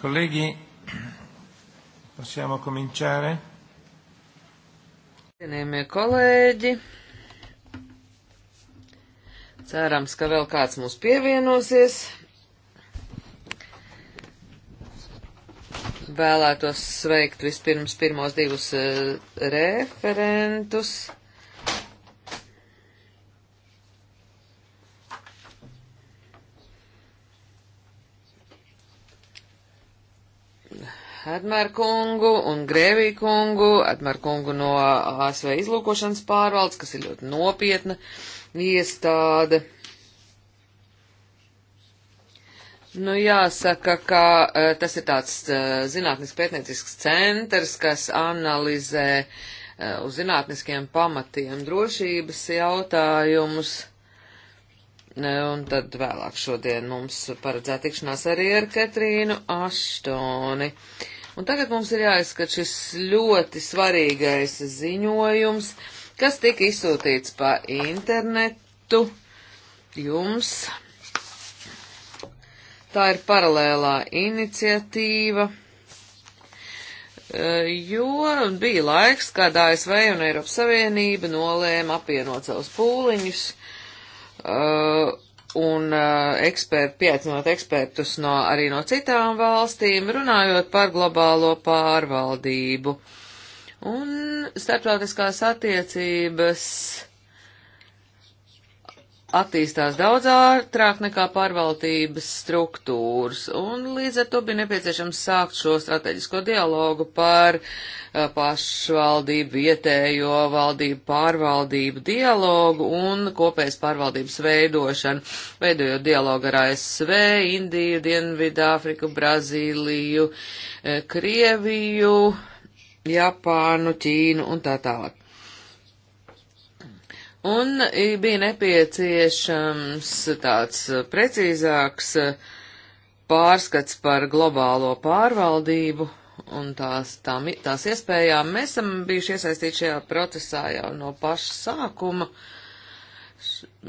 Colleghi, possiamo cominciare? Cienījamie kolēģi, cerams, ka vēl kāds mums pievienosies. Vēlētos sveikt vispirms pirmos divus eh, referentus. Hedmer kungu un Grēvī kungu, Hedmer kungu no ASV izlūkošanas pārvaldes, kas ir ļoti nopietna iestāde. Nu, jāsaka, ka e, tas ir tāds e, zinātnisks pētniecisks centrs, kas analizē e, uz zinātniskiem pamatiem drošības jautājumus. Un tad vēlāk šodien mums paredzēta tikšanās arī ar Katrīnu Aštoni. Uh, Un tagad mums ir jāizskat šis ļoti svarīgais ziņojums, kas tika izsūtīts pa internetu jums. Tā ir paralēlā iniciatīva, eh, jo bija laiks, kad ASV un Eiropas Savienība nolēma apvienot savus pūliņus eh, un uh, eksperti, pieaicinot ekspertus no, arī no citām valstīm, runājot par globālo pārvaldību. Un starptautiskās attiecības attīstās daudz ātrāk nekā pārvaldības struktūras, un līdz ar to bija nepieciešams sākt šo strateģisko dialogu par uh, pašvaldību, vietējo valdību, pārvaldību dialogu un kopējas pārvaldības veidošanu, veidojot dialogu ar ASV, Indiju, Dienvidāfriku, Brazīliju, eh, Krieviju, Japānu, Ķīnu un tā tālāk. Un bija nepieciešams tāds uh, precīzāks uh, pārskats par globālo pārvaldību un tās, tām, tās iespējām. Mēs esam bijuši iesaistīti šajā procesā jau no paša sākuma.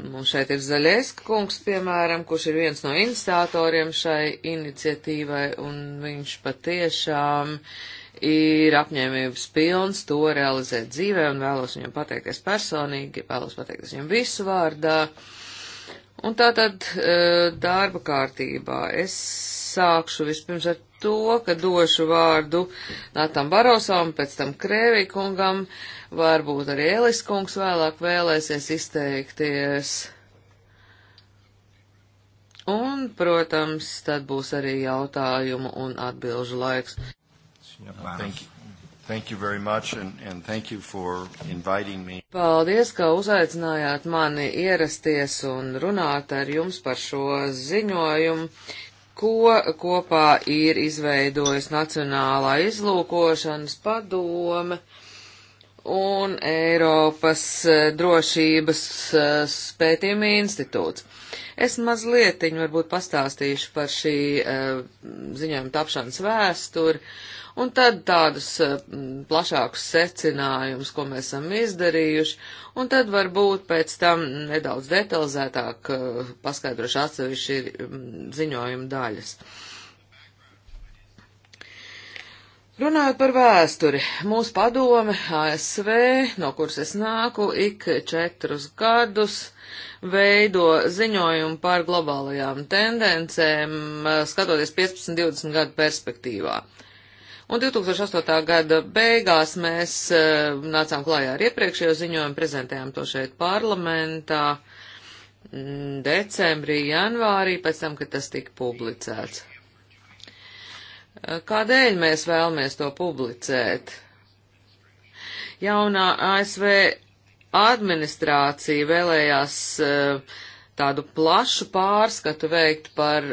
Mums nu, šeit ir Zaļais kungs, piemēram, kurš ir viens no iniciatoriem šai iniciatīvai, un viņš patiešām uh, ir apņēmības pilns to realizēt dzīvē un vēlos viņam pateikties personīgi, vēlos pateikties viņam visu vārdā. Un tā tad e, darba kārtībā es sākšu vispirms ar to, ka došu vārdu Natam Barosam, pēc tam Krēvikungam, varbūt arī Elis kungs vēlāk vēlēsies izteikties. Un, protams, tad būs arī jautājumu un atbilžu laiks. Uh, thank you. Thank you very much and, and thank you for inviting me. Paldies, ka uzaicinājāt mani ierasties un runāt ar jums par šo ziņojumu, ko kopā ir izveidojis Nacionālā izlūkošanas padome un Eiropas eh, drošības spētījuma eh, institūts. Es mazlietiņu varbūt pastāstīšu par šī eh, ziņojuma tapšanas vēsturi Un tad tādus eh, plašākus secinājumus, ko mēs esam izdarījuši, un tad varbūt pēc tam nedaudz detalizētāk eh, paskaidrošu atsevišķi ziņojuma daļas. Runājot par vēsturi, mūsu padome ASV, no kuras es nāku, ik četrus gadus veido ziņojumu par globālajām tendencēm, eh, skatoties 15-20 gadu perspektīvā. Uh, Un 2008. gada beigās mēs eh, nācām klājā ar iepriekšējo ziņojumu, prezentējām to šeit parlamentā mm, decembrī, janvārī, pēc tam, kad tas tika publicēts. Eh, kādēļ mēs vēlamies to publicēt? Jaunā ASV administrācija vēlējās eh, tādu plašu pārskatu veikt par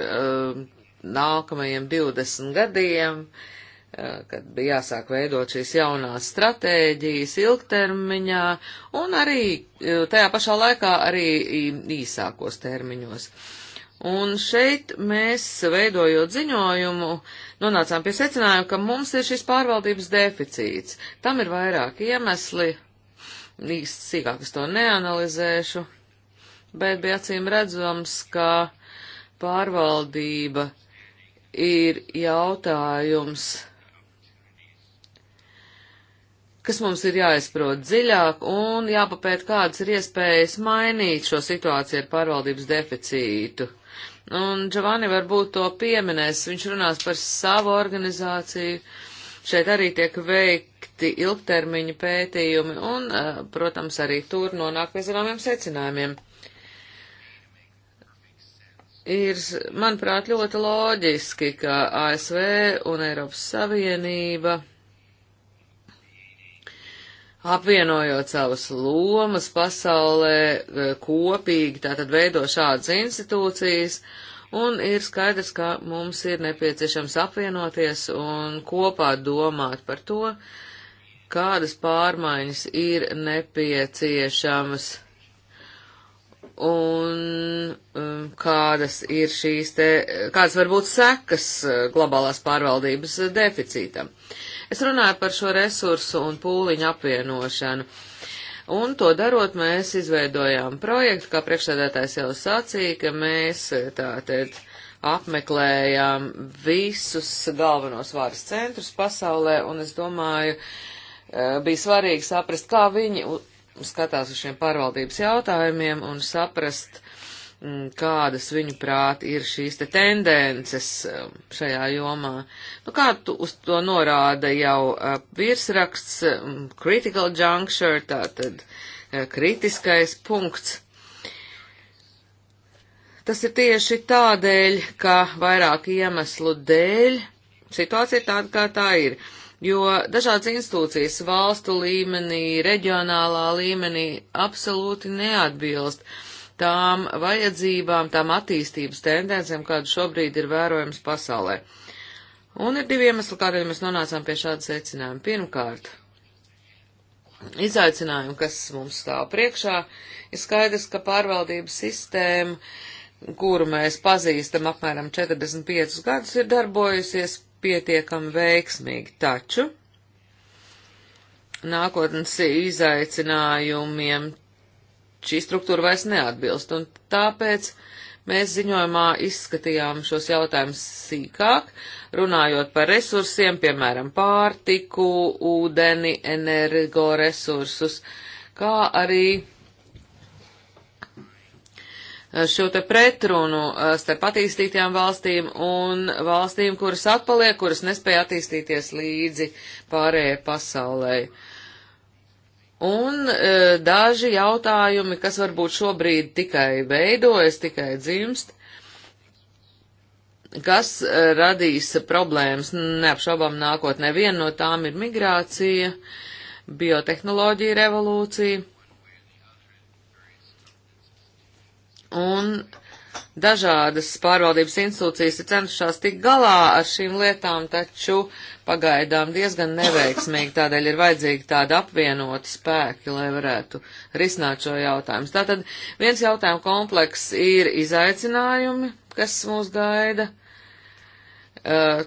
nākamajiem 20 gadiem, uh, Eh, kad bija jāsāk veidot šīs jaunās stratēģijas ilgtermiņā un arī eh, tajā pašā laikā arī īsākos termiņos. Un šeit mēs, veidojot ziņojumu, nonācām pie secinājuma, ka mums ir šis pārvaldības deficīts. Tam ir vairāki iemesli, īsti sīkāk es to neanalizēšu, bet bija acīm redzams, ka pārvaldība ir jautājums kas mums ir jāizprot dziļāk un jāpapēt, kādas ir iespējas mainīt šo situāciju ar pārvaldības deficītu. Un Giovanni varbūt to pieminēs, viņš runās par savu organizāciju. Šeit arī tiek veikti ilgtermiņa pētījumi un, eh, protams, arī tur nonāk pie zināmiem secinājumiem. Ir, manuprāt, ļoti loģiski, ka ASV un Eiropas Savienība apvienojot savas lomas pasaulē e, kopīgi, tātad veido šādas institūcijas, un ir skaidrs, ka mums ir nepieciešams apvienoties un kopā domāt par to, kādas pārmaiņas ir nepieciešamas un um, kādas ir šīs te, kādas varbūt sekas e, globālās pārvaldības deficītam. Uh, Es runāju par šo resursu un pūliņu apvienošanu. Un to darot, mēs izveidojām projektu, kā priekšsēdētājs jau sacīja, ka mēs tātad apmeklējām visus galvenos vāras centrus pasaulē, un es domāju, e, bija svarīgi saprast, kā viņi skatās uz šiem pārvaldības jautājumiem un saprast, Mm, kādas viņu prāt ir šīs te tendences um, šajā jomā. Nu, kā tu uz to norāda jau uh, virsraksts um, Critical Juncture, tātad uh, kritiskais punkts. Tas ir tieši tādēļ, ka vairāk iemeslu dēļ situācija ir tāda, kā tā ir jo dažādas institūcijas valstu līmenī, reģionālā līmenī absolūti neatbilst uh, tām vajadzībām, tām attīstības tendencēm, kādu šobrīd ir vērojams pasaulē. Un ir divi iemesli, kādēļ mēs nonācām pie šāda secinājuma. Pirmkārt, izaicinājumi, kas mums stāv priekšā, ir skaidrs, ka pārvaldības sistēma, kuru mēs pazīstam apmēram 45 gadus, ir darbojusies pietiekami veiksmīgi. Taču nākotnes izaicinājumiem šī struktūra vairs neatbilst, un tāpēc mēs ziņojumā izskatījām šos jautājumus sīkāk, runājot par resursiem, piemēram, pārtiku, ūdeni, energoresursus, kā arī šo te pretrunu uh, starp attīstītajām valstīm un valstīm, kuras atpaliek, kuras nespēja attīstīties līdzi pārējai pasaulē. Uh, Un e, daži jautājumi, kas varbūt šobrīd tikai veidojas, tikai dzimst, kas e, radīs problēmas neapšaubām nākotnē. Viena no tām ir migrācija, biotehnoloģija revolūcija. Un Dažādas pārvaldības institūcijas ir cenšas tikt galā ar šīm lietām, taču pagaidām diezgan neveiksmīgi, tādēļ ir vajadzīgi tādi apvienoti spēki, lai varētu risināt šo jautājumu. Tātad viens jautājumu kompleks ir izaicinājumi, kas mūs gaida. Uh,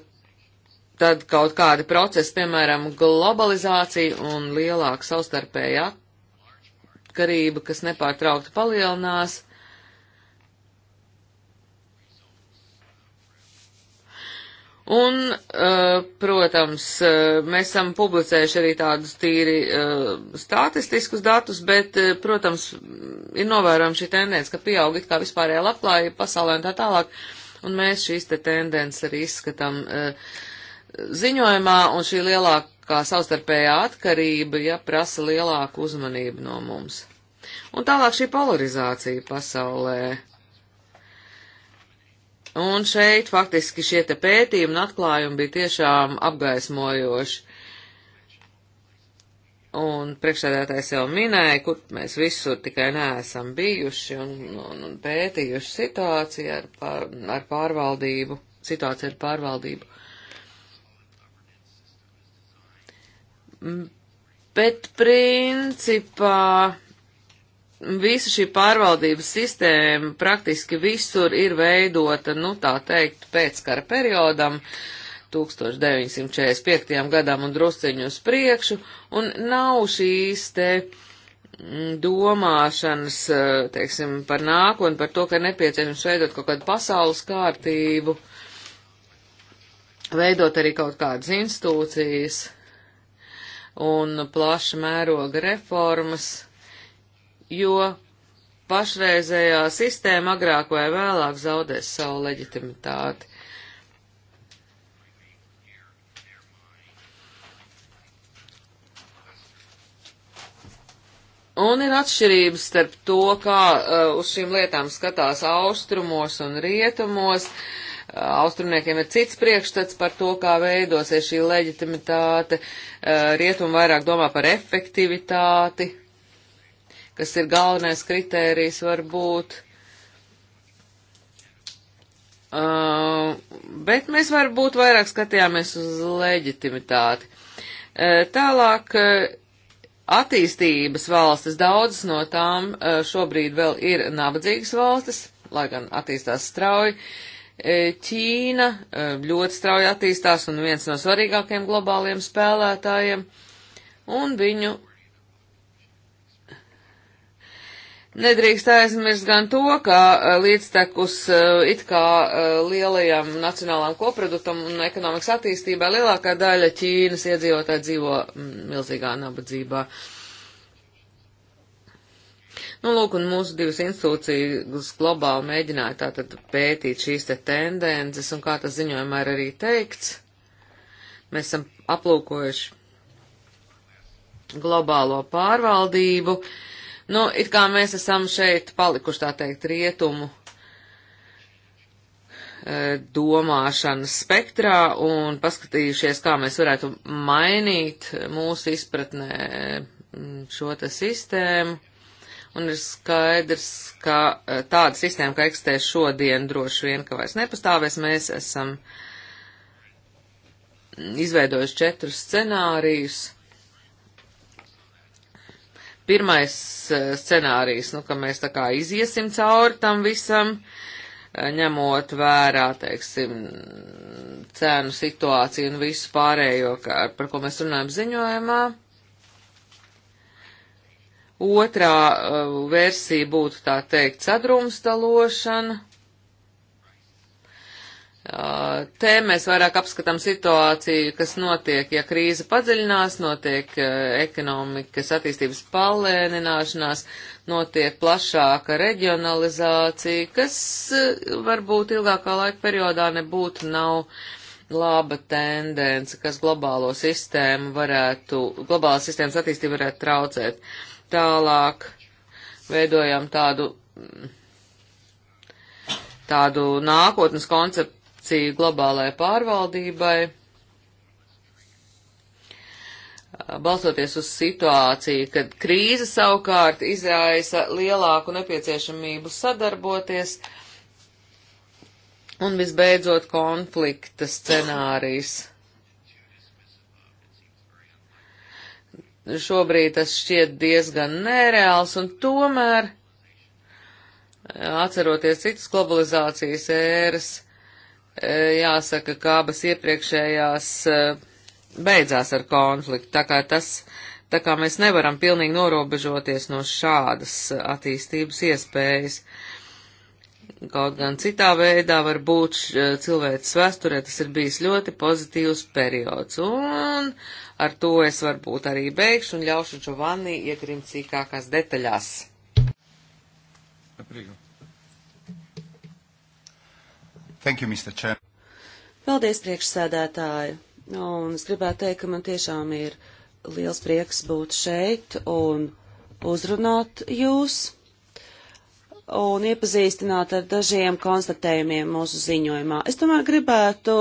tad kaut kādi procesi, piemēram, globalizācija un lielāka savstarpēja atkarība, kas nepārtraukti palielinās, Un, eh, protams, eh, mēs esam publicējuši arī tādus tīri eh, statistiskus datus, bet, protams, ir novērojama šī tendence, ka pieaug it kā vispārējā labklājība pasaulē un tā tālāk, un mēs šīs te tendences arī izskatām ziņojumā, un šī lielākā savstarpējā atkarība, ja prasa lielāku uzmanību no mums. Un tālāk šī polarizācija pasaulē Un šeit faktiski šie te pētījumi un atklājumi bija tiešām apgaismojoši. Un priekšsēdētājs jau minēja, kur mēs visur tikai neesam bijuši un, un, un pētījuši situāciju ar, pār, ar pārvaldību, situāciju ar pārvaldību. Mm, bet principā visa šī pārvaldības sistēma praktiski visur ir veidota, nu tā teikt, pēckara periodam, 1945. gadam un drusciņu uz priekšu, un nav šīs te mm, domāšanas, eh, teiksim, par nākotni, par to, ka nepieciešams veidot kaut kādu pasaules kārtību, veidot arī kaut kādas institūcijas un plaša mēroga reformas jo pašreizējā sistēma agrāk vai vēlāk zaudēs savu leģitimitāti. Un ir atšķirības starp to, kā uh, uz šīm lietām skatās austrumos un rietumos. Uh, austrumniekiem ir cits priekšstats par to, kā veidosies šī leģitimitāte. Uh, rietumi vairāk domā par efektivitāti, kas ir galvenais kritērijs, var būt. Uh, bet mēs varbūt vairāk skatījāmies uz leģitimitāti. Uh, tālāk uh, attīstības valstis, daudzas no tām uh, šobrīd vēl ir nabadzīgas valstis, lai gan attīstās strauji. Uh, Ķīna uh, ļoti strauji attīstās un viens no svarīgākajiem globāliem spēlētājiem, un viņu Nedrīkst aizmirst gan to, ka eh, līdztekus eh, it kā eh, lielajam nacionālām koproduktam un ekonomikas attīstībā lielākā daļa Ķīnas iedzīvotāji dzīvo mm, milzīgā nabadzībā. Nu, lūk, un mūsu divas institūcijas globāli mēģināja tātad pētīt šīs te tendences, un kā tas ziņojumā ir arī teikts, mēs esam aplūkojuši globālo pārvaldību, uh, Nu, it kā mēs esam šeit palikuši, tā teikt, rietumu e, domāšanas spektrā un paskatījušies, kā mēs varētu mainīt mūsu izpratnē šo te sistēmu. Un ir skaidrs, ka e, tāda sistēma, kā eksistē šodien, droši vien, ka vairs nepastāvēs, mēs esam izveidojuši četrus scenārijus Pirmais eh, scenārijs, nu, ka mēs tā kā iziesim cauri tam visam, eh, ņemot vērā, teiksim, cēnu situāciju un visu pārējo, kā, par ko mēs runājam ziņojumā. Otrā uh, versija būtu tā teikt sadrumstalošana Te mēs vairāk apskatām situāciju, kas notiek, ja krīze padziļinās, notiek ekonomikas attīstības palēnināšanās, notiek plašāka reģionalizācija, kas varbūt ilgākā laika periodā nebūtu nav laba tendence, kas globālo sistēmu varētu, globālās sistēmas attīstību varētu traucēt. Tālāk veidojam tādu, tādu nākotnes konceptu funkciju globālajai pārvaldībai, balstoties uz situāciju, kad krīze savukārt izraisa lielāku nepieciešamību sadarboties, un visbeidzot konflikta scenārijs. Šobrīd tas šķiet diezgan nereāls, un tomēr, atceroties citas globalizācijas ēras, Eh, jāsaka, ka abas iepriekšējās eh, beidzās ar konfliktu, tā kā tas, tā kā mēs nevaram pilnīgi norobežoties no šādas eh, attīstības iespējas. Kaut gan citā veidā var būt cilvēks vēsturē, tas ir bijis ļoti pozitīvs periods, un ar to es varbūt arī beigšu un ļaušu Giovanni iegrimt sīkākās detaļās. Aprīgu. Thank you, Mr. Chair. Paldies, priekšsēdētāji. Un es gribētu teikt, ka man tiešām ir liels prieks būt šeit un uzrunāt jūs un iepazīstināt ar dažiem konstatējumiem mūsu ziņojumā. Es tomēr gribētu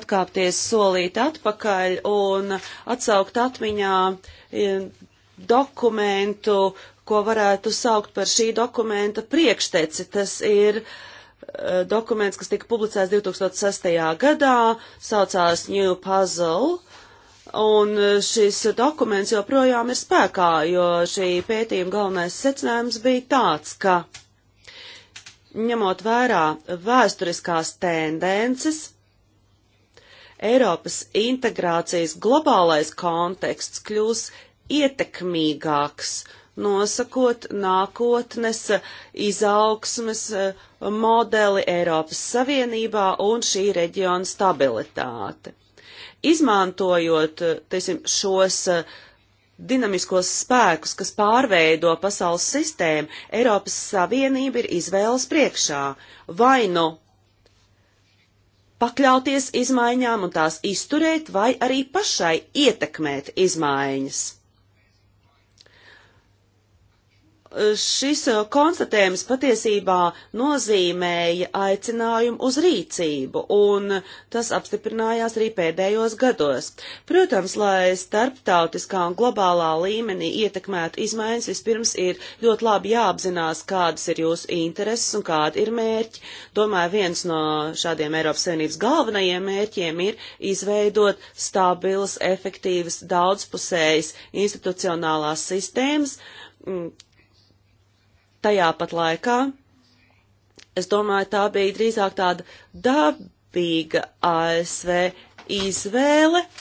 atkāpties solīt atpakaļ un atsaukt atmiņā e, dokumentu, ko varētu saukt par šī dokumenta priekšteci. Tas ir uh, Eh, dokuments, kas tika publicēts 2006. gadā, saucās New Puzzle. Un eh, šis dokuments joprojām ir spēkā, jo šī pētījuma galvenais secinājums bija tāds, ka ņemot vērā vēsturiskās tendences, Eiropas integrācijas globālais konteksts kļūs ietekmīgāks uh, nosakot nākotnes eh, izaugsmes eh, modeli Eiropas Savienībā un šī reģiona stabilitāte. Izmantojot eh, teisim, šos dinamiskos spēkus, kas pārveido pasaules sistēmu, Eiropas Savienība ir izvēles priekšā vai nu pakļauties izmaiņām un tās izturēt, vai arī pašai ietekmēt izmaiņas. šis uh, konstatējums patiesībā nozīmēja aicinājumu uz rīcību, un tas apstiprinājās arī pēdējos gados. Protams, lai starptautiskā un globālā līmenī ietekmētu izmaiņas, vispirms ir ļoti labi jāapzinās, kādas ir jūsu intereses un kādi ir mērķi. Domāju, viens no šādiem Eiropas Savienības galvenajiem mērķiem ir izveidot stabilas, efektīvas, daudzpusējas institucionālās sistēmas, mm, tajā pat laikā, es domāju, tā bija drīzāk tāda dabīga ASV izvēle uh,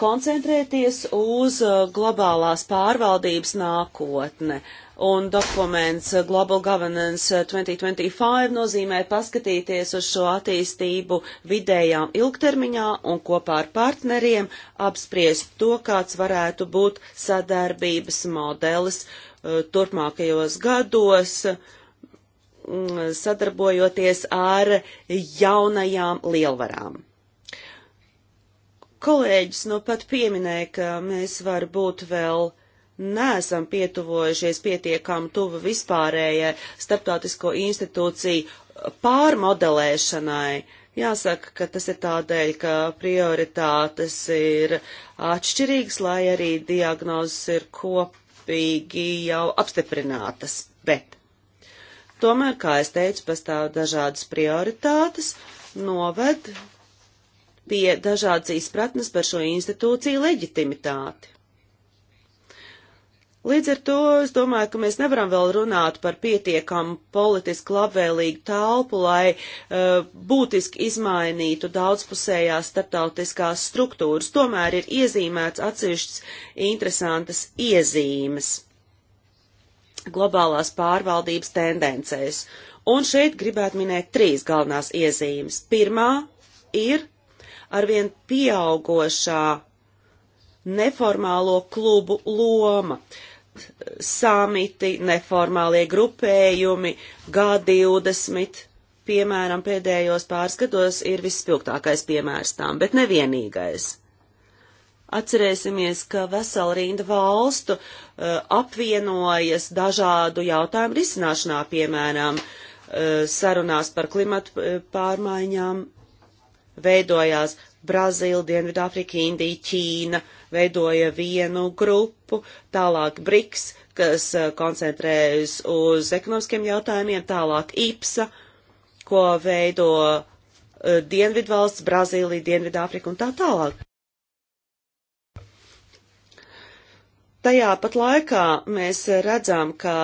koncentrēties uz uh, globālās pārvaldības nākotne. Un dokuments uh, Global Governance 2025 nozīmē paskatīties uz šo attīstību vidējām ilgtermiņā un kopā ar partneriem apspriest to, kāds varētu būt sadarbības modelis, uh, Uh, turpmākajos gados, mm, sadarbojoties ar jaunajām lielvarām. Kolēģis nu pat pieminēja, ka mēs varbūt vēl neesam pietuvojušies pietiekam tuvu vispārējai starptautisko institūciju pārmodelēšanai. Jāsaka, ka tas ir tādēļ, ka prioritātes ir atšķirīgas, lai arī diagnozes ir kopā kopīgi jau apstiprinātas, bet tomēr, kā es teicu, pastāv dažādas prioritātes, noved pie dažādas izpratnes par šo institūciju leģitimitāti. Līdz ar to es domāju, ka mēs nevaram vēl runāt par pietiekamu politiski labvēlīgu telpu, lai uh, būtiski izmainītu daudzpusējās starptautiskās struktūras. Tomēr ir iezīmēts atsevišķas interesantas iezīmes globālās pārvaldības tendencēs. Un šeit gribētu minēt trīs galvenās iezīmes. Pirmā ir arvien pieaugošā neformālo klubu loma. Uh, samiti, neformālie grupējumi, G20, piemēram, pēdējos pāris gados ir visspilgtākais piemērs tām, bet nevienīgais. Atcerēsimies, ka vesela rinda valstu uh, apvienojas dažādu jautājumu risināšanā, piemēram, uh, sarunās par klimatu eh, pārmaiņām veidojās Brazīla, Dienvidāfrika, Indija, Ķīna veidoja vienu grupu, tālāk BRICS, kas eh, koncentrējas uz ekonomiskiem jautājumiem, tālāk IPSA, ko veido eh, Dienvidvalsts, Brazīlija, Dienvidāfrika un tā tālāk. Tajā pat laikā mēs redzam, ka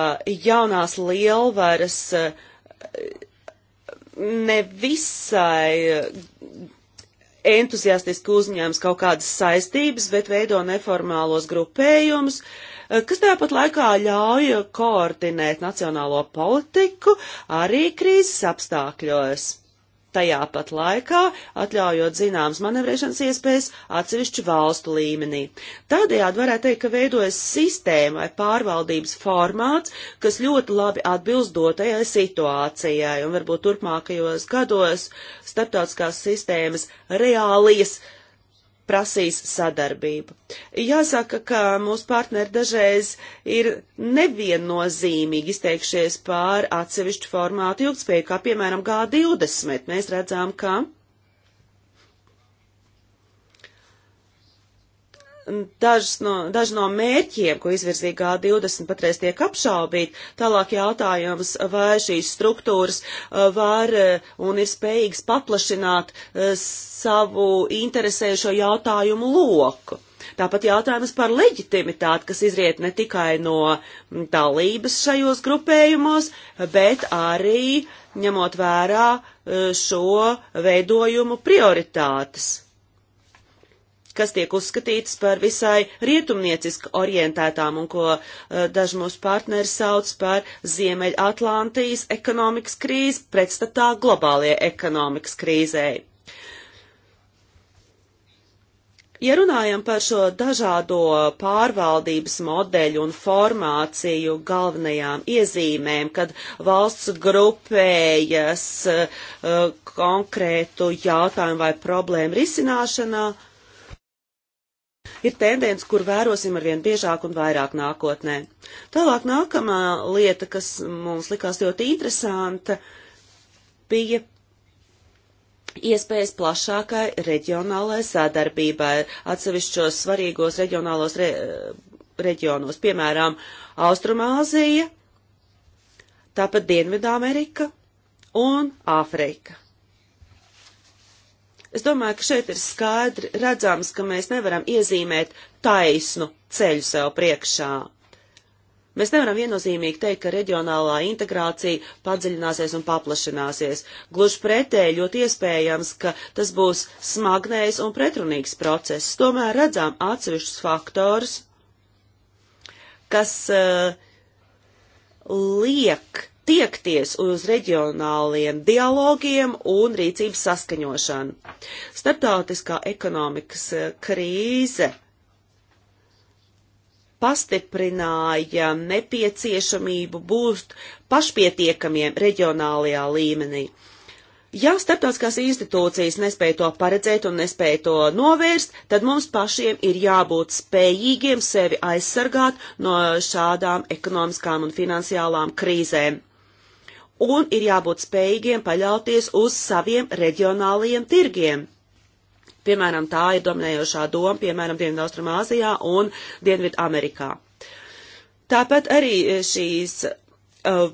jaunās lielvaras eh, ne visai entuziastiski uzņēmas kaut kādas saistības, bet veido neformālos grupējumus, eh, kas tāpat laikā ļauj koordinēt nacionālo politiku arī krīzes apstākļos tajā pat laikā atļaujot zināmas manevrēšanas iespējas atsevišķu valstu līmenī. Tādējādi varētu teikt, ka veidojas sistēma vai pārvaldības formāts, kas ļoti labi atbilst dotajai situācijai, un varbūt turpmākajos gados starptautiskās sistēmas reālijas prasīs sadarbību. Jāsaka, ka mūsu partneri dažreiz ir neviennozīmīgi izteikšies pār atsevišķu formātu ilgspēju, kā piemēram G20. Mēs redzām, ka dažs no, daži no mērķiem, ko izvirzīja G20, patreiz tiek apšaubīt. Tālāk jautājums, vai šīs struktūras eh, var eh, un ir spējīgas paplašināt eh, savu interesējušo jautājumu loku. Tāpat jautājums par leģitimitāti, kas izriet ne tikai no mm, dalības šajos grupējumos, bet arī ņemot vērā šo veidojumu prioritātes kas tiek uzskatītas par visai rietumnieciski orientētām un ko eh, daži mūsu partneri sauc par Ziemeļatlantijas ekonomikas krīzi pretstatā globālajai ekonomikas krīzei. Ja runājam par šo dažādo pārvaldības modeļu un formāciju galvenajām iezīmēm, kad valsts grupējas eh, konkrētu jautājumu vai problēmu risināšanā, uh, ir tendence, kur vērosim arvien biežāk un vairāk nākotnē. Tālāk nākamā lieta, kas mums likās ļoti interesanta, bija iespējas plašākai reģionālai sadarbībai atsevišķos svarīgos reģionālos re, reģionos, piemēram, Austrumāzija, tāpat Dienvidamerika un Āfrika. Es domāju, ka šeit ir skaidri redzams, ka mēs nevaram iezīmēt taisnu ceļu sev priekšā. Mēs nevaram viennozīmīgi teikt, ka reģionālā integrācija padziļināsies un paplašināsies. Gluži pretēji ļoti iespējams, ka tas būs smagnējs un pretrunīgs process. Tomēr redzam atsevišķus faktorus, kas uh, liek tiekties uz reģionāliem dialogiem un rīcības saskaņošanu. Startautiskā ekonomikas e, krīze pastiprināja nepieciešamību būt pašpietiekamiem reģionālajā līmenī. Ja starptautiskās institūcijas nespēja to paredzēt un nespēja to novērst, tad mums pašiem ir jābūt spējīgiem sevi aizsargāt no šādām ekonomiskām un finansiālām krīzēm un ir jābūt spējīgiem paļauties uz saviem reģionālajiem tirgiem. Piemēram, tā ir dominējošā doma, piemēram, Dienvidaustrumāzijā un Dienvidu Amerikā. Tāpat arī e, šīs uh,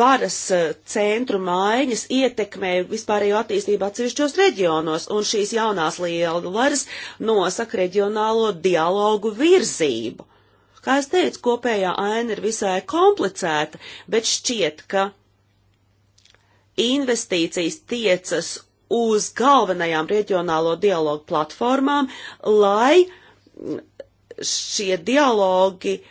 varas e, centru maiņas ietekmē vispārējo attīstību atsevišķos reģionos, un šīs jaunās lielvaras nosaka reģionālo dialogu virzību. Kā es teicu, kopējā aina ir visai komplicēta, bet šķiet, ka investīcijas tiecas uz galvenajām reģionālo dialogu platformām, lai šie dialogi eh,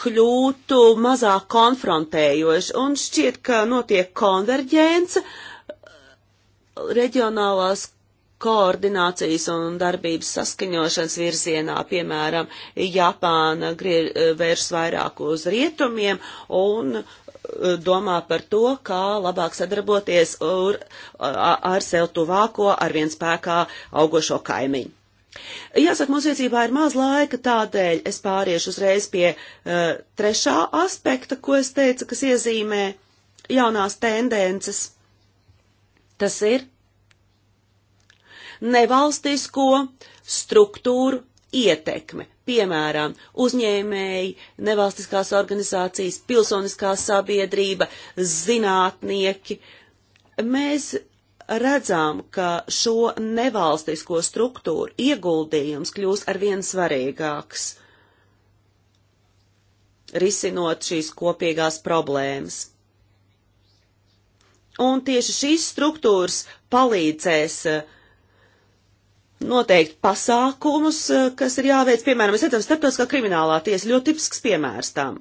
kļūtu mazāk konfrontējoši. Un šķiet, ka notiek konverģence eh, reģionālās koordinācijas un darbības saskaņošanas virzienā, piemēram, Japāna vērs vairāk uz rietumiem un e, domā par to, kā labāk sadarboties ar, ar sev tuvāko, ar viens spēkā augošo kaimiņu. Jāsaka, mums rīcībā ir maz laika, tādēļ es pāriešu uzreiz pie uh, trešā aspekta, ko es teicu, kas iezīmē jaunās tendences. Tas ir nevalstisko struktūru ietekme. Piemēram, uzņēmēji, nevalstiskās organizācijas, pilsoniskā sabiedrība, zinātnieki. Mēs redzam, ka šo nevalstisko struktūru ieguldījums kļūs arvien svarīgāks, risinot šīs kopīgās problēmas. Un tieši šīs struktūras palīdzēs uh, noteikt pasākumus, eh, kas ir jāveic, piemēram, es redzam, starptautiskā kriminālā tiesa ļoti tipisks piemērs tam.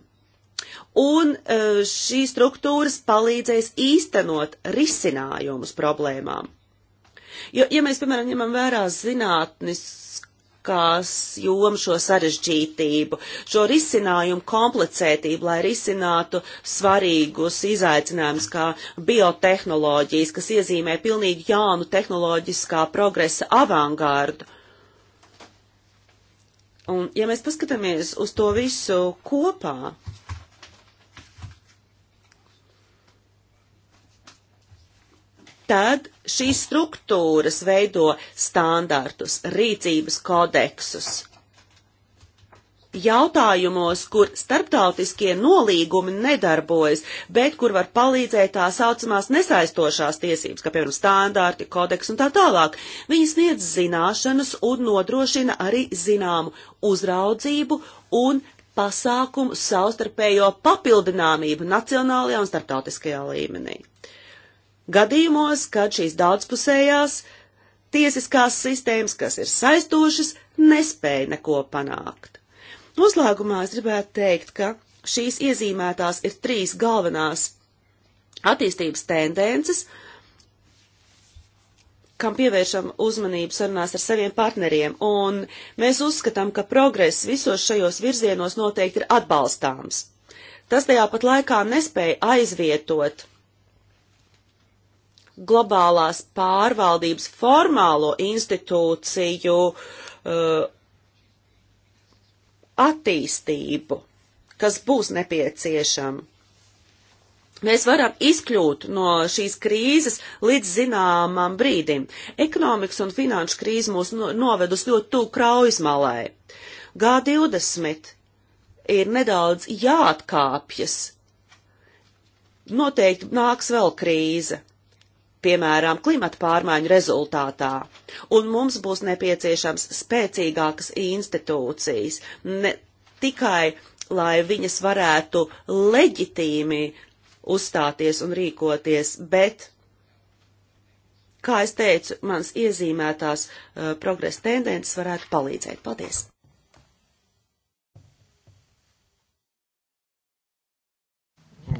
Un eh, šīs struktūras palīdzēs īstenot risinājumus problēmām. Jo, ja mēs, piemēram, ņemam vērā zinātnis, kas jom šo sarežģītību, šo risinājumu komplicētību, lai risinātu svarīgus izaicinājumus kā biotehnoloģijas, kas iezīmē pilnīgi jaunu tehnoloģiskā progresa avangārdu. Un, ja mēs paskatāmies uz to visu kopā, tad šīs struktūras veido standartus, rīcības kodeksus. Jautājumos, kur starptautiskie nolīgumi nedarbojas, bet kur var palīdzēt tā saucamās nesaistošās tiesības, kā piemēram standārti, kodeks un tā tālāk, viņi sniedz zināšanas un nodrošina arī zināmu uzraudzību un pasākumu savstarpējo papildināmību nacionālajā un starptautiskajā līmenī gadījumos, kad šīs daudzpusējās tiesiskās sistēmas, kas ir saistošas, nespēja neko panākt. Noslēgumā es gribētu teikt, ka šīs iezīmētās ir trīs galvenās attīstības tendences, kam pievēršam uzmanību sarunās ar saviem partneriem, un mēs uzskatām, ka progress visos šajos virzienos noteikti ir atbalstāms. Tas tajā pat laikā nespēja aizvietot globālās pārvaldības formālo institūciju uh, attīstību, kas būs nepieciešama. Mēs varam izkļūt no šīs krīzes līdz zināmam brīdim. Ekonomikas un finanšu krīze mūs noved uz ļoti tuvu kraujas malai. G20 ir nedaudz jāatkāpjas. Noteikti nāks vēl krīze piemēram, klimata pārmaiņu rezultātā. Un mums būs nepieciešams spēcīgākas institūcijas, ne tikai, lai viņas varētu leģitīmi uzstāties un rīkoties, bet, kā es teicu, mans iezīmētās uh, progresa tendences varētu palīdzēt. Paldies!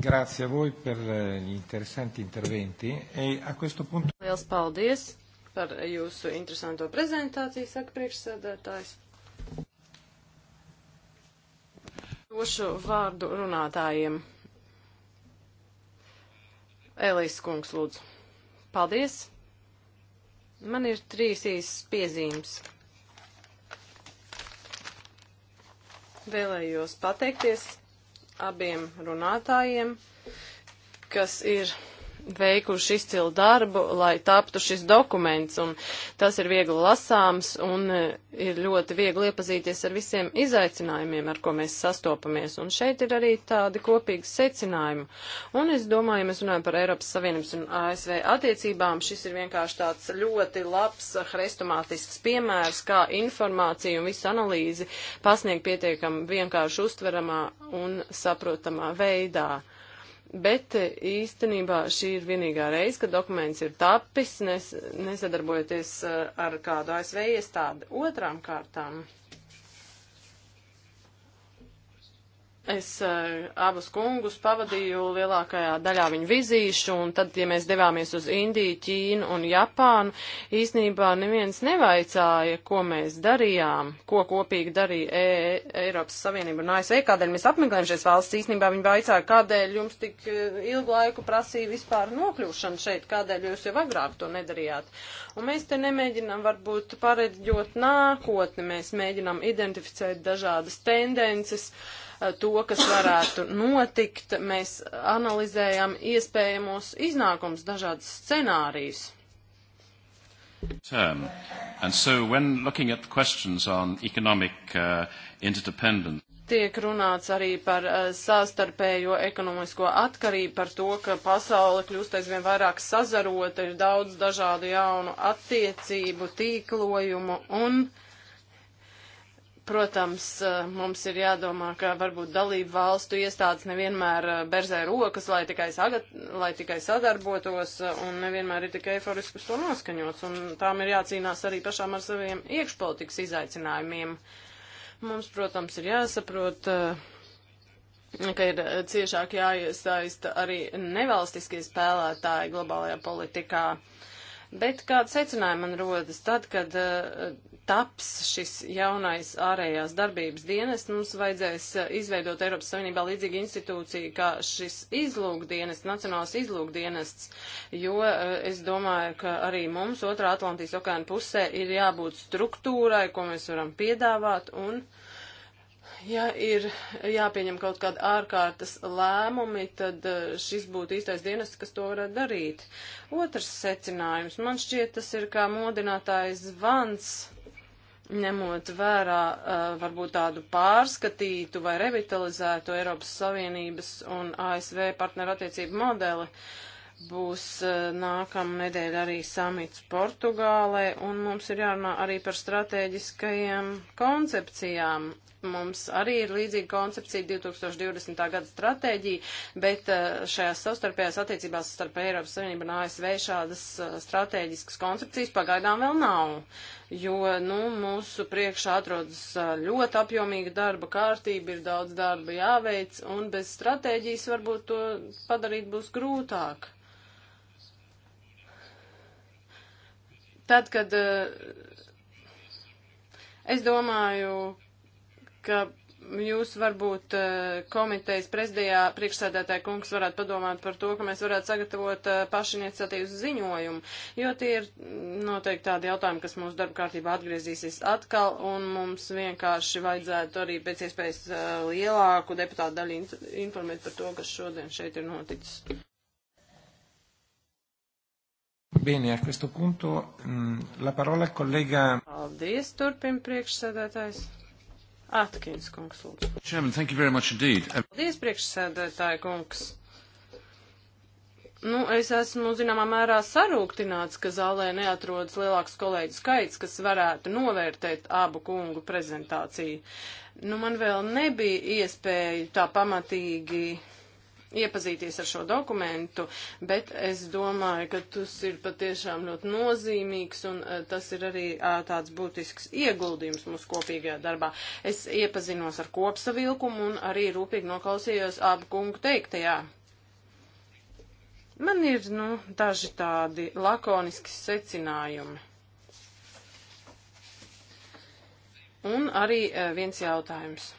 Grazie a voi per eh, gli interessanti interventi e a questo punto... Liels paldies par jūsu interesanto prezentāciju, saka priekšsēdētājs. Došu vārdu runātājiem. Elijas kungs, lūdzu. Paldies. Man ir trīs īsas piezīmes. Vēlējos pateikties abiem runātājiem, kas ir veikuši izcilu darbu, lai taptu šis dokuments, un tas ir viegli lasāms, un e, ir ļoti viegli iepazīties ar visiem izaicinājumiem, ar ko mēs sastopamies, un šeit ir arī tādi kopīgi secinājumi. Un es domāju, ja mēs runājam par Eiropas Savienības un ASV attiecībām, šis ir vienkārši tāds ļoti labs e, hrestomātisks piemērs, kā informācija un visu analīzi pasniegt pietiekam vienkārši uztveramā un saprotamā veidā. Bet eh, īstenībā šī ir vienīgā reize, kad dokuments ir tapis, nes, nesadarbojoties eh, ar kādu ASV iestādi. Otrām kārtām Es uh, abus kungus pavadīju lielākajā daļā viņu vizīšu, un tad, ja mēs devāmies uz Indiju, Ķīnu un Japānu, īsnībā neviens nevaicāja, ko mēs darījām, ko kopīgi darīja e Eiropas Savienība un ASV, e, kādēļ mēs apmeklējam šīs valsts. Īsnībā viņi vaicāja, kādēļ jums tik eh, ilgu laiku prasīja vispār nokļūšanu šeit, kādēļ jūs jau agrāk to nedarījāt. Un mēs te nemēģinām varbūt pareģot nākotni, mēs mēģinām identificēt dažādas tendences. Uh, to, kas varētu notikt. Mēs analizējam iespējamos iznākums dažādas scenārijas. Term. And so when looking at questions on economic uh, interdependence, tiek runāts arī par uh, sāstarpējo ekonomisko atkarību, par to, ka pasaule kļūst aizvien vairāk sazarota, ir daudz dažādu jaunu attiecību, tīklojumu un uh, Protams, eh, mums ir jādomā, ka varbūt dalību valstu iestādes nevienmēr eh, berzē rokas, lai tikai, sagat, lai tikai sadarbotos eh, un nevienmēr ir tikai eforiskus to noskaņots. Un tām ir jācīnās arī pašām ar saviem iekšpolitikas izaicinājumiem. Mums, protams, ir jāsaprot, ka ir ciešāk jāiesaista arī nevalstiskie spēlētāji globālajā politikā. Bet kāds secinājums man rodas tad, kad uh, taps šis jaunais ārējās darbības dienas, mums vajadzēs eh, izveidot Eiropas Savienībā līdzīgu institūciju kā šis izlūkdienests, nacionāls izlūkdienests, jo eh, es domāju, ka arī mums otrā Atlantijas okeāna pusē ir jābūt struktūrai, ko mēs varam piedāvāt un ja ir jāpieņem kaut kāda ārkārtas lēmumi, tad eh, šis būtu īstais dienas, kas to varētu darīt. Otrs secinājums. Man šķiet, tas ir kā modinātājs zvans ņemot vērā uh, varbūt tādu pārskatītu vai revitalizētu Eiropas Savienības un ASV partnerattiecību modeli, būs uh, nākamā nedēļa arī samits Portugālē, un mums ir jārunā arī par strateģiskajiem koncepcijām Mums arī ir līdzīga koncepcija 2020. gada stratēģija, bet eh, šajās savstarpējās attiecībās starp Eiropas Savienību un ASV šādas eh, stratēģiskas koncepcijas pagaidām vēl nav, jo nu, mūsu priekšā atrodas eh, ļoti apjomīga darba kārtība, ir daudz darba jāveic, un bez stratēģijas varbūt to padarīt būs grūtāk. Tad, kad es domāju, ka jūs varbūt eh, komitejas prezidijā priekšsēdētāja kungs varētu padomāt par to, ka mēs varētu sagatavot eh, pašiniciatīvas ziņojumu, jo tie ir mm, noteikti tādi jautājumi, kas mūsu darba kārtībā atgriezīsies atkal, un mums vienkārši vajadzētu arī pēc iespējas eh, lielāku deputātu daļu informēt par to, kas šodien šeit ir noticis. Bene, a questo punto mh, mm, la parola al collega. Paldies, turpina priekšsēdētājs. Atkins kungs, lūdzu. Chairman, thank you very much indeed. Um, Paldies, priekšsēdētāji kungs. Nu, es esmu, zināmā mērā, sarūktināts, ka zālē neatrodas lielāks kolēģu skaits, kas varētu novērtēt abu kungu prezentāciju. Nu, man vēl nebija iespēju tā pamatīgi iepazīties ar šo dokumentu, bet es domāju, ka tas ir patiešām ļoti nozīmīgs un eh, tas ir arī eh, tāds būtisks ieguldījums mūsu kopīgajā darbā. Es iepazinos ar kopsavilkumu un arī rūpīgi noklausījos abu kungu teiktajā. Man ir, nu, daži tādi lakoniski secinājumi. Un arī eh, viens jautājums.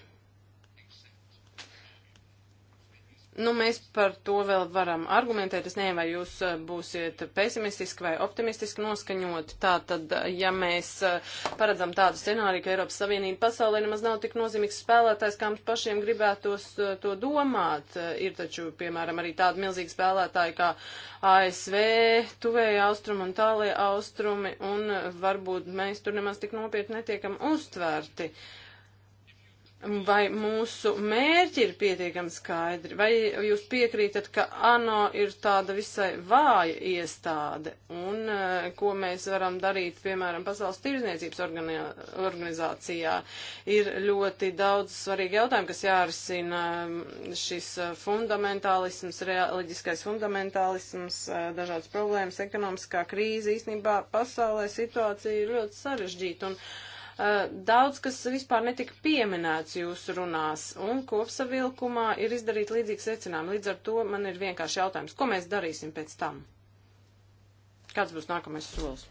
Nu, mēs par to vēl varam argumentēt. Es nezinu, vai jūs eh, būsiet pesimistiski vai optimistiski noskaņot. Tātad, eh, ja mēs eh, paredzam tādu scenāriju, ka Eiropas Savienība pasaulē nemaz nav tik nozīmīgs spēlētājs, kā mums pašiem gribētos to domāt, ir taču, piemēram, arī tādi milzīgi spēlētāji kā ASV, tuvēja austrumi un tālie austrumi, un varbūt mēs tur nemaz tik nopietni netiekam uztvērti. Uh, Vai mūsu mērķi ir pietiekami skaidri, vai jūs piekrītat, ka ANO ir tāda visai vāja iestāde, un eh, ko mēs varam darīt, piemēram, Pasaules tirzniecības organizācijā? Ir ļoti daudz svarīgi jautājumi, kas jārisina mm, šis eh, fundamentālisms, reliģiskais fundamentālisms, eh, dažādas problēmas, ekonomiskā krīze. Īsnībā pasaulē situācija ir ļoti sarežģīta. Un, daudz kas vispār netika pieminēts jūsu runās, un kopsavilkumā ir izdarīt līdzīgs secinājums. Līdz ar to man ir vienkārši jautājums, ko mēs darīsim pēc tam? Kāds būs nākamais solis?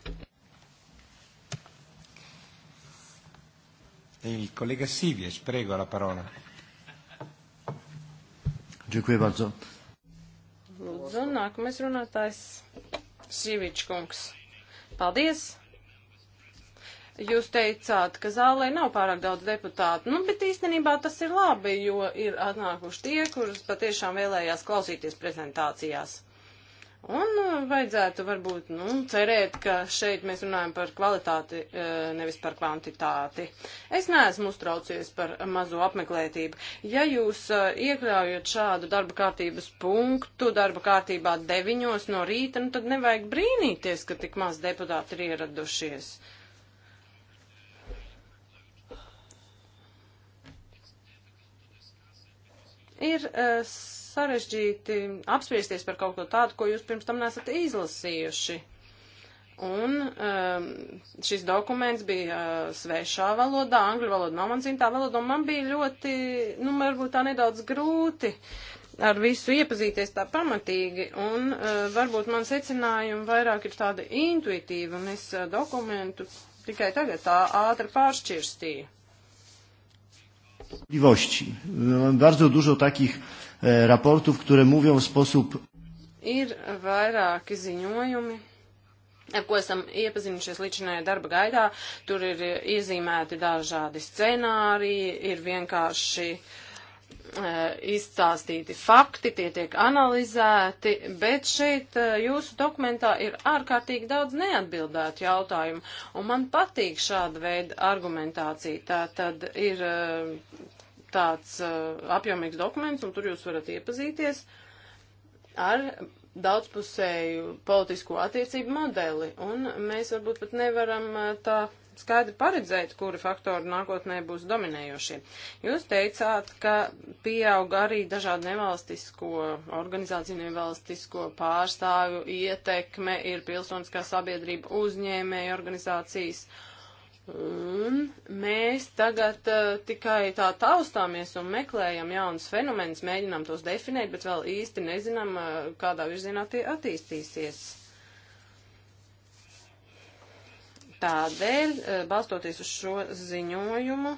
Il collega Sivies, prego la parola. Dziękuję bardzo. Lūdzu, nākamais runātājs Sīvičs kungs. Paldies! Jūs teicāt, ka zālē nav pārāk daudz deputātu, nu, bet īstenībā tas ir labi, jo ir atnākuši tie, kurus patiešām vēlējās klausīties prezentācijās. Un uh, vajadzētu varbūt, nu, cerēt, ka šeit mēs runājam par kvalitāti, uh, nevis par kvantitāti. Es neesmu uztraucies par mazo apmeklētību. Ja jūs uh, iekļaujat šādu darba kārtības punktu darba kārtībā deviņos no rīta, nu, tad nevajag brīnīties, ka tik maz deputāti ir ieradušies. Uh, Ir uh, sarežģīti apspriesties par kaut ko tādu, ko jūs pirms tam nesat izlasījuši. Un um, šis dokuments bija uh, svešā valodā, angļu valoda nav man dzimtā valoda, un man bija ļoti, nu, varbūt tā nedaudz grūti ar visu iepazīties tā pamatīgi, un uh, varbūt man secinājumi vairāk ir tādi intuitīvi, un es uh, dokumentu tikai tagad tā ātri pāršķirstīju. Bardzo dużo takich e, raportów, które mówią w sposób. Ir vairāki ziņojumi, ar ko esam iepazinušies līdzinājā darba gaidā. Tur ir iezīmēti dažādi scenāriji, ir vienkārši uh, Eh, izstāstīti fakti, tie tiek analizēti, bet šeit eh, jūsu dokumentā ir ārkārtīgi daudz neatbildētu jautājumu, un man patīk šāda veida argumentācija. Tā tad ir eh, tāds apjomīgs dokuments, un tur jūs varat iepazīties ar daudzpusēju politisko attiecību modeli, un mēs varbūt pat nevaram tā skaidri paredzēt, kuri faktori nākotnē būs dominējošie. Jūs teicāt, ka pieauga arī dažādu nevalstisko organizāciju, nevalstisko pārstāvju ietekme, ir pilsoniskā sabiedrība uzņēmēja organizācijas. Un mēs tagad uh, tikai tā taustāmies un meklējam jaunus fenomenus, mēģinām tos definēt, bet vēl īsti nezinām, uh, kādā virzienā tie attīstīsies. Tādēļ, eh, balstoties uz šo ziņojumu,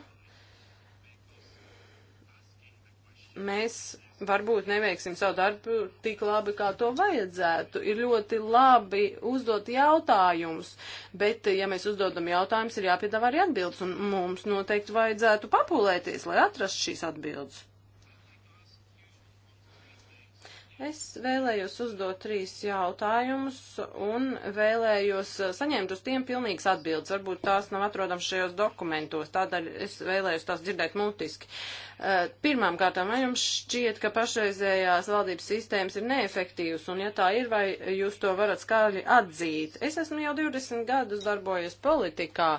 mēs varbūt neveiksim savu darbu tik labi, kā to vajadzētu. Ir ļoti labi uzdot jautājumus, bet, eh, ja mēs uzdodam jautājumus, ir jāpiedāvā arī atbildes, un mums noteikti vajadzētu papulēties, lai atrastu šīs atbildes. Es vēlējos uzdot trīs jautājumus un vēlējos uh, saņemt uz tiem pilnīgas atbildes. Varbūt tās nav atrodams šajos dokumentos, tādēļ es vēlējos tās dzirdēt mutiski. Uh, pirmām kārtām, vai jums šķiet, ka pašreizējās valdības sistēmas ir neefektīvas, un ja tā ir, vai jūs to varat skaļi atzīt? Es esmu jau 20 gadus darbojies politikā,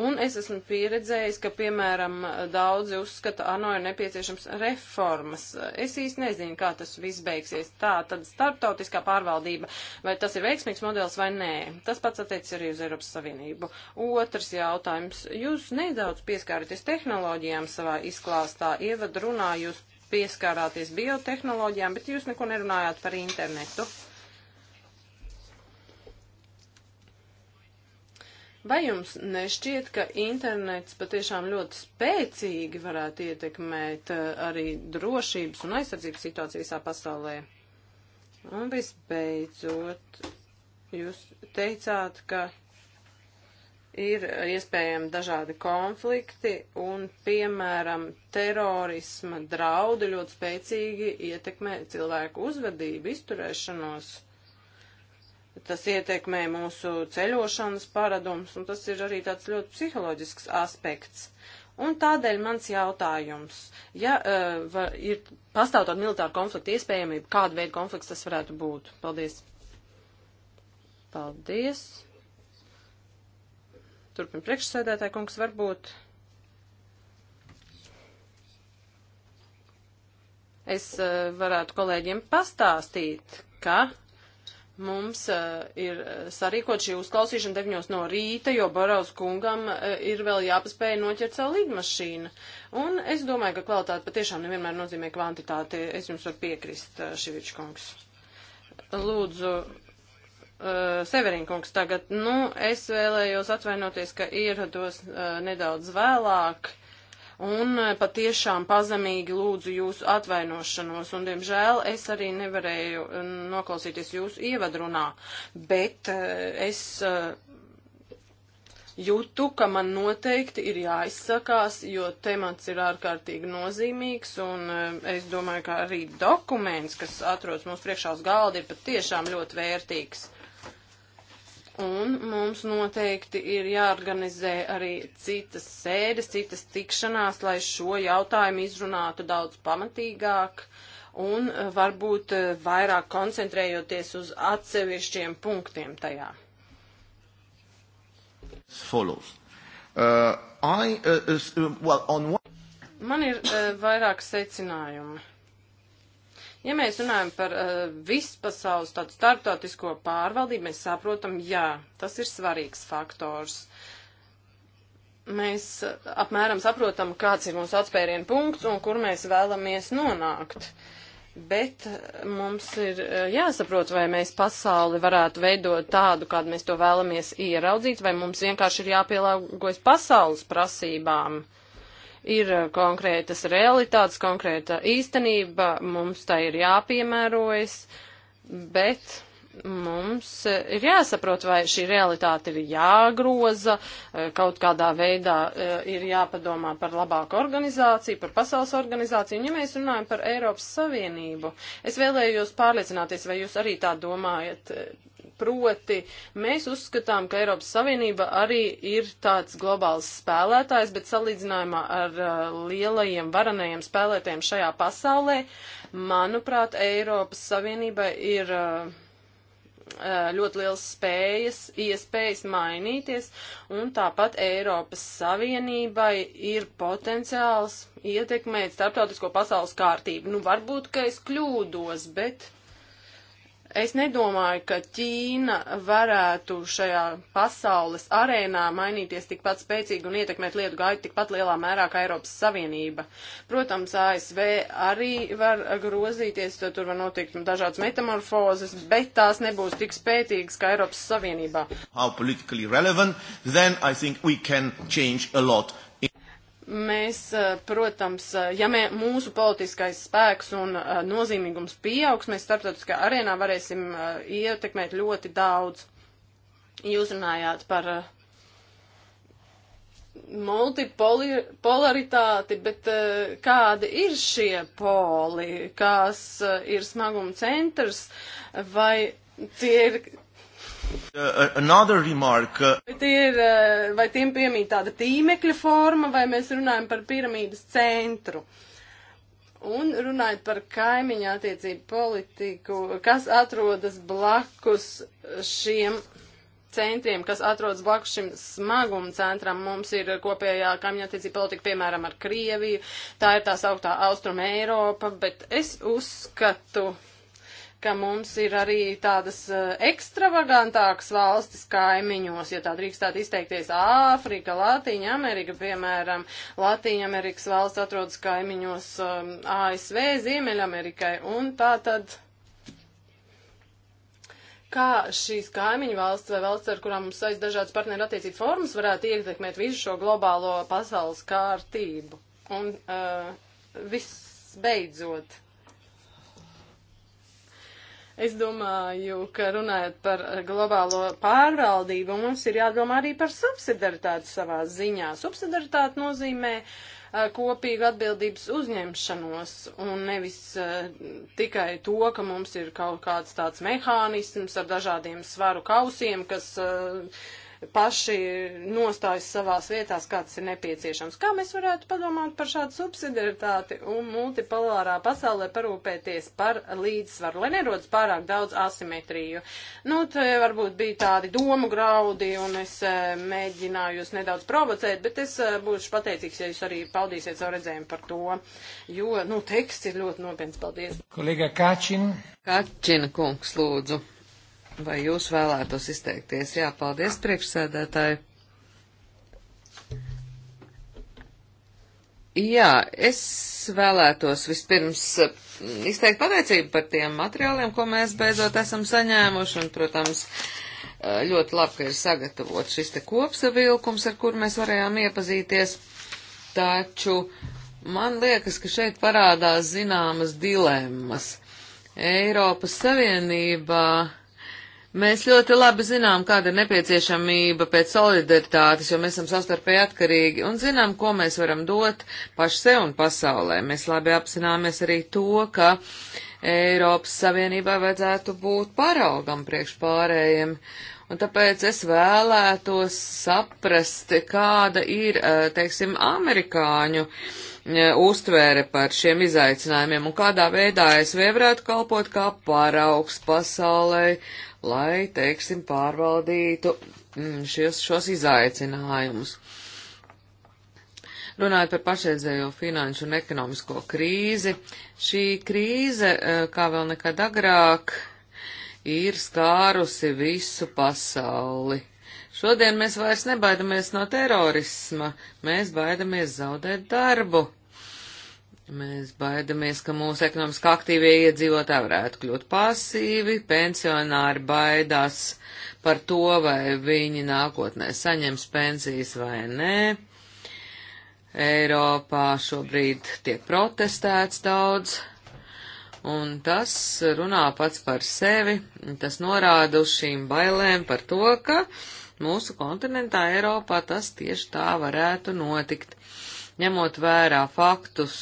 Un es esmu pieredzējis, ka, piemēram, daudzi uzskata, ANO nu, ir nepieciešams reformas. Es īsti nezinu, kā tas viss beigsies. Tā tad starptautiskā pārvaldība, vai tas ir veiksmīgs modelis vai nē. Tas pats attiecas arī uz Eiropas Savienību. Otrs jautājums. Jūs nedaudz pieskāraties tehnoloģijām savā izklāstā. Ievad runā, jūs pieskārāties biotehnoloģijām, bet jūs neko nerunājāt par internetu. Vai jums nešķiet, ka internets patiešām ļoti spēcīgi varētu ietekmēt eh, arī drošības un aizsardzības situāciju visā pasaulē? Un visbeidzot, jūs teicāt, ka ir iespējami dažādi konflikti un, piemēram, terorisma draudi ļoti spēcīgi ietekmē cilvēku uzvedību, izturēšanos tas ietekmē mūsu ceļošanas paradums, un tas ir arī tāds ļoti psiholoģisks aspekts. Un tādēļ mans jautājums, ja uh, eh, var, ir pastāv tāda militāra konflikta iespējamība, kāda veida konflikts tas varētu būt? Paldies. Paldies. Turpin priekšsēdētāji, kungs, varbūt. Es uh, varētu kolēģiem pastāstīt, ka Mums uh, ir eh, sarīkot šī uzklausīšana 9 no rīta, jo Boraus kungam uh, ir vēl jāpaspēja noķert savu līdmašīnu. Un es domāju, ka kvalitāte patiešām nevienmēr nozīmē kvantitāti. Es jums varu piekrist, uh, Šivičs kungs. Lūdzu, uh, Severinkungs tagad. Nu, es vēlējos atvainoties, ka ierados uh, nedaudz vēlāk. Uh, un eh, patiešām pazemīgi lūdzu jūsu atvainošanos, un, diemžēl, es arī nevarēju eh, noklausīties jūsu ievadrunā, bet eh, es jūtu, ka man noteikti ir jāizsakās, jo temats ir ārkārtīgi nozīmīgs, un es domāju, ka arī dokuments, kas atrodas mums priekšā uz galda, ir patiešām ļoti vērtīgs. Un mums noteikti ir jāorganizē arī citas sēdes, citas tikšanās, lai šo jautājumu izrunātu daudz pamatīgāk un e, varbūt e, vairāk koncentrējoties uz atsevišķiem punktiem tajā. Follows. Uh, I, uh, um, well, on one... Man ir uh, vairāk secinājumi. Ja mēs runājam par uh, vispasaules tādu startautisko pārvaldību, mēs saprotam, jā, tas ir svarīgs faktors. Mēs uh, apmēram saprotam, kāds ir mūsu atspērienu punkts un kur mēs vēlamies nonākt. Bet eh, mums ir uh, jāsaprot, vai mēs pasauli varētu veidot tādu, kādu mēs to vēlamies ieraudzīt, vai mums vienkārši ir jāpielāgojas pasaules prasībām. Uh, ir eh, konkrētas realitātes, konkrēta īstenība, mums tā ir jāpiemērojas, bet mums eh, ir jāsaprot, vai šī realitāte ir jāgroza, eh, kaut kādā veidā ir jāpadomā par labāku organizāciju, par pasaules organizāciju. Un, ja mēs runājam par Eiropas Savienību, es vēlējos pārliecināties, vai jūs arī tā domājat, Proti, mēs uzskatām, ka Eiropas Savienība arī ir tāds globāls spēlētājs, bet salīdzinājumā ar uh, lielajiem varanajiem spēlētājiem šajā pasaulē, manuprāt, Eiropas Savienība ir. Uh, uh, ļoti liels spējas, iespējas mainīties, un tāpat Eiropas Savienībai ir potenciāls ietekmēt starptautisko pasaules kārtību. Nu, varbūt, ka es kļūdos, bet Es nedomāju, ka Ķīna varētu šajā pasaules arēnā mainīties tikpat spēcīgi un ietekmēt lietu gaitu tikpat lielā mērā kā Eiropas Savienība. Protams, ASV arī var grozīties, jo tur var notikt dažādas metamorfozes, bet tās nebūs tik spēcīgas kā Eiropas Savienībā. How politically relevant, then I think we can change a lot Mēs, eh, protams, eh, ja mē, mūsu politiskais spēks un eh, nozīmīgums pieaugs, mēs starptautiskā arēnā varēsim ietekmēt ļoti daudz. Jūs runājāt par multipolaritāti, bet uh, kādi ir šie poli, kas uh, ir smaguma centrs, vai tie ir Uh, another remark. Uh, vai, ir, uh, vai tiem piemīt tāda tīmekļa forma, vai mēs runājam par piramīdas centru? Un runājot par kaimiņu attiecību politiku, kas atrodas blakus šiem centriem, kas atrodas blakus šim smaguma centram. Mums ir kopējā kaimiņattiecība politika, piemēram, ar Krieviju. Tā ir tā sauktā Austruma Eiropa, bet es uzskatu, ka mums ir arī tādas eh, ekstravagantākas valstis kaimiņos, ja tā drīkstāt izteikties Āfrika, Latīņa Amerika, piemēram, Latīņa Amerikas valsts atrodas kaimiņos um, ASV, Ziemeļamerikai, un tā tad. Kā šīs kaimiņu valsts vai valsts, ar kurām mums aiz dažādas partneru attiecību formas, varētu ietekmēt visu šo globālo pasaules kārtību? Un uh, viss beidzot. Es domāju, ka runājot par globālo pārvaldību, mums ir jādomā arī par subsidaritāti savā ziņā. Subsidaritāte nozīmē uh, kopīgu atbildības uzņemšanos un nevis uh, tikai to, ka mums ir kaut kāds tāds mehānisms ar dažādiem svaru kausiem, kas uh, paši nostājas savās vietās, kāds ir nepieciešams. Kā mēs varētu padomāt par šādu subsidiaritāti un multipolārā pasaulē parūpēties par līdzsvaru, lai nerodas pārāk daudz asimetriju? Nu, te varbūt bija tādi domu graudi un es eh, mēģināju jūs nedaudz provocēt, bet es eh, būšu pateicīgs, ja jūs arī paldīsiet savu redzējumu par to, jo, nu, teksts ir ļoti nopietns. Paldies! Kolēģa Kāčina. Kačina kungs, lūdzu vai jūs vēlētos izteikties? Jā, paldies priekšsēdētāji. Jā, es vēlētos vispirms mm, izteikt pateicību par tiem materiāliem, ko mēs beidzot esam saņēmuši, un, protams, ļoti labi, ka ir sagatavots šis te kopsavilkums, ar kur mēs varējām iepazīties, taču man liekas, ka šeit parādās zināmas dilemmas. Eiropas Savienībā Mēs ļoti labi zinām, kāda ir nepieciešamība pēc solidaritātes, jo mēs esam savstarpēji atkarīgi un zinām, ko mēs varam dot paši sev un pasaulē. Mēs labi apzināmies arī to, ka Eiropas Savienībā vajadzētu būt paraugam priekš pārējiem. Un tāpēc es vēlētos saprast, kāda ir, eh, teiksim, amerikāņu eh, uztvēre par šiem izaicinājumiem un kādā veidā es varētu kalpot kā paraugs pasaulē lai, teiksim, pārvaldītu mm, šios, šos izaicinājumus. Runājot par pašreizējo finanšu un ekonomisko krīzi, šī krīze, e, kā vēl nekad agrāk, ir skārusi visu pasauli. Šodien mēs vairs nebaidamies no terorisma, mēs baidamies zaudēt darbu Mēs baidamies, ka mūsu ekonomiski aktīvie iedzīvotāji varētu kļūt pasīvi, pensionāri baidās par to, vai viņi nākotnē saņems pensijas vai nē. Eiropā šobrīd tiek protestēts daudz, un tas runā pats par sevi, tas norāda uz šīm bailēm par to, ka mūsu kontinentā Eiropā tas tieši tā varētu notikt. Ņemot vērā faktus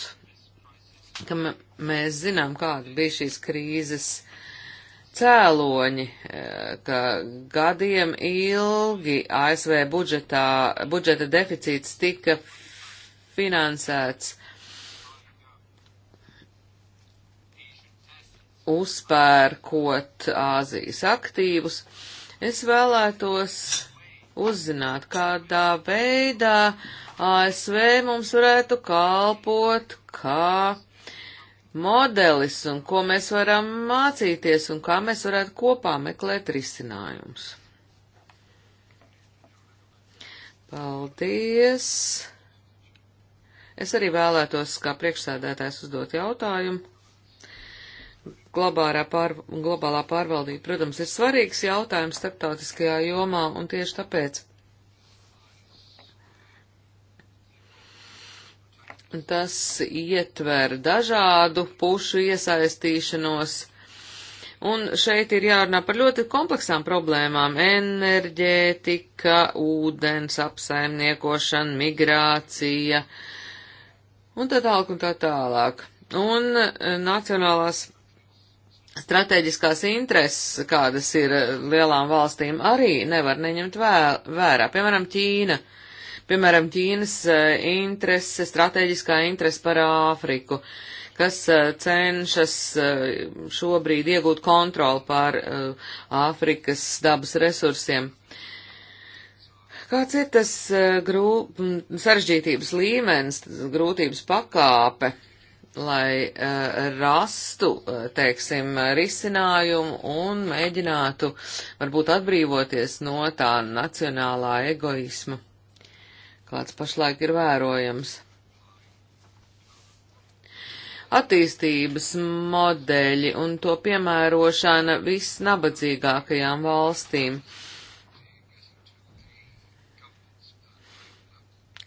ka mēs zinām, kāda bija šīs krīzes cēloņi, e, ka gadiem ilgi ASV budžetā, budžeta deficīts tika finansēts uzpērkot Āzijas aktīvus. Es vēlētos uzzināt, kādā veidā ASV mums varētu kalpot kā modelis un ko mēs varam mācīties un kā mēs varētu kopā meklēt risinājumus. Paldies! Es arī vēlētos, kā priekšsēdētājs, uzdot jautājumu. Globālā, pār, globālā pārvaldība, protams, ir svarīgs jautājums starptautiskajā jomā, un tieši tāpēc Tas ietver dažādu pušu iesaistīšanos. Un šeit ir jārunā par ļoti kompleksām problēmām - enerģētika, ūdens apsaimniekošana, migrācija un tā tālāk un tā tālāk. Un e, nacionālās stratēģiskās intereses, kādas ir e, lielām valstīm, arī nevar neņemt vērā. Piemēram, Ķīna. Uh, piemēram, Ķīnas eh, interese, strateģiskā interese par Āfriku, kas eh, cenšas eh, šobrīd iegūt kontroli pār Āfrikas dabas resursiem. Kāds ir tas grū, sarežģītības līmenis, grūtības pakāpe, lai rastu, teiksim, risinājumu un mēģinātu varbūt atbrīvoties no tā nacionālā egoisma? kāds pašlaik ir vērojams. Attīstības modeļi un to piemērošana visnabadzīgākajām valstīm.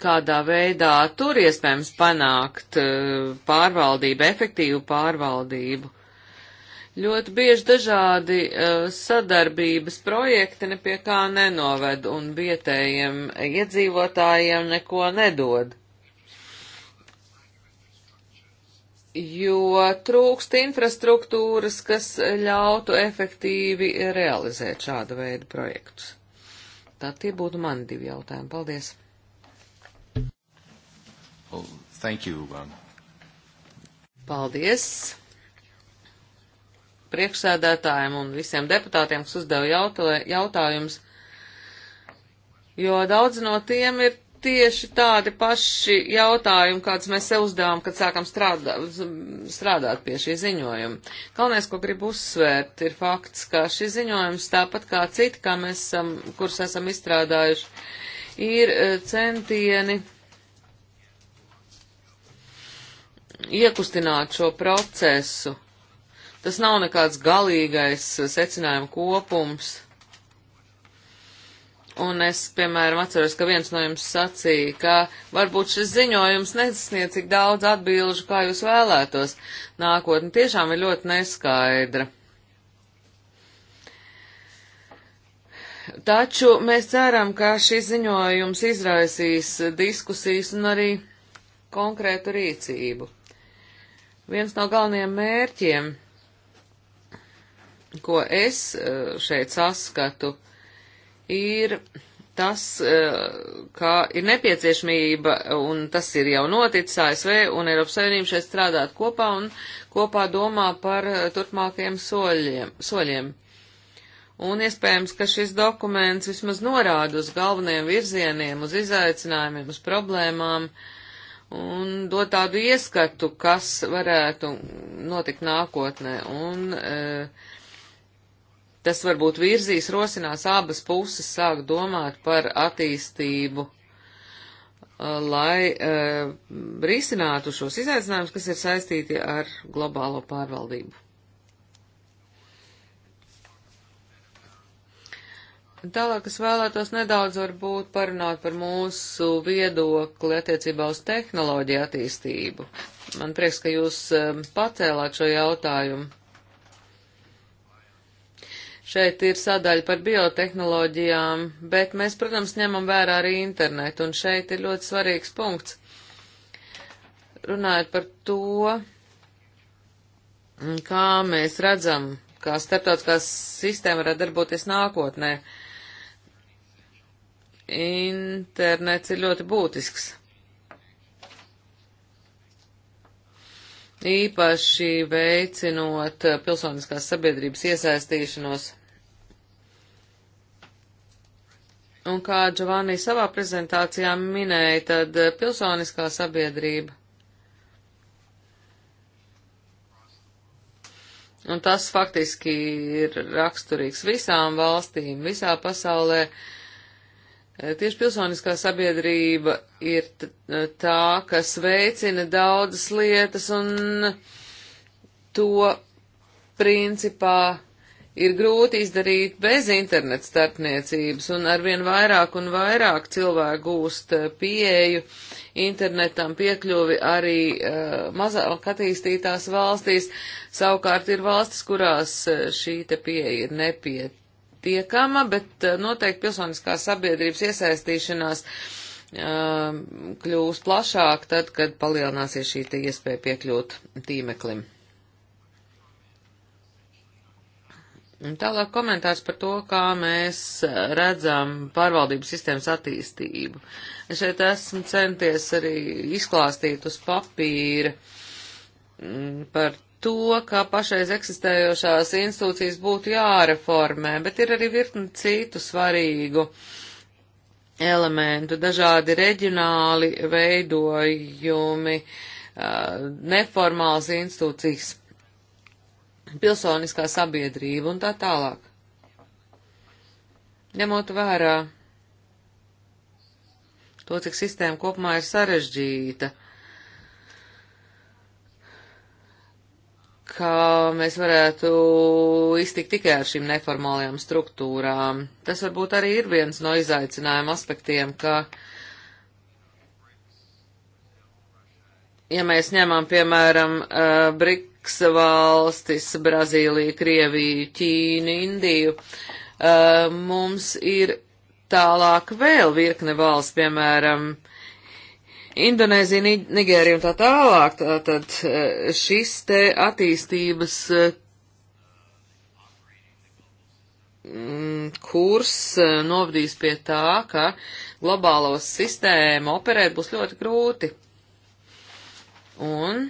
kādā veidā tur iespējams panākt eh, pārvaldību, efektīvu pārvaldību. Ļoti bieži dažādi uh, sadarbības projekti nepie kā nenoved un vietējiem iedzīvotājiem neko nedod. Jo trūkst infrastruktūras, kas ļautu efektīvi realizēt šādu veidu projektus. Tā tie būtu mani divi jautājumi. Paldies! Well, thank you. Um... Paldies! priekšsēdētājiem un visiem deputātiem, kas uzdeva jautājumus, jo daudz no tiem ir tieši tādi paši jautājumi, kāds mēs sev uzdevām, kad sākam strādā, strādāt pie šī ziņojuma. Galvenais, ko gribu uzsvērt, ir fakts, ka šis ziņojums, tāpat kā citi, kā mēs esam, kurus esam izstrādājuši, ir e, centieni iekustināt šo procesu Tas nav nekāds galīgais uh, secinājuma kopums. Un es, piemēram, atceros, ka viens no jums sacīja, ka varbūt šis ziņojums nesasniedz tik daudz atbilžu, kā jūs vēlētos. Nākotne tiešām ir ļoti neskaidra. Taču mēs ceram, ka šis ziņojums izraisīs diskusijas un arī konkrētu rīcību. Viens no galvenajiem mērķiem ko es e, šeit saskatu, ir tas, e, kā ir nepieciešamība, un tas ir jau noticis ASV un Eiropas Savienība šeit strādāt kopā un kopā domā par e, turpmākajiem soļiem. soļiem. Un iespējams, ka šis dokuments vismaz norāda uz galvenajiem virzieniem, uz izaicinājumiem, uz problēmām un dod tādu ieskatu, kas varētu notikt nākotnē. Un, uh, Tas varbūt virzīs, rosinās abas puses sāk domāt par attīstību, uh, lai uh, risinātu šos izaicinājumus, kas ir saistīti ar globālo pārvaldību. Tālāk es vēlētos nedaudz varbūt parunāt par mūsu viedokli attiecībā uz tehnoloģiju attīstību. Man prieks, ka jūs um, pacēlāt šo jautājumu. Šeit ir sadaļa par biotehnoloģijām, bet mēs, protams, ņemam vērā arī internetu, un šeit ir ļoti svarīgs punkts. Runājot par to, kā mēs redzam, kā starptautiskā sistēma varētu darboties nākotnē. Internets ir ļoti būtisks. Īpaši veicinot pilsoniskās sabiedrības iesaistīšanos Un kā Giovanni savā prezentācijā minēja, tad eh, pilsoniskā sabiedrība. Un tas faktiski ir raksturīgs visām valstīm, visā pasaulē. Eh, tieši pilsoniskā sabiedrība ir eh, tā, kas veicina daudzas lietas un to principā ir grūti izdarīt bez internet starpniecības, un arvien vairāk un vairāk cilvēku gūst eh, pieeju internetam piekļuvi arī uh, eh, mazāk attīstītās valstīs. Savukārt ir valstis, kurās eh, šī te pieeja ir nepietiekama, bet uh, noteikti pilsoniskā sabiedrības iesaistīšanās uh, kļūs plašāk tad, kad palielināsies šī te iespēja piekļūt tīmeklim. Un tālāk komentārs par to, kā mēs redzam pārvaldības sistēmas attīstību. Es šeit esmu centies arī izklāstīt uz papīra mm, par to, kā pašreiz eksistējošās institūcijas būtu jāreformē, bet ir arī virkni citu svarīgu elementu, dažādi reģionāli veidojumi, neformāls institūcijas pilsoniskā sabiedrība un tā tālāk. Ņemot vērā to, cik sistēma kopumā ir sarežģīta, ka mēs varētu iztikt tikai ar šīm neformālajām struktūrām. Tas varbūt arī ir viens no izaicinājuma aspektiem, ka, ja mēs ņemam, piemēram, uh, eh, Brik BRICS valstis - Brazīliju, Krieviju, Ķīnu, Indiju. Uh, mums ir tālāk vēl virkne valsts, piemēram, Indonēzija, Nigērija un tā tālāk. Tātad uh, šis te attīstības uh, mm, kurs uh, novadīs pie tā, ka globālo sistēmu operēt būs ļoti grūti. Un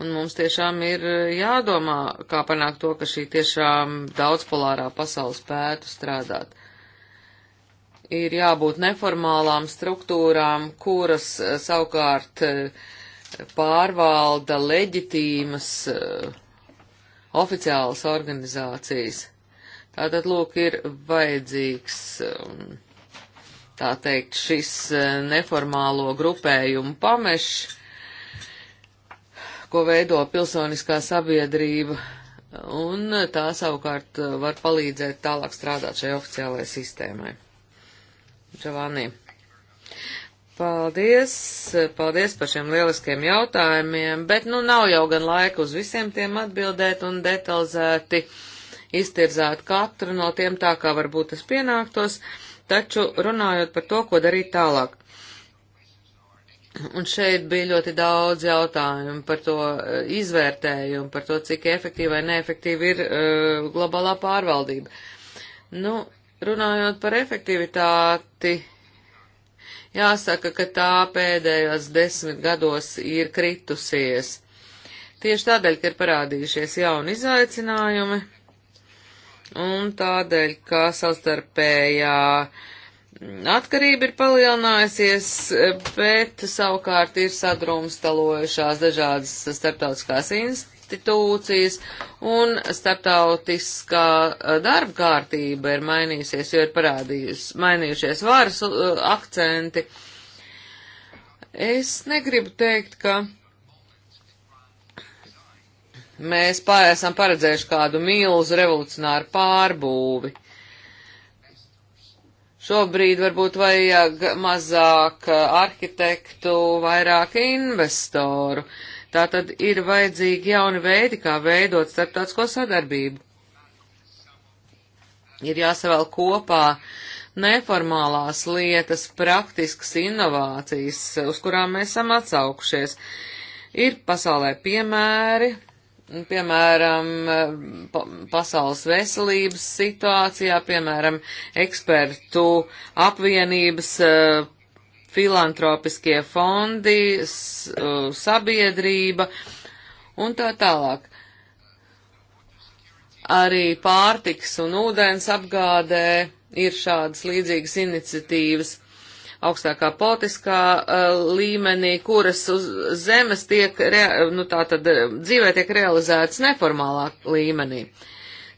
Un mums tiešām ir eh, jādomā, kā panākt to, ka šī tiešām daudzpolārā pasaule spētu strādāt ir jābūt neformālām struktūrām, kuras eh, savukārt eh, pārvalda leģitīmas oficiālas organizācijas. Tātad, lūk, ir vajadzīgs, um, tā teikt, šis neformālo grupējumu pamešs, ko veido pilsoniskā sabiedrība, un tā savukārt var palīdzēt tālāk strādāt šai oficiālajai sistēmai. Giovanni. Paldies, paldies par šiem lieliskiem jautājumiem, bet nu nav jau gan laika uz visiem tiem atbildēt un detalizēti iztirzāt katru no tiem tā, kā varbūt tas pienāktos, taču runājot par to, ko darīt tālāk. Un šeit bija ļoti daudz jautājumu par to eh, izvērtējumu, par to, cik efektīva vai neefektīva ir uh, globālā pārvaldība. Nu, runājot par efektivitāti, jāsaka, ka tā pēdējos desmit gados ir kritusies. Tieši tādēļ, ka ir parādījušies jauni izaicinājumi un tādēļ, ka savstarpējā uh, atkarība ir palielinājusies, bet savukārt ir sadrumstalojušās dažādas starptautiskās institūcijas un starptautiskā eh, darba kārtība ir mainījusies, jo ir parādījus, mainījušies varas eh, akcenti. Es negribu teikt, ka mēs pār esam paredzējuši kādu milzu revolucionāru pārbūvi Šobrīd varbūt vajag mazāk eh, arhitektu, vairāk investoru. Tātad ir vajadzīgi jauni veidi, kā veidot starptautisko sadarbību. Ir jāsavēl kopā neformālās lietas, praktiskas inovācijas, uz kurām mēs esam atsaukušies. Ir pasaulē piemēri, piemēram, pasaules veselības situācijā, piemēram, ekspertu apvienības, eh, filantropiskie fondi, eh, sabiedrība un tā tālāk. Arī pārtiks un ūdens apgādē ir šādas līdzīgas iniciatīvas augstākā politiskā uh, līmenī, kuras uz zemes tiek, rea, nu tā tad eh, dzīvē tiek realizētas neformālā līmenī.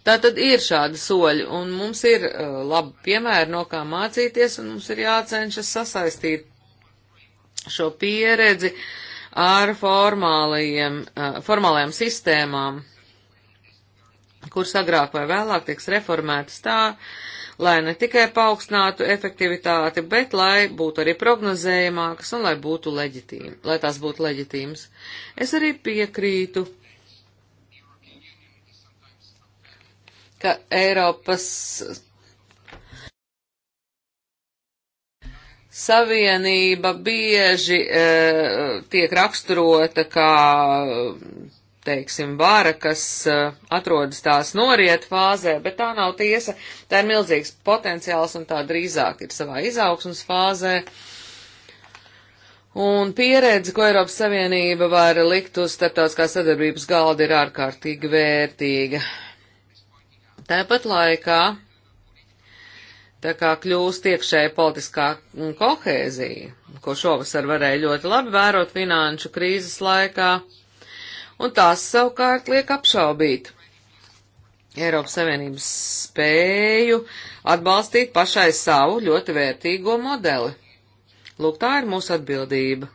Tā tad ir šādi soļi, un mums ir uh, labi piemēri, no kā mācīties, un mums ir jācenšas sasaistīt šo pieredzi ar formālajiem, uh, formālajām sistēmām, kuras agrāk vai vēlāk tiks reformētas tā, uh, lai ne tikai paaugstinātu efektivitāti, bet lai būtu arī prognozējamākas un lai būtu leģitīmi, lai tās būtu leģitīmas. Es arī piekrītu, ka Eiropas Savienība bieži e, tiek raksturota kā teiksim, vara, kas uh, atrodas tās noriet fāzē, bet tā nav tiesa. Tā ir milzīgs potenciāls un tā drīzāk ir savā izaugsmas fāzē. Un pieredze, ko Eiropas Savienība var likt uz starptautiskās sadarbības galda, ir ārkārtīgi vērtīga. Tāpat laikā, tā kā kļūst iekšēja politiskā kohēzija, ko šovasar varēja ļoti labi vērot finanšu krīzes laikā, un tās savukārt liek apšaubīt Eiropas Savienības spēju atbalstīt pašai savu ļoti vērtīgo modeli. Lūk, tā ir mūsu atbildība.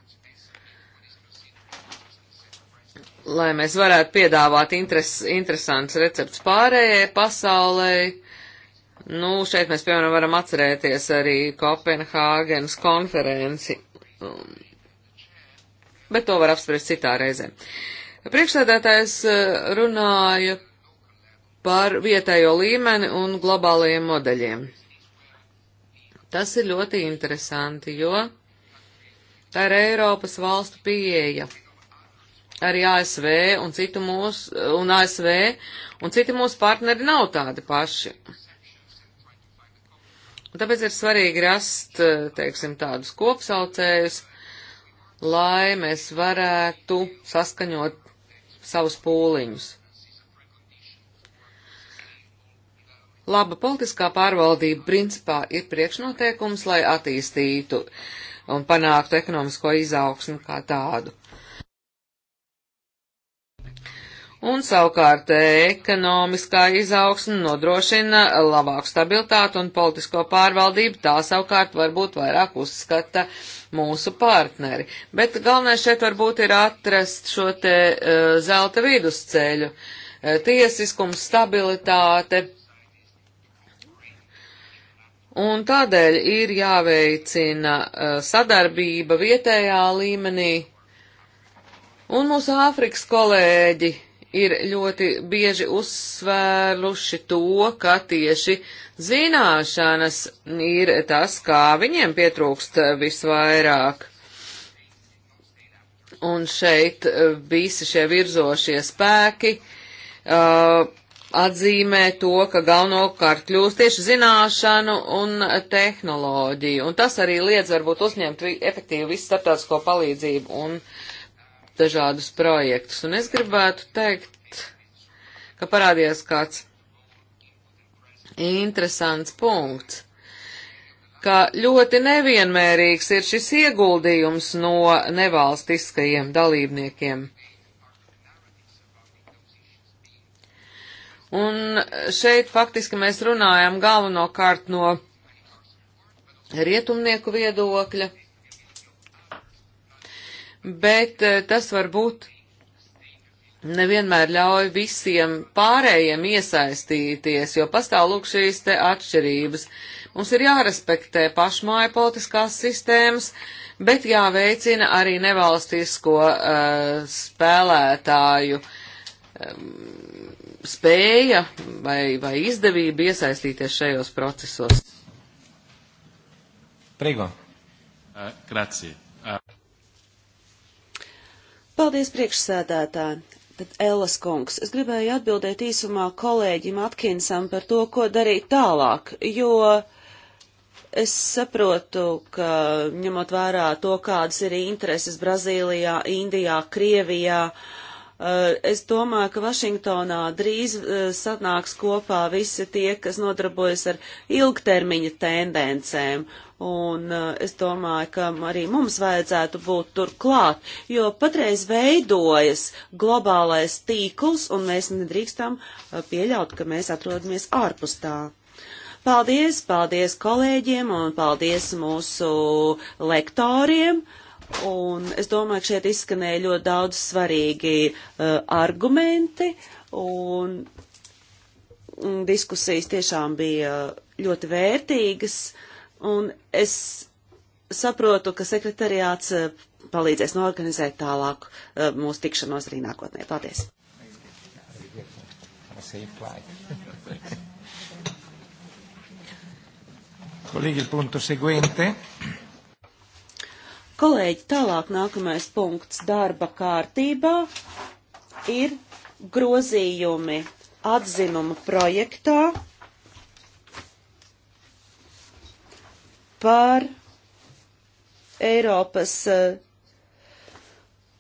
Lai mēs varētu piedāvāt interes, interesants recepts pārējai pasaulē, nu, šeit mēs, piemēram, varam atcerēties arī Kopenhāgenes konferenci, bet to var apspriest citā reizē. Uh, Priekšsēdētājs eh, runāja par vietējo līmeni un globālajiem modeļiem. Tas ir ļoti interesanti, jo tā ir Eiropas valstu pieeja. Arī ASV un, citu mūs, un ASV un citi mūsu partneri nav tādi paši. Un tāpēc ir svarīgi rast, eh, teiksim, tādus kopsaucējus, lai mēs varētu saskaņot savus pūliņus. Laba politiskā pārvaldība principā ir priekšnoteikums, lai attīstītu un panāktu ekonomisko izaugsmu kā tādu. un savukārt e, ekonomiskā izaugsme nodrošina labāku stabilitātu un politisko pārvaldību, tā savukārt varbūt vairāk uzskata mūsu partneri. Bet galvenais šeit varbūt ir atrast šo te uh, zelta vidusceļu, uh, tiesiskums, stabilitāte. Un tādēļ ir jāveicina uh, sadarbība vietējā līmenī. Un mūsu Āfrikas kolēģi ir ļoti bieži uzsvēruši to, ka tieši zināšanas ir tas, kā viņiem pietrūkst visvairāk. Un šeit visi šie virzošie spēki uh, atzīmē to, ka galvenokārt kļūst tieši zināšanu un tehnoloģiju. Un tas arī liedz varbūt uzņemt efektīvi visu starptautisko palīdzību un uh, dažādus projektus. Un es gribētu teikt, ka parādījās kāds interesants punkts, ka ļoti nevienmērīgs ir šis ieguldījums no nevalstiskajiem dalībniekiem. Un šeit faktiski mēs runājam galvenokārt no rietumnieku viedokļa bet eh, tas varbūt nevienmēr ļauj visiem pārējiem iesaistīties, jo pastāv lūk šīs te atšķirības. Mums ir jārespektē pašmāja politiskās sistēmas, bet jāveicina arī nevalstisko uh, spēlētāju um, spēja vai, vai izdevība iesaistīties šajos procesos. Prigo. Uh, eh, grazie. Uh. Paldies priekšsēdētājiem! Tad Ellas kungs, es gribēju atbildēt īsumā kolēģim Atkinsam par to, ko darīt tālāk, jo es saprotu, ka ņemot vērā to, kādas ir intereses Brazīlijā, Indijā, Krievijā, eh, es domāju, ka Vašingtonā drīz eh, sanāks kopā visi tie, kas nodarbojas ar ilgtermiņa tendencēm Un uh, es domāju, ka arī mums vajadzētu būt turklāt, jo patreiz veidojas globālais tīkls, un mēs nedrīkstam uh, pieļaut, ka mēs atrodamies ārpus tā. Paldies, paldies kolēģiem un paldies mūsu lektoriem. Un es domāju, ka šeit izskanēja ļoti daudz svarīgi uh, argumenti, un, un diskusijas tiešām bija ļoti vērtīgas. Uh, Un es saprotu, ka sekretariāts eh, palīdzēs norganizēt tālāk eh, mūsu tikšanos arī nākotnē. Paldies! Kolēģi, puntu seguente. Kolēģi, tālāk nākamais punkts darba kārtībā ir grozījumi atzinuma projektā par Eiropas eh,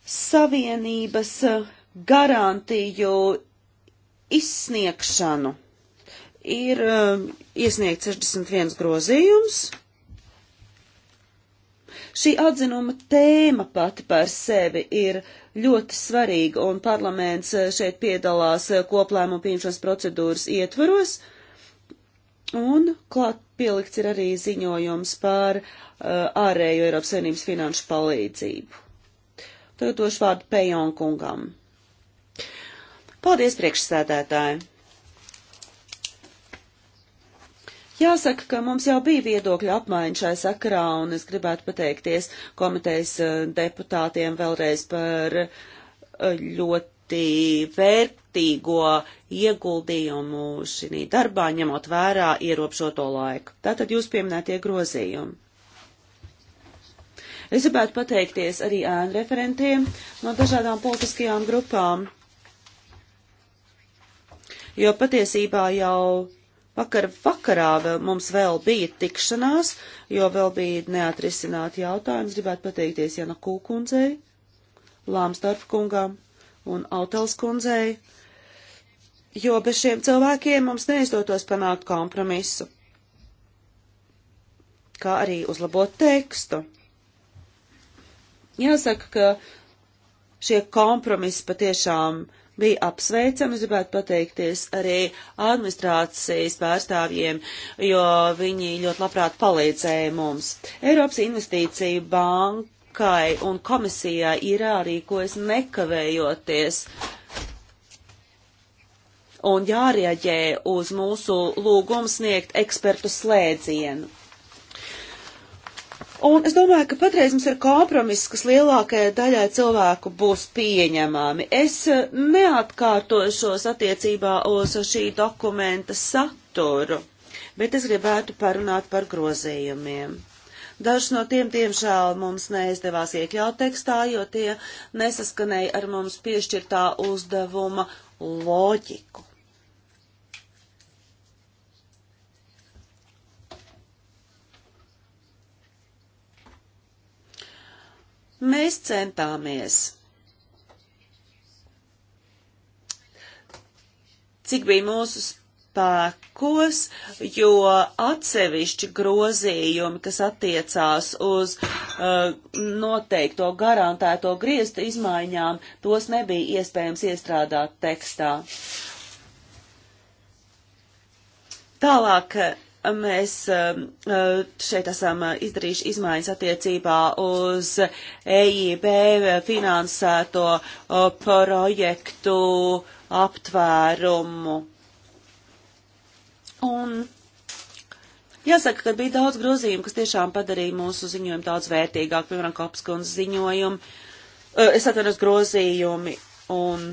Savienības eh, garantiju izsniegšanu. Ir eh, iesniegts 61 grozījums. Šī atzinuma tēma pati par sevi ir ļoti svarīga, un parlaments šeit piedalās koplēmu pieņemšanas procedūras ietvaros. Uh, Un klāt pielikts ir arī ziņojums par uh, ārējo Eiropas Savienības finanšu palīdzību. Tagad došu vārdu Pejon kungam. Paldies, priekšsēdētāji! Jāsaka, ka mums jau bija viedokļu apmaiņa šai sakarā, un es gribētu pateikties komitejas uh, deputātiem vēlreiz par uh, ļoti ļoti vērtīgo ieguldījumu šī darbā, ņemot vērā ierobežoto laiku. Tātad jūs pieminētie grozījumi. Es gribētu pateikties arī ēnu referentiem no dažādām politiskajām grupām, jo patiesībā jau vakar vakarā mums vēl bija tikšanās, jo vēl bija neatrisināti jautājumi. Es gribētu pateikties Jana Kūkundzei, Lāmstarp kungam un Autels kundzei, jo bez šiem cilvēkiem mums neizdotos panākt kompromisu, kā arī uzlabot tekstu. Jāsaka, ka šie kompromisi patiešām bija apsveicami. Es gribētu pateikties arī administrācijas pārstāvjiem, jo viņi ļoti labprāt palīdzēja mums. Eiropas investīcija banka Turkai un komisijai ir jārīkojas nekavējoties un jārieģē uz mūsu lūgumu sniegt ekspertu slēdzienu. Un es domāju, ka patreiz mums ir kompromiss, kas lielākajai daļai cilvēku būs pieņemami. Es e, neatkārtošos attiecībā uz šī dokumenta saturu, bet es gribētu parunāt par grozījumiem. Dažs no tiem, diemžēl, mums neizdevās iekļaut tekstā, jo tie nesaskanēja ar mums piešķirtā uzdevuma loģiku. Mēs centāmies cik bija mūsu spēkos, jo atsevišķi grozījumi, kas attiecās uz uh, noteikto garantēto griezta izmaiņām, tos nebija iespējams iestrādāt tekstā. Tālāk uh, mēs um, uh, šeit esam uh, izdarījuši izmaiņas attiecībā uz EIB finansēto projektu aptvērumu. Un Jāsaka, ka bija daudz grozījumu, kas tiešām padarīja mūsu ziņojumu daudz vērtīgāku, piemēram, Kopskundas ziņojumu, es atveros grozījumi un.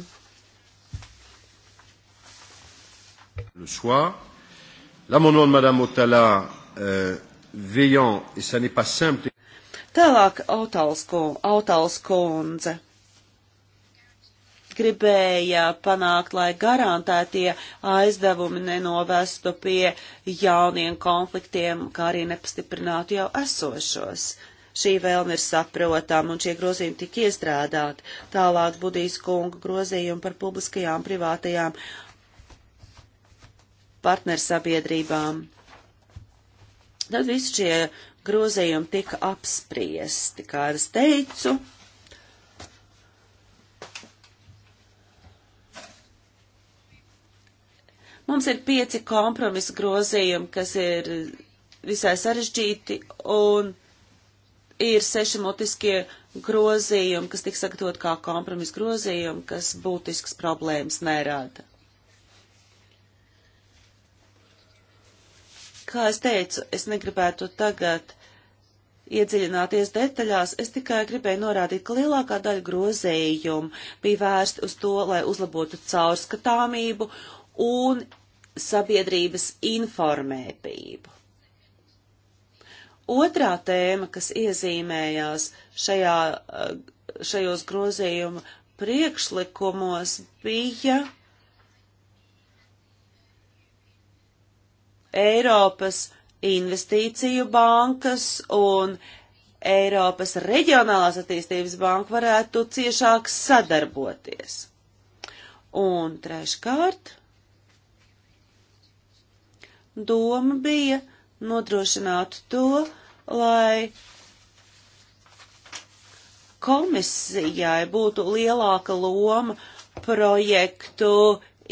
Le choix. L'amendement de Madame Otala euh, veillant, et ça n'est pas simple. Tālāk, Autals kundze gribēja panākt, lai garantētie aizdevumi nenovestu pie jauniem konfliktiem, kā arī nepastiprinātu jau esošos. Šī vēlme ir saprotama, un šie grozījumi tika iestrādāti. Tālāk Budīs kunga grozījumi par publiskajām privātajām partnersabiedrībām. Tad visi šie grozījumi tika apspriesti, kā es teicu, Mums ir pieci kompromisa grozījumi, kas ir visai sarežģīti, un ir seši motiskie grozījumi, kas tiks sagatavot kā kompromisa grozījumi, kas būtisks problēmas nerāda. Kā es teicu, es negribētu tagad iedziļināties detaļās, es tikai gribēju norādīt, ka lielākā daļa grozījumu bija vērsti uz to, lai uzlabotu caurskatāmību un sabiedrības informētību. Otrā tēma, kas iezīmējās šajā, eh, šajos grozījuma priekšlikumos, bija Eiropas investīciju bankas un Eiropas reģionālās attīstības banka varētu ciešāk sadarboties. Un treškārt, doma bija nodrošināt to, lai komisijai būtu lielāka loma projektu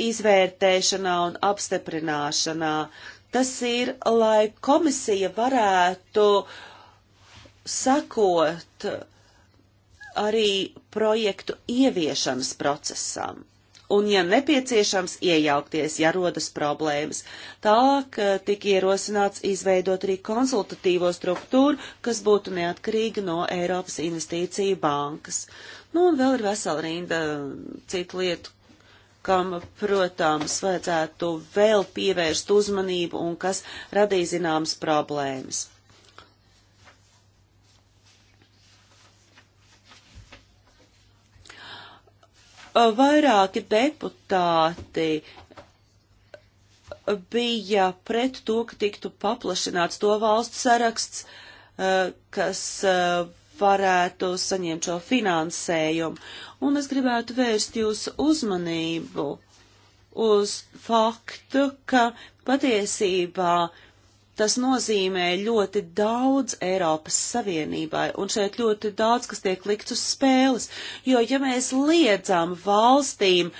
izvērtēšanā un apstiprināšanā. Tas ir, lai komisija varētu sekot arī projektu ieviešanas procesam un, ja nepieciešams, iejaukties, ja rodas problēmas. Tālāk eh, tika ierosināts izveidot arī konsultatīvo struktūru, kas būtu neatkarīga no Eiropas investīciju bankas. Nu, un vēl ir vesela rinda eh, citu lietu, kam, protams, vajadzētu vēl pievērst uzmanību un kas radīja zināmas problēmas. vairāki deputāti bija pret to, ka tiktu paplašināts to valstu saraksts, kas varētu saņemt šo finansējumu. Un es gribētu vērst jūsu uzmanību uz faktu, ka patiesībā uh, Tas nozīmē ļoti daudz Eiropas Savienībai, un šeit ļoti daudz, kas tiek likts uz spēles, jo ja mēs liedzam valstīm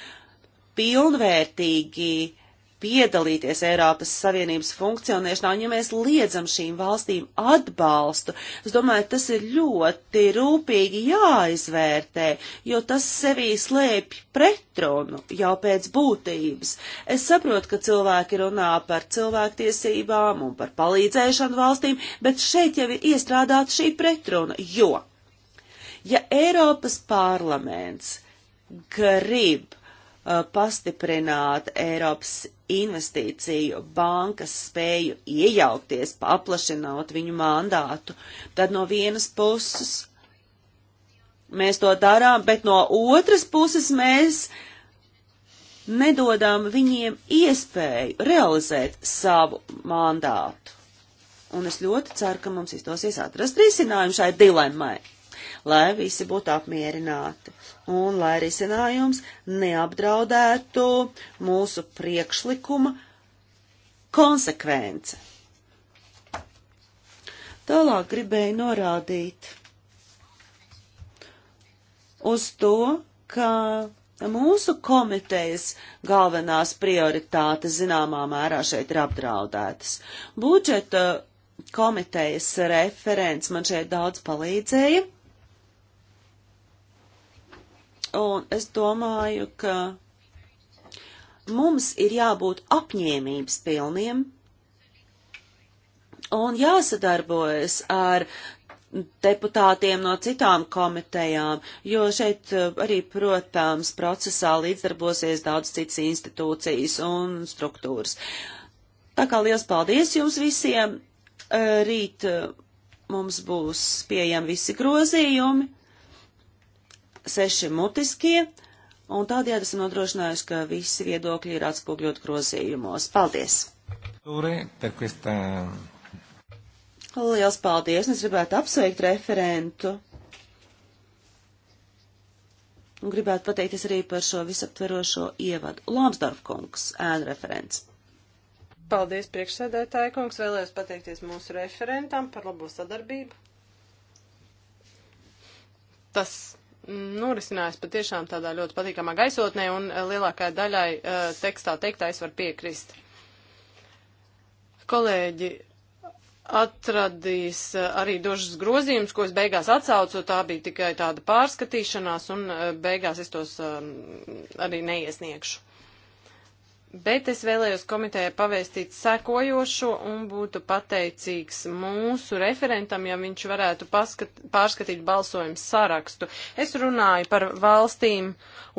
pilnvērtīgi piedalīties Eiropas Savienības funkcionēšanā, un ja mēs liedzam šīm valstīm atbalstu, es domāju, tas ir ļoti rūpīgi jāizvērtē, jo tas sevī slēpj pretrunu jau pēc būtības. Es saprotu, ka cilvēki runā par cilvēktiesībām un par palīdzēšanu valstīm, bet šeit jau ir iestrādāta šī pretruna, jo ja Eiropas parlaments grib uh, pastiprināt Eiropas investīciju bankas spēju iejaukties, paplašinot viņu mandātu, tad no vienas puses mēs to darām, bet no otras puses mēs nedodām viņiem iespēju realizēt savu mandātu. Un es ļoti ceru, ka mums izdosies atrast risinājumu šai dilemmai, lai visi būtu apmierināti un lai risinājums neapdraudētu mūsu priekšlikuma konsekvence. Tālāk gribēju norādīt uz to, ka mūsu komitejas galvenās prioritātes zināmā mērā šeit ir apdraudētas. Budžeta komitejas referents man šeit daudz palīdzēja un es domāju, ka mums ir jābūt apņēmības pilniem un jāsadarbojas ar deputātiem no citām komitejām, jo šeit eh, arī, protams, procesā līdzdarbosies daudz citas institūcijas un struktūras. Tā kā liels paldies jums visiem! Eh, rīt eh, mums būs pieejami visi grozījumi seši mutiskie, un tādējādi esam nodrošinājuši, ka visi viedokļi ir atspogļot grozījumos. Paldies! Liels paldies! Es gribētu apsveikt referentu. Un gribētu pateikties arī par šo visaptverošo ievadu. Lāmsdorf kungs, ēnu referents. Paldies, priekšsēdētāja kungs. Vēlējos pateikties mūsu referentam par labo sadarbību. Tas norisinājās patiešām tādā ļoti patīkamā gaisotnē, un eh, lielākajai daļai uh, tekstā teiktā es varu piekrist. Kolēģi, atradīs eh, arī dažas grozījumus, ko es beigās atsaucu. Tā bija tikai tāda pārskatīšanās, un beigās es tos arī neiesniegšu. Bet es vēlējos komitējai pavēstīt sekojošo un būtu pateicīgs mūsu referentam, ja viņš varētu paskat, pārskatīt balsojumu sarakstu. Es runāju par valstīm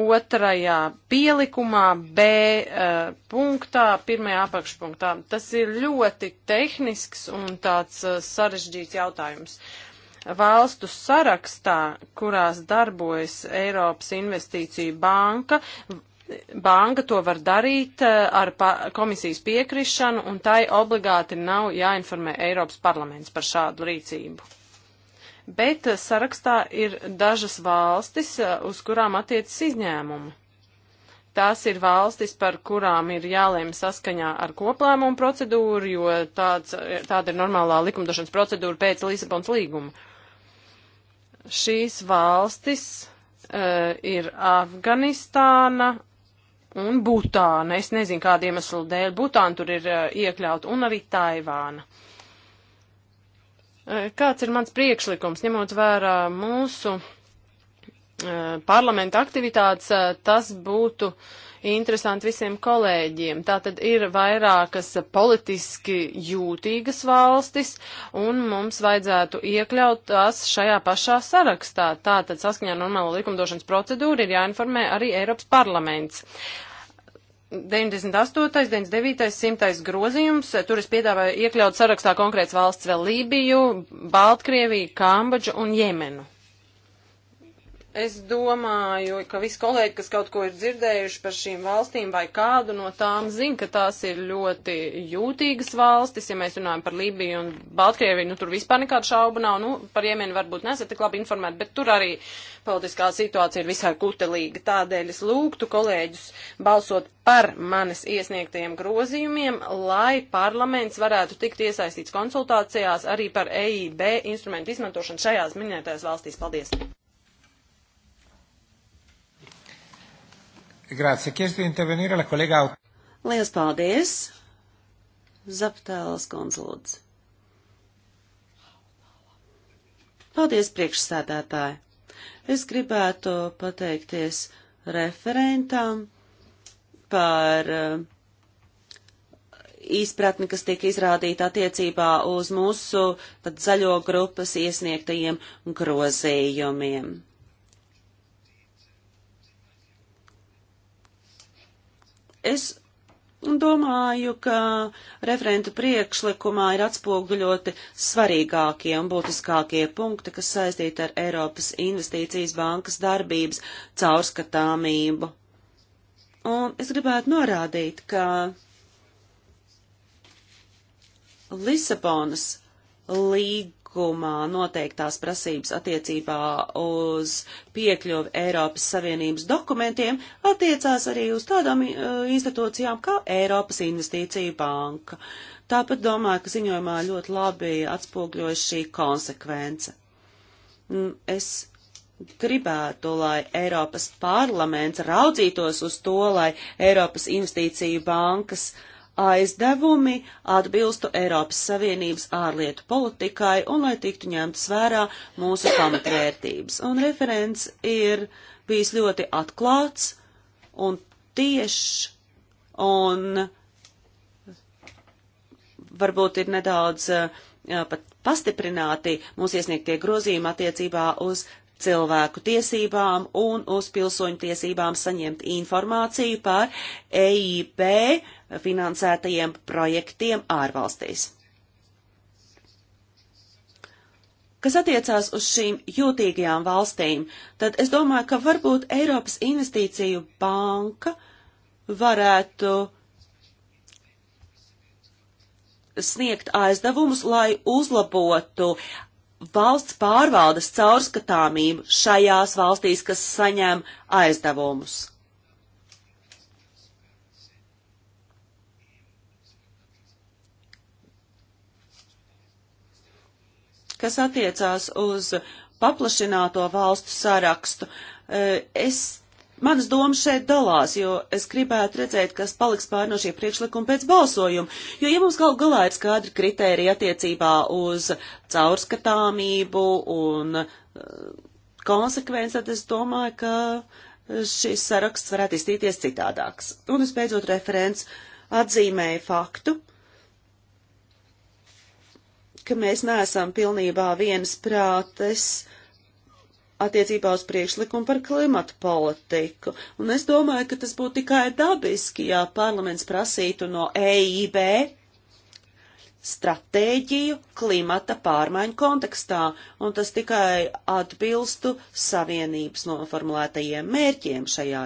otrajā pielikumā, B uh, punktā, pirmajā apakšpunktā. Tas ir ļoti tehnisks un tāds uh, sarežģīts jautājums. Valstu sarakstā, kurās darbojas Eiropas investīciju banka, banka to var darīt eh, ar komisijas piekrišanu, un tai obligāti nav jāinformē Eiropas parlaments par šādu rīcību. Bet eh, sarakstā ir dažas valstis, eh, uz kurām attiecas izņēmumi. Tās ir valstis, par kurām ir jālēm saskaņā ar koplēmumu procedūru, jo tāds, tāda ir normālā likumdošanas procedūra pēc Lisabons līguma. Šīs valstis uh, ir Afganistāna, un Butāna. Es nezinu, kādu iemeslu dēļ Butāna tur ir uh, iekļauta, un arī Taivāna. Uh, kāds ir mans priekšlikums, ņemot vērā mūsu uh, parlamenta aktivitātes, tas būtu uh, interesanti visiem kolēģiem. Tā tad ir vairākas politiski jūtīgas valstis, un mums vajadzētu iekļaut tās šajā pašā sarakstā. Tā tad saskaņā ar normālo likumdošanas procedūru ir jāinformē arī Eiropas parlaments. 98, 99, 100 grozījums. Tur es piedāvāju iekļaut sarakstā konkrēts valsts vēl Lībiju, Baltkrieviju, Kambodžu un Jemenu. Es domāju, ka visi kolēģi, kas kaut ko ir dzirdējuši par šīm valstīm vai kādu no tām, zina, ka tās ir ļoti jūtīgas valstis. Ja mēs runājam par Lībiju un Baltkrieviju, nu tur vispār nekāda šauba nav. Nu, par Jemeni varbūt nesat tik labi informēti, bet tur arī politiskā situācija ir visai kutelīga. Tādēļ es lūgtu kolēģus balsot par manis iesniegtajiem grozījumiem, lai parlaments varētu tikt iesaistīts konsultācijās arī par EIB instrumentu izmantošanu šajās minētajās valstīs. Paldies! Grācija, Kirsti, intervenīra, la kolēga Auk. Lielas paldies! Zaptēlas konsults. Paldies, priekšsēdētāji! Es gribētu pateikties referentam par uh, izpratni, kas tiek izrādīta attiecībā uz mūsu tad, zaļo grupas iesniegtajiem grozījumiem. Es domāju, ka referentu priekšlikumā ir atspoguļoti svarīgākie un būtiskākie punkti, kas saistīti ar Eiropas investīcijas bankas darbības caurskatāmību. Un es gribētu norādīt, ka Lisabonas līdz likumā noteiktās prasības attiecībā uz piekļuvi Eiropas Savienības dokumentiem attiecās arī uz tādām uh, institūcijām kā Eiropas Investīcija banka. Tāpat domāju, ka ziņojumā ļoti labi atspogļojas šī konsekvence. Mm, es gribētu, lai Eiropas parlaments raudzītos uz to, lai Eiropas investīciju bankas uh, aizdevumi atbilstu Eiropas Savienības ārlietu politikai un lai tiktu ņemtas vērā mūsu pamatvērtības. Un referents ir bijis ļoti atklāts un tiešs un varbūt ir nedaudz jā, eh, pat pastiprināti mūsu iesniegtie grozījumi attiecībā uz cilvēku tiesībām un uz pilsoņu tiesībām saņemt informāciju par EIB finansētajiem projektiem ārvalstīs. Kas attiecās uz šīm jūtīgajām valstīm, tad es domāju, ka varbūt Eiropas investīciju banka varētu sniegt aizdevumus, lai uzlabotu valsts pārvaldes caurskatāmību šajās valstīs, kas saņem aizdevumus. Kas attiecās uz paplašināto valstu sarakstu, eh, es manas domas šeit dalās, jo es gribētu redzēt, kas paliks pār no šie priekšlikumi pēc balsojuma. Jo, ja mums gal galā ir skaidri kriteriji attiecībā uz caurskatāmību un uh, konsekvenci, tad es domāju, ka šis saraksts varētu izstīties citādāks. Un es beidzot referents atzīmēju faktu, ka mēs neesam pilnībā vienas prātes uh, attiecībā uz priekšlikumu par klimatu politiku. Un es domāju, ka tas būtu tikai dabiski, ja parlaments prasītu no EIB stratēģiju klimata pārmaiņu kontekstā, un tas tikai atbilstu savienības noformulētajiem mērķiem šajā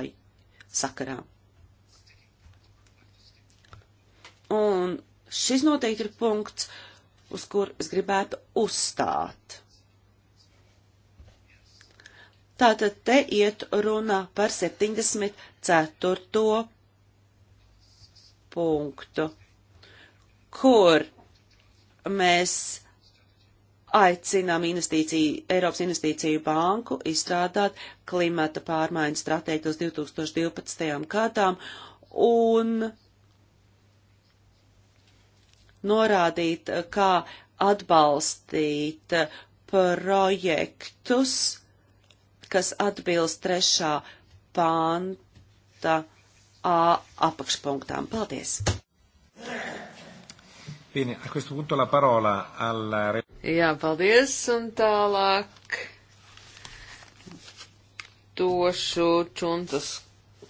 sakarā. Un šis noteikti ir punkts, uz kur es gribētu uzstāt. Tātad te iet runa par 74. punktu, kur mēs aicinām investīciju, Eiropas investīciju banku izstrādāt klimata pārmaiņu stratēģiju uz 2012. gadām un norādīt, kā atbalstīt projektus, kas atbilst trešā panta A apakšpunktām. Paldies! Bene, a questo punto la parola alla... Jā, paldies, un tālāk došu Čuntas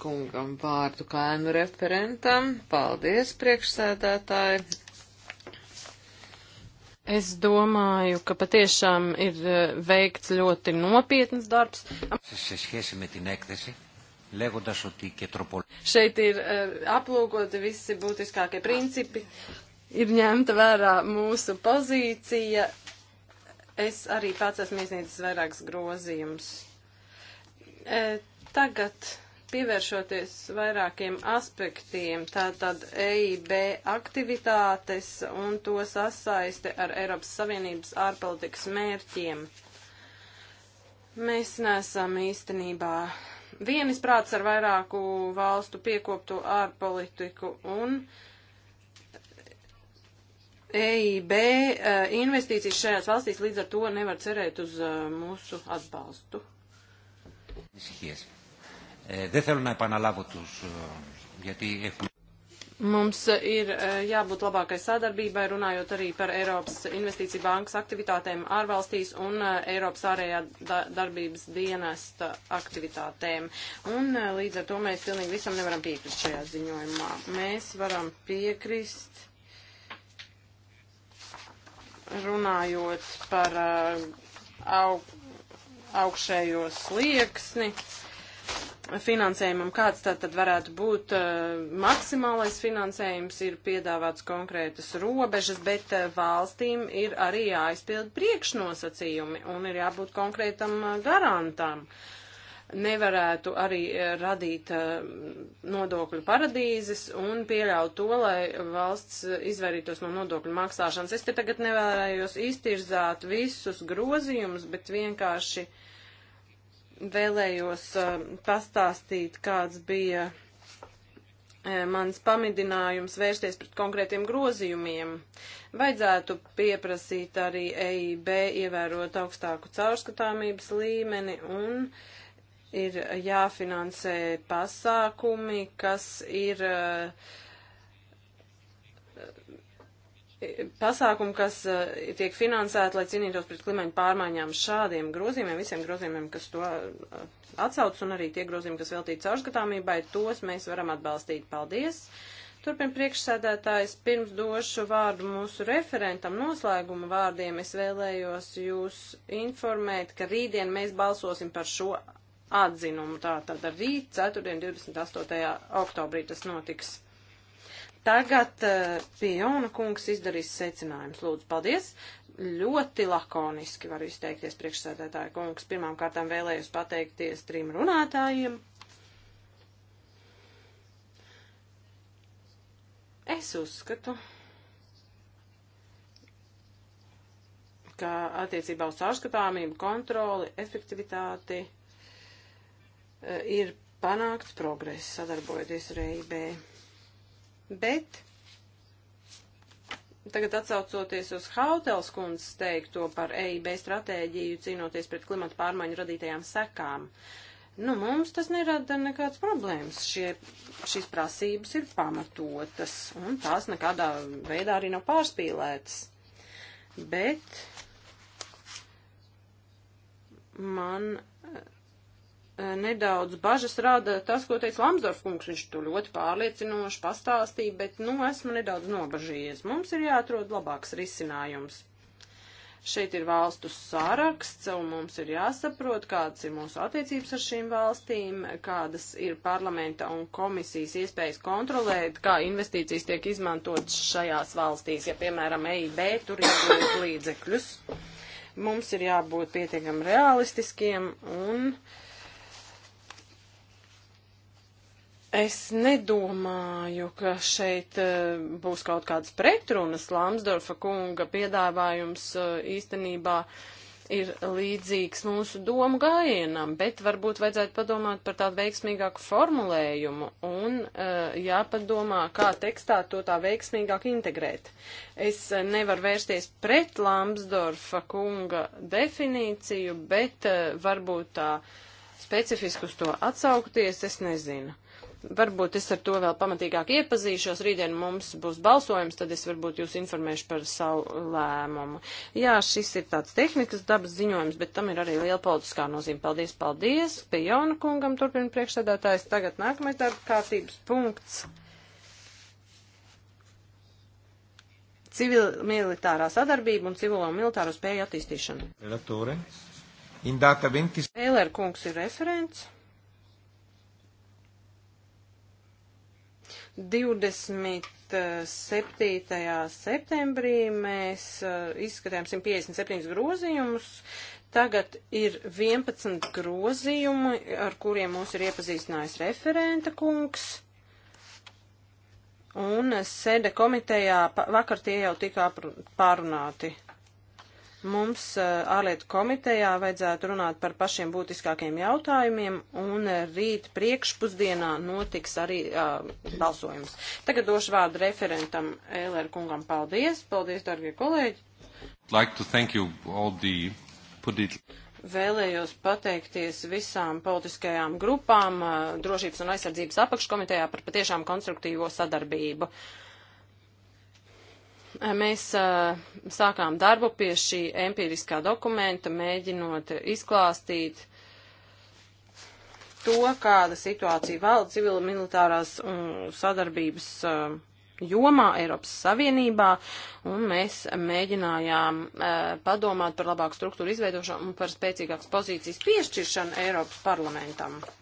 kungam vārdu kā ēnu referentam. Paldies, priekšsēdētāji! Es domāju, ka patiešām ir e, veikts ļoti nopietns darbs. Šeit ir e, aplūkoti visi būtiskākie principi, ir ņemta vērā mūsu pozīcija. Es arī pats esmu iesniedzis vairākus grozījumus. E, tagad pievēršoties vairākiem aspektiem, tātad EIB aktivitātes un to sasaiste ar Eiropas Savienības ārpolitikas mērķiem. Mēs nesam īstenībā vienisprāts ar vairāku valstu piekopto ārpolitiku un EIB e, investīcijas šajās valstīs līdz ar to nevar cerēt uz e, mūsu atbalstu. Yes. Ε, δεν θέλω να επαναλάβω τους, γιατί έχουμε... Mums ir jābūt labākai sadarbībai, runājot arī par Eiropas investīciju bankas aktivitātēm ārvalstīs un e, Eiropas ārējā darbības dienesta aktivitātēm. Un e, līdz ar to mēs pilnīgi visam nevaram piekrist šajā ziņojumā. Mēs varam piekrist runājot par e, aug, augšējo slieksni. Uh, finansējumam, kāds tā tad varētu būt eh, maksimālais finansējums, ir piedāvāts konkrētas robežas, bet eh, valstīm ir arī jāizpild priekšnosacījumi un ir jābūt konkrētam eh, garantam. Nevarētu arī radīt nodokļu paradīzes un pieļaut to, lai valsts izvairītos no nodokļu maksāšanas. Es te tagad nevēlējos iztirzāt visus grozījumus, bet vienkārši uh, vēlējos pastāstīt, kāds bija mans pamidinājums vērsties pret konkrētiem grozījumiem. Vajadzētu pieprasīt arī EIB ievērot augstāku caurskatāmības līmeni un ir jāfinansē pasākumi, kas ir uh, pasākumu, kas eh, tiek finansēta, lai cīnītos pret klimaiņu pārmaiņām šādiem grozījumiem, visiem grozījumiem, kas to eh, atsauc, un arī tie grozījumi, kas veltīti caurskatāmībai, tos mēs varam atbalstīt. Paldies! Turpin priekšsēdētājs, pirms došu vārdu mūsu referentam noslēguma vārdiem, es vēlējos jūs informēt, ka rītdien mēs balsosim par šo atzinumu. Tātad rīt, 4.28. oktobrī tas notiks. Tagad Piona eh, kungs izdarīs secinājumus. Lūdzu, paldies! Ļoti lakoniski var izteikties priekšsēdētāja kungs. Pirmām kārtām vēlējos pateikties trim runātājiem. Es uzskatu, ka attiecībā uz caurskatāmību, kontroli, efektivitāti eh, ir panākts progress sadarbojoties ar EIB. Bet tagad atsaucoties uz Hautels kundzes teikto par EIB stratēģiju cīnoties pret klimata pārmaiņu radītajām sekām, nu, mums tas nerada nekādas problēmas. Šie, šīs prasības ir pamatotas un tās nekādā veidā arī nav pārspīlētas. Bet man nedaudz bažas rada tas, ko teica Lamsdorf kungs. Viņš to ļoti pārliecinoši pastāstīja, bet, nu, esmu nedaudz nobažījies. Mums ir jāatrod labāks risinājums. Šeit ir valstu saraksts, un mums ir jāsaprot, kādas ir mūsu attiecības ar šīm valstīm, kādas ir parlamenta un komisijas iespējas kontrolēt, kā investīcijas tiek izmantotas šajās valstīs, ja, piemēram, EIB tur ir līdzekļus. Mums ir jābūt pietiekam realistiskiem un uh, Es nedomāju, ka šeit e, būs kaut kādas pretrunas. Lamsdorfa kunga piedāvājums e, īstenībā ir līdzīgs mūsu domu gājienam, bet varbūt vajadzētu padomāt par tādu veiksmīgāku formulējumu un uh, jāpadomā, kā tekstā to tā veiksmīgāk integrēt. Es nevaru vērsties pret Lambsdorfa kunga definīciju, bet uh, varbūt tā specifiski uz to atsaukties, es nezinu varbūt es ar to vēl pamatīgāk iepazīšos. Rītdien mums būs balsojums, tad es varbūt jūs informēšu par savu lēmumu. Jā, šis ir tāds tehnikas dabas ziņojums, bet tam ir arī liela politiskā nozīme. Paldies, paldies. Pie jauna kungam turpina priekšsēdētājs. Tagad nākamais darba kārtības punkts. Civil-militārā sadarbība un civilo un militāro spēju attīstīšana. Relatore. In data 20. Eler kungs ir referents. 27. Eh, septembrī mēs eh, izskatījām 157 grozījumus. Tagad ir 11 grozījumi, ar kuriem mūs ir iepazīstinājis referenta kungs. Un eh, sēde komitejā vakar tie jau tika pārunāti. Mums eh, ārlietu komitejā vajadzētu runāt par pašiem būtiskākiem jautājumiem, un eh, rīt priekšpusdienā notiks arī uh, balsojums. Tagad došu vārdu referentam Ēlēra kungam. Paldies! Paldies, darbie kolēģi! Like to thank you all the vēlējos pateikties visām politiskajām grupām drošības un aizsardzības apakškomitejā par patiešām konstruktīvo sadarbību. Uh, mēs uh, sākām darbu pie šī empiriskā dokumenta, mēģinot izklāstīt to, kāda situācija valda civila militārās um, sadarbības uh, jomā Eiropas Savienībā, un mēs mēģinājām uh, padomāt par labāku struktūru izveidošanu un par spēcīgākas pozīcijas piešķiršanu Eiropas parlamentam. Uh,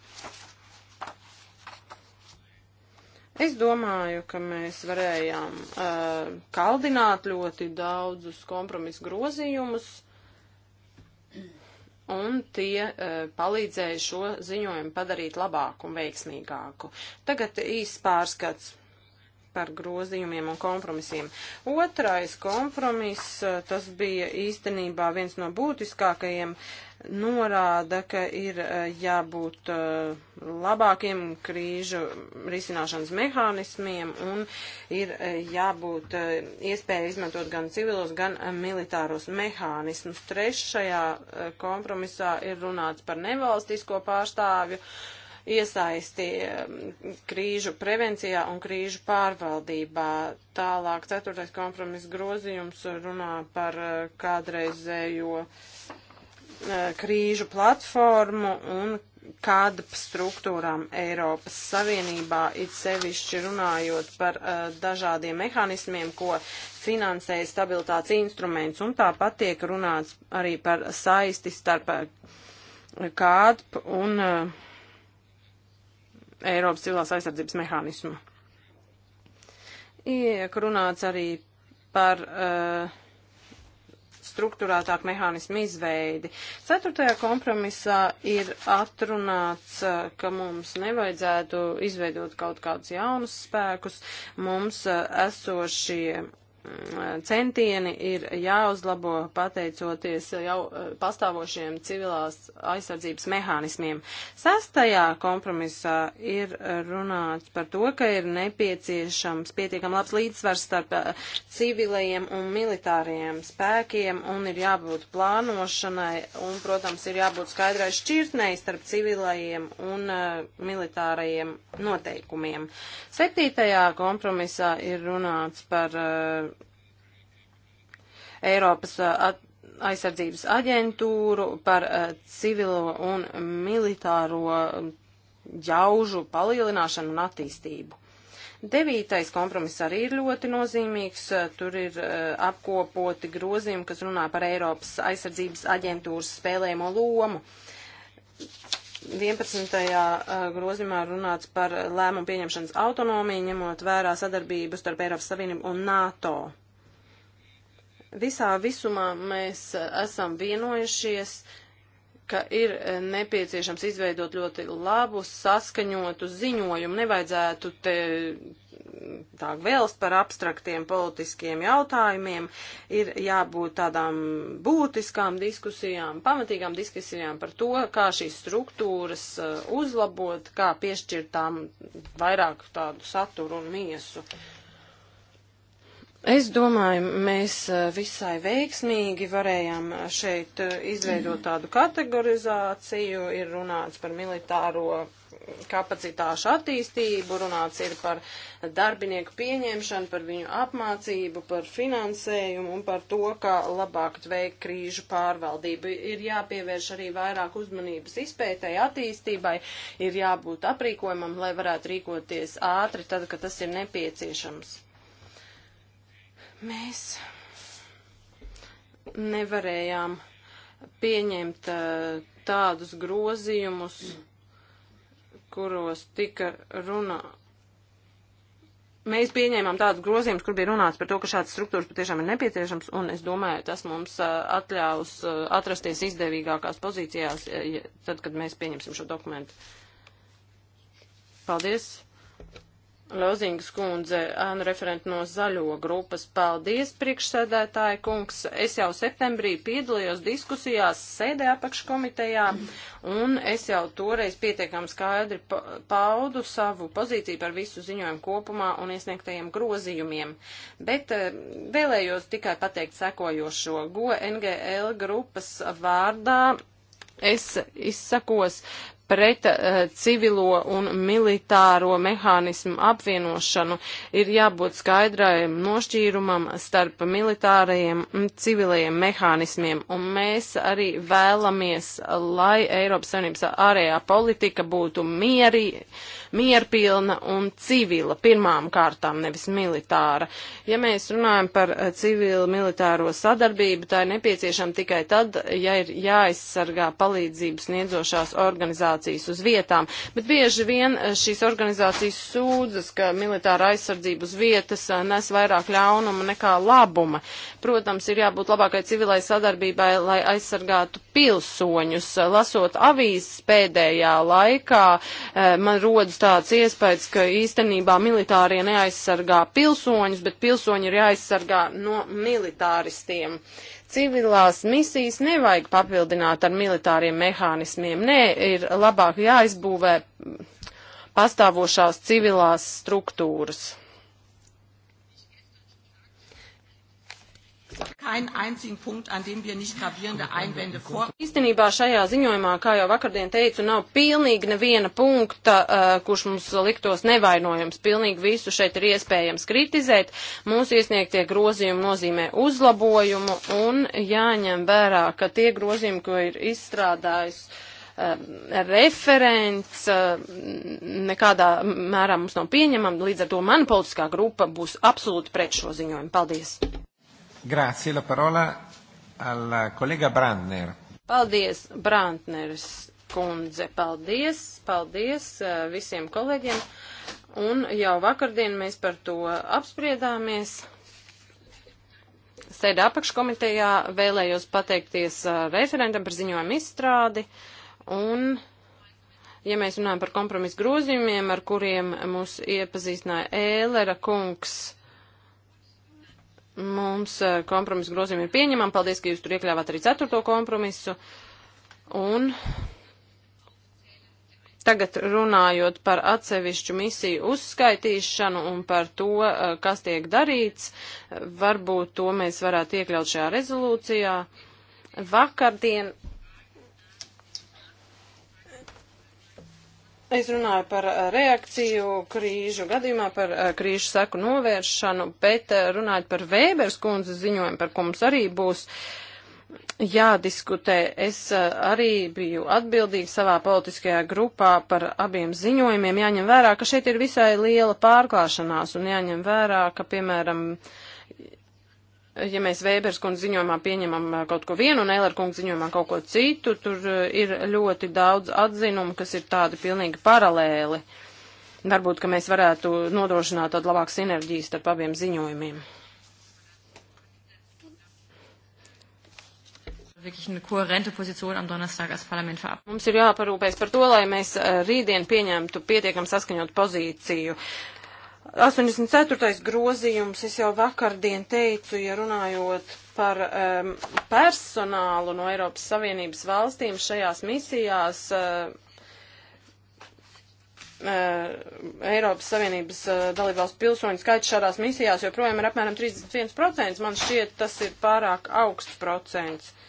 Es domāju, ka mēs varējām uh, kaldināt ļoti daudzus kompromisu grozījumus, un tie uh, palīdzēja šo ziņojumu padarīt labāku un veiksmīgāku. Tagad īsts pārskats par grozījumiem un kompromisiem. Otrais kompromiss, eh, tas bija īstenībā viens no būtiskākajiem, norāda, ka ir eh, jābūt eh, labākiem krīžu risināšanas mehānismiem un ir jābūt iespēja izmantot gan civilos, gan militāros mehānismus. Trešajā kompromisā ir runāts par nevalstisko pārstāvju iesaisti um, krīžu prevencijā un krīžu pārvaldībā. Tālāk ceturtais kompromiss grozījums runā par uh, kādreizējo uh, krīžu platformu un kāda struktūrām Eiropas Savienībā, it sevišķi runājot par uh, dažādiem mehānismiem, ko finansēja stabilitātes instruments, un tāpat tiek runāts arī par saisti starp uh, kādu un uh, Eiropas civilās aizsardzības mehānismu. Iek runāts arī par uh, eh, struktūrētāku mehānismu izveidi. Ceturtajā kompromisā ir atrunāts, uh, ka mums nevajadzētu izveidot kaut kādus jaunus spēkus, mums uh, esošie centieni ir jāuzlabo pateicoties jau eh, pastāvošiem civilās aizsardzības mehānismiem. Sastajā kompromisā ir runāts par to, ka ir nepieciešams pietiekam labs līdzsvars starp eh, civilajiem un militāriem spēkiem un ir jābūt plānošanai un, protams, ir jābūt skaidrai šķirtnei starp civilajiem un uh, militārajiem noteikumiem. Septītajā kompromisā ir runāts par uh, Eiropas uh, aizsardzības aģentūru par uh, civilo un militāro um, ļaužu palielināšanu un attīstību. Devītais kompromiss arī ir ļoti nozīmīgs. Uh, tur ir apkopoti grozījumi, kas runā par Eiropas aizsardzības aģentūras spēlēmo lomu. 11. grozījumā runāts par lēmumu pieņemšanas autonomiju, ņemot vērā sadarbību starp Eiropas Savienību un NATO. Visā visumā mēs e, esam vienojušies, ka ir e, nepieciešams izveidot ļoti labu, saskaņotu ziņojumu. Nevajadzētu te tā vēlst par abstraktiem politiskiem jautājumiem. Ir jābūt tādām būtiskām diskusijām, pamatīgām diskusijām par to, kā šīs struktūras e, uzlabot, kā piešķirt tām vairāk tādu saturu un miesu. Uh, Es domāju, mēs eh, visai veiksmīgi varējām eh, šeit eh, izveidot tādu kategorizāciju, ir runāts par militāro mm, kapacitāšu attīstību, runāts ir par darbinieku pieņemšanu, par viņu apmācību, par finansējumu un par to, kā labāk veikt krīžu pārvaldību. Ir jāpievērš arī vairāk uzmanības izpētē, attīstībai, ir jābūt aprīkojumam, lai varētu rīkoties ātri tad, kad tas ir nepieciešams. Mēs nevarējām pieņemt uh, tādus grozījumus, kuros tika runā. Mēs pieņēmām tādus grozījumus, kur bija runāts par to, ka šāds struktūras patiešām ir nepieciešams, un es domāju, tas mums uh, atļaus uh, atrasties izdevīgākās pozīcijās, tad, kad mēs pieņemsim šo dokumentu. Paldies! Lozingas kundze, ānu referenti no zaļo grupas, paldies, priekšsēdētāji kungs. Es jau septembrī piedalījos diskusijās sēdē apakškomitejā, un es jau toreiz pietiekam skaidri paudu savu pozīciju par visu ziņojumu kopumā un iesniegtajiem grozījumiem. Bet eh, vēlējos tikai pateikt sekojošo. GO NGL grupas vārdā es izsakos pret uh, civilo un militāro mehānismu apvienošanu. Ir jābūt skaidrai nošķīrumam starp militārajiem un civilajiem mehānismiem, un mēs arī vēlamies, lai Eiropas Savienības ārējā politika būtu mierī, mierpilna un civila pirmām kārtām, nevis militāra. Ja mēs runājam par eh, civilu militāro sadarbību, tā ir nepieciešama tikai tad, ja ir jāaizsargā palīdzības sniedzošās organizācijas organizācijas uz vietām, bet bieži vien eh, šīs organizācijas sūdzas, ka militāra aizsardzība uz vietas eh, nes vairāk ļaunuma nekā labuma. Protams, ir jābūt labākai civilai sadarbībai, lai aizsargātu pilsoņus. Lasot avīzes pēdējā laikā, eh, man rodas tāds iespējas, ka īstenībā militārie neaizsargā pilsoņus, bet pilsoņi ir jāaizsargā no militāristiem. Uh, civilās misijas nevajag papildināt ar militāriem mehānismiem. Nē, ir labāk jāizbūvē pastāvošās civilās struktūras. keinen einzigen Punkt, an dem wir nicht gravierende Einwände vor. Īstenībā šajā ziņojumā, kā jau vakardien teicu, nav pilnīgi neviena punkta, uh, kurš mums liktos nevainojams. Pilnīgi visu šeit ir iespējams kritizēt. Mūsu iesniegtie grozījumi nozīmē uzlabojumu un jāņem vērā, ka tie grozījumi, ko ir izstrādājis uh, referents uh, nekādā mērā mums nav pieņemama, līdz ar to mana politiskā grupa būs absolūti pret šo ziņojumu. Paldies! Grācija, la parola alla kolega Brandner. Paldies, Brandneris kundze, paldies, paldies eh, visiem kolēģiem. Un jau vakardien mēs par to apspriedāmies sēdē apakškomitejā vēlējos pateikties uh, referentam par ziņojumu izstrādi un, ja mēs runājam par kompromisu grozījumiem, ar kuriem mūs iepazīstināja Ēlera kungs, Mums eh, kompromisa grozījumi ir pieņemami. Paldies, ka jūs tur iekļāvāt arī ceturto kompromisu. Un tagad runājot par atsevišķu misiju uzskaitīšanu un par to, eh, kas tiek darīts, varbūt to mēs varētu iekļaut šajā rezolūcijā. Vakardien Es runāju par eh, reakciju krīžu gadījumā, par eh, krīžu seku novēršanu, bet eh, runājot par Vēbers kundzes ziņojumu, par ko mums arī būs jādiskutē. Es arī biju atbildīgi savā politiskajā grupā par abiem ziņojumiem. Jāņem vērā, ka šeit ir visai liela pārklāšanās un jāņem vērā, ka, piemēram, uh, ja mēs Vēbers kundz ziņojumā pieņemam uh, kaut ko vienu un Eiler kundz ziņojumā kaut ko citu, tur uh, ir ļoti daudz atzinumu, kas ir tādi pilnīgi paralēli. Varbūt, ka mēs varētu nodrošināt tādu labāku sinerģiju starp abiem ziņojumiem. wirklich eine kohärente Position am Donnerstag als Parlament verab. Mums ir jāparūpēs par to, lai mēs uh, rītdien pieņemtu pietiekam saskaņot pozīciju. Uh, 84. grozījums, es jau vakardien teicu, ja runājot par um, personālu no Eiropas Savienības valstīm šajās misijās, uh, uh, Eiropas Savienības uh, dalībvalstu pilsoņu skaits šādās misijās joprojām ir apmēram 31%. Man šķiet, tas ir pārāk augsts procents. Uh,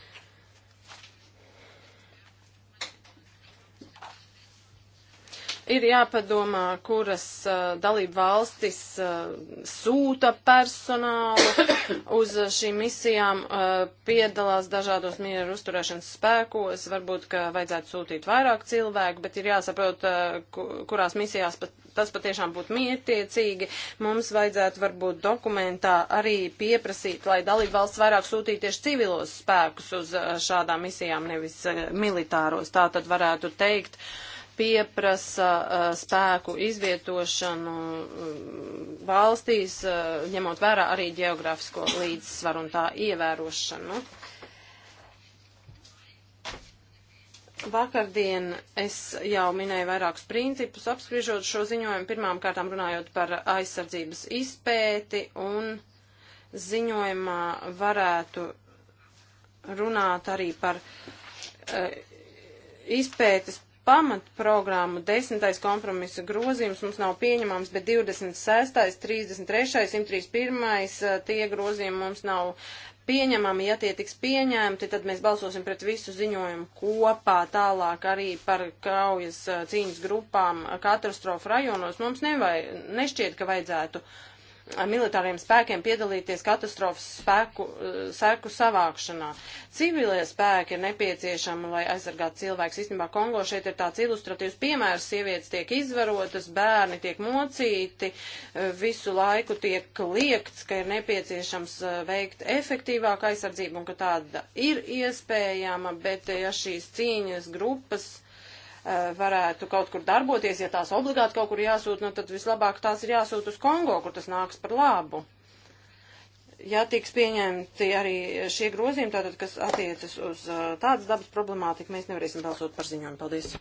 Ir jāpadomā, kuras uh, dalību valstis uh, sūta personālu uz šīm misijām, uh, piedalās dažādos mieru uzturēšanas spēkos, varbūt, ka vajadzētu sūtīt vairāk cilvēku, bet ir jāsaprot, uh, kurās misijās pat, tas patiešām būtu mietiecīgi. Mums vajadzētu varbūt dokumentā arī pieprasīt, lai dalību valsts vairāk sūtītu tieši civilos spēkus uz uh, šādām misijām, nevis uh, militāros. Tā tad varētu teikt. Uh, pieprasa uh, spēku izvietošanu uh, valstīs, uh, ņemot vērā arī geogrāfisko līdzsvaru un tā ievērošanu. Vakardien es jau minēju vairākus principus, apspriežot šo ziņojumu, pirmām kārtām runājot par aizsardzības izpēti un ziņojumā varētu runāt arī par uh, izpētes pamatprogrammu. Desmitais kompromisa grozījums mums nav pieņemams, bet 26., 33., 131. tie grozījumi mums nav pieņemami. Ja tie tiks pieņemti, tad mēs balsosim pret visu ziņojumu kopā tālāk arī par kaujas eh, cīņas grupām eh, katastrofu rajonos. Mums nevai, nešķiet, ka vajadzētu uh, militāriem spēkiem piedalīties katastrofas spēku, eh, sēku savākšanā. Civilie spēki ir nepieciešami, lai aizsargātu cilvēks. Īstenībā Kongo šeit ir tāds ilustratīvs piemērs. Sievietes tiek izvarotas, bērni tiek mocīti, eh, visu laiku tiek liekts, ka ir nepieciešams eh, veikt efektīvāku aizsardzību un ka tāda ir iespējama, bet ja šīs cīņas grupas Eh, varētu kaut kur darboties, ja tās obligāti kaut kur jāsūt, nu, tad vislabāk tās ir jāsūt uz Kongo, kur tas nāks par labu. Ja tiks pieņemti arī šie grozījumi, tātad, kas attiecas uz eh, tādas dabas problemātiku, mēs nevarēsim balsot par ziņojumu. Paldies.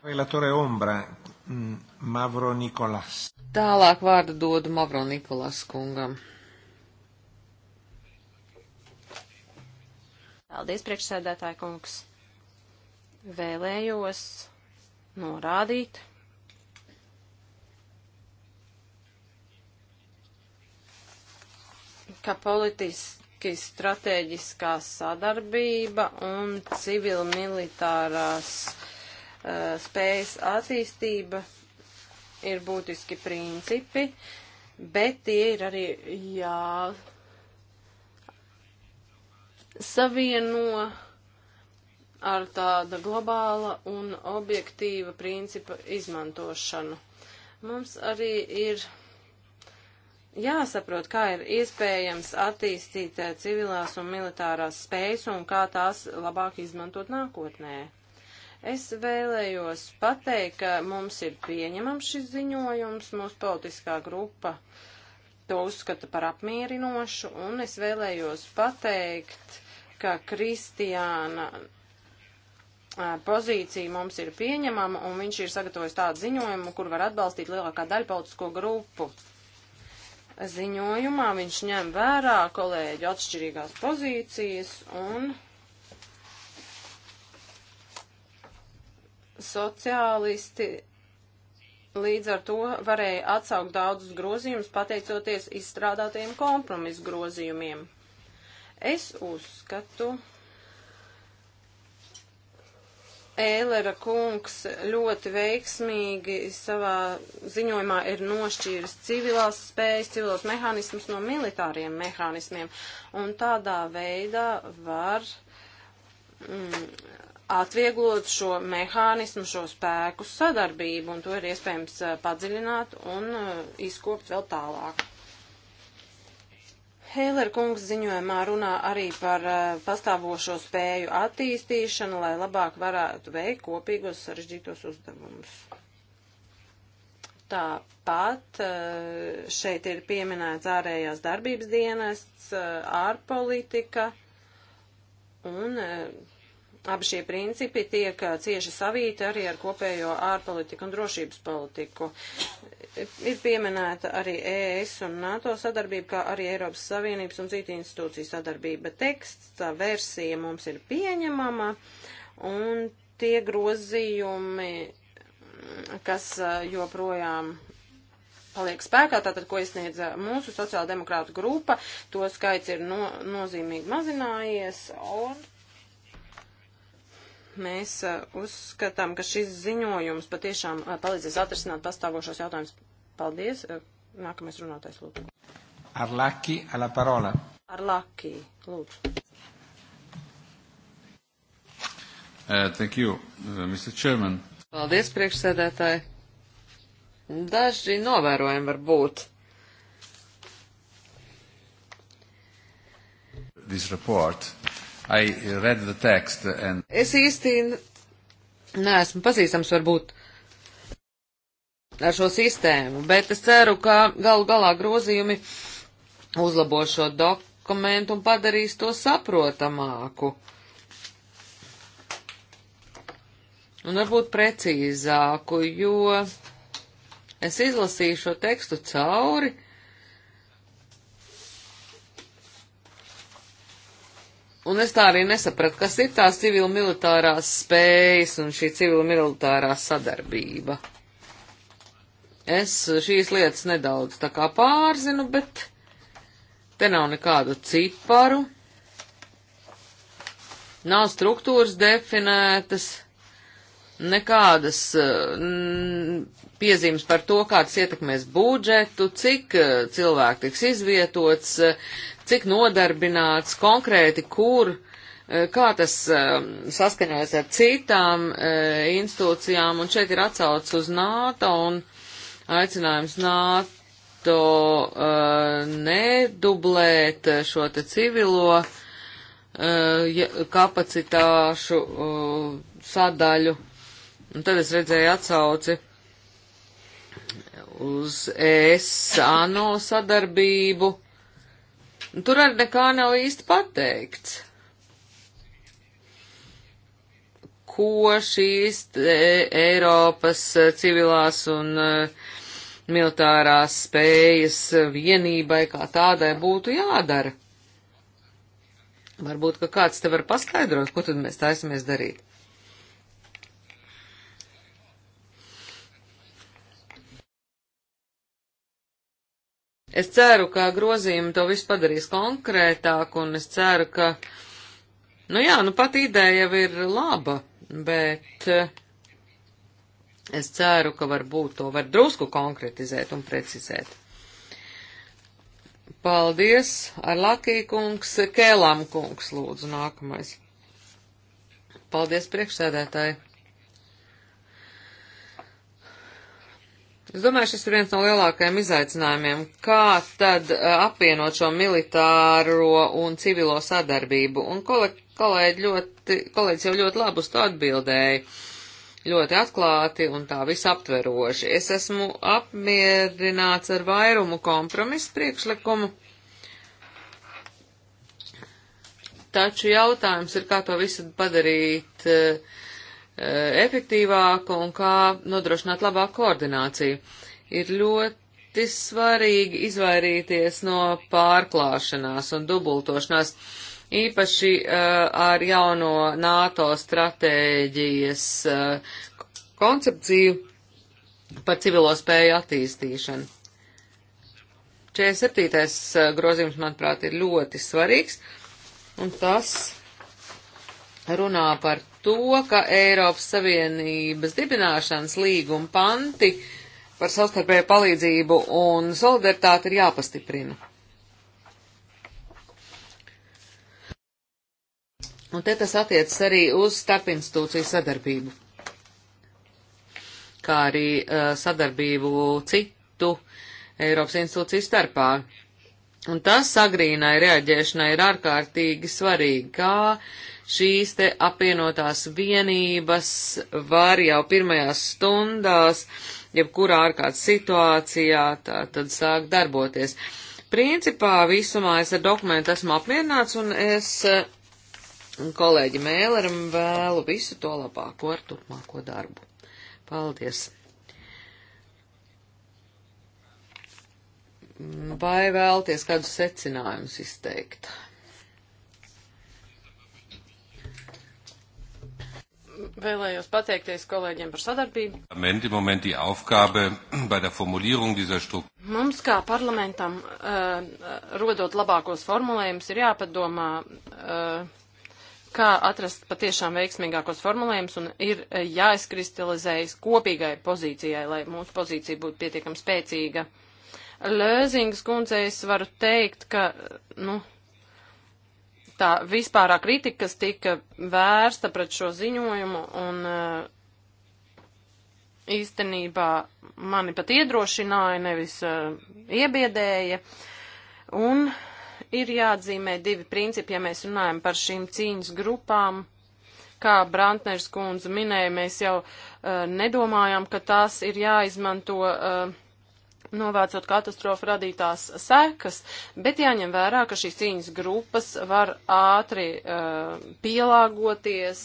Mm, Tālāk vārdu dodu Mavro Nikolas kungam. Paldies, priekšsēdētāja kungs. Vēlējos norādīt. ka politiski strateģiskā sadarbība un civil-militārās uh, spējas attīstība ir būtiski principi, bet tie ir arī jā savieno ar tāda globāla un objektīva principa izmantošanu. Mums arī ir jāsaprot, kā ir iespējams attīstīt eh, civilās un militārās spējas un kā tās labāk izmantot nākotnē. Es vēlējos pateikt, ka mums ir pieņemams šis ziņojums, mūsu politiskā grupa to uzskata par apmierinošu, un es vēlējos pateikt, ka Kristiāna pozīcija mums ir pieņemama, un viņš ir sagatavojis tādu ziņojumu, kur var atbalstīt lielākā daļa politisko grupu. Ziņojumā viņš ņem vērā kolēģu atšķirīgās pozīcijas un sociālisti līdz ar to varēja atsaukt daudzus grozījumus, pateicoties izstrādātajiem kompromisu grozījumiem. Es uzskatu, Ēlera kungs ļoti veiksmīgi savā ziņojumā ir nošķīris civilās spējas, civilos mehānismus no militāriem mehānismiem, un tādā veidā var mm, atvieglot šo mehānismu, šo spēku sadarbību, un to ir iespējams eh, padziļināt un eh, izkopt vēl tālāk. Hēler kungs ziņojumā runā arī par uh, pastāvošo spēju attīstīšanu, lai labāk varētu veikt kopīgos sarežģītos uzdevumus. Tāpat uh, šeit ir pieminēts ārējās darbības dienests, uh, ārpolitika un uh, Abi šie principi tiek cieši savīti arī ar kopējo ārpolitiku un drošības politiku. Ir pieminēta arī ES un NATO sadarbība, kā arī Eiropas Savienības un citu institūciju sadarbība. Teksts, tā versija mums ir pieņemama un tie grozījumi, kas joprojām paliek spēkā, tātad, ko iesniedza mūsu sociāldemokrāta grupa, to skaits ir no, nozīmīgi mazinājies, un mēs uzskatām, ka šis ziņojums patiešām palīdzēs atrisināt pastāvošos jautājumus. Paldies. Nākamais runātais, lūdzu. Arlaki, alla parola. Arlaki, lūdzu. Uh, thank you, uh, Mr. Chairman. Paldies, priekšsēdētāji. Daži novērojumi var būt. This report And... Es īsti neesmu pazīstams varbūt ar šo sistēmu, bet es ceru, ka galu galā grozījumi uzlabo šo dokumentu un padarīs to saprotamāku. Un varbūt precīzāku, jo es izlasīju šo tekstu cauri Un es tā arī nesapratu, kas ir tās civil-militārās spējas un šī civil-militārā sadarbība. Es šīs lietas nedaudz tā kā pārzinu, bet te nav nekādu ciparu. Nav struktūras definētas, nekādas eh, piezīmes par to, kāds ietekmēs budžetu, cik eh, cilvēki tiks izvietots, cik nodarbināts konkrēti, kur, e, kā tas e, saskaņojas ar citām e, institūcijām, un šeit ir atsauc uz NATO un aicinājums NATO nedublēt šo te civilo kapacitāšu sadaļu. Un tad es redzēju atsauci uz ES ANO sadarbību Tur arī nekā nav īsti pateikts. Ko šīs e, Eiropas e, civilās un e, militārās spējas vienībai kā tādai būtu jādara? Varbūt, ka kāds te var paskaidrot, ko tad mēs taisamies darīt. Es ceru, ka grozījumi to visu padarīs konkrētāk, un es ceru, ka, nu jā, nu pat ideja jau ir laba, bet eh, es ceru, ka varbūt to var drusku konkretizēt un precizēt. Paldies, ar Lakī kungs, Kēlām kungs, lūdzu, nākamais. Paldies, priekšsēdētāji. Es domāju, šis ir viens no lielākajiem izaicinājumiem. Kā tad eh, apvienot šo militāro un civilo sadarbību? Un kolēģi, ļoti, kolēģis jau ļoti labi uz to atbildēja. Ļoti atklāti un tā visaptveroši. Es esmu apmierināts ar vairumu kompromisu priekšlikumu. Taču jautājums ir, kā to visu padarīt uh, Eh, efektīvāku un kā nodrošināt labāku koordināciju. Ir ļoti svarīgi izvairīties no pārklāšanās un dubultošanās, īpaši eh, ar jauno NATO stratēģijas eh, koncepciju par civilo spēju attīstīšanu. 47. grozījums, manuprāt, ir ļoti svarīgs, un tas runā par to, ka Eiropas Savienības dibināšanas līguma panti par savstarpēju palīdzību un solidaritāti ir jāpastiprina. Un te tas attiecas arī uz starpinstitūciju sadarbību, kā arī uh, sadarbību citu Eiropas institūciju starpā. Un tas agrīnai reaģēšanai ir ārkārtīgi svarīgi, kā uh, šīs te apvienotās vienības var jau pirmajās stundās, jebkurā ārkārtas situācijā, tā, tad sāk darboties. Principā visumā es ar dokumentu esmu apmierināts un es kolēģi Mēleram vēlu visu to labāko ar turpmāko darbu. Paldies! Vai vēlties kādus secinājumus izteikt? Vēlējos pateikties kolēģiem par sadarbību. Momenti, momenti, aufgabe bei der Formulierung dieser Struktur. Mums kā parlamentam, uh, rodot labākos formulējumus, ir jāpadomā, uh, kā atrast patiešām veiksmīgākos formulējumus un ir uh, jāizkristalizējas kopīgai pozīcijai, lai mūsu pozīcija būtu pietiekami spēcīga. Lēzings kundzei es varu teikt, ka, nu, tā vispārā kritika, kas tika vērsta pret šo ziņojumu, un eh, īstenībā mani pat iedrošināja, nevis eh, iebiedēja. Un ir jāatzīmē divi principi, ja mēs runājam par šīm cīņas grupām. Kā Brantners kundze minēja, mēs jau uh, eh, nedomājam, ka tās ir jāizmanto uh, novācot katastrofu radītās sekas, bet jāņem vērā, ka šīs cīņas grupas var ātri uh, pielāgoties,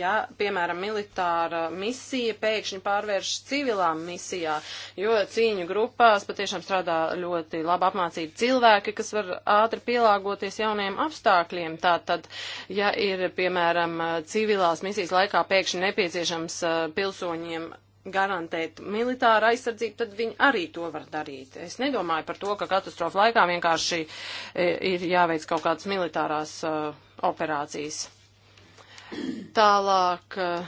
ja, piemēram, militāra misija pēkšņi pārvēršas civilā misijā, jo cīņu grupās patiešām strādā ļoti labi apmācīti cilvēki, kas var ātri pielāgoties jauniem apstākļiem. Tātad, ja ir, piemēram, civilās misijas laikā pēkšņi nepieciešams uh, pilsoņiem garantēt militāru aizsardzību, tad viņi arī to var darīt. Es nedomāju par to, ka katastrofa laikā vienkārši e, ir jāveic kaut kādas militārās uh, operācijas. Tālāk eh,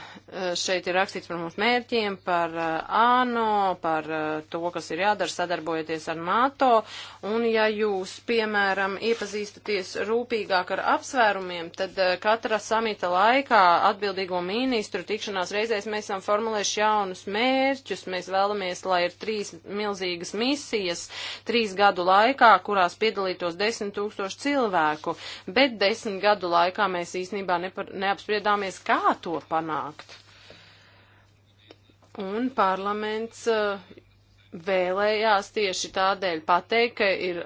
šeit ir rakstīts par mūsu mērķiem, par eh, ANO, par eh, to, kas ir jādara sadarbojoties ar NATO. Un ja jūs, piemēram, iepazīstaties rūpīgāk ar apsvērumiem, tad katra samita laikā atbildīgo ministru tikšanās reizēs mēs esam formulējuši jaunus mērķus. Mēs vēlamies, lai ir trīs milzīgas misijas trīs gadu laikā, kurās piedalītos desmit tūkstoši cilvēku. Bet desmit gadu laikā mēs īstenībā neapspriežam apspriedāmies, kā to panākt. Un parlaments eh, vēlējās tieši tādēļ pateikt, ka ir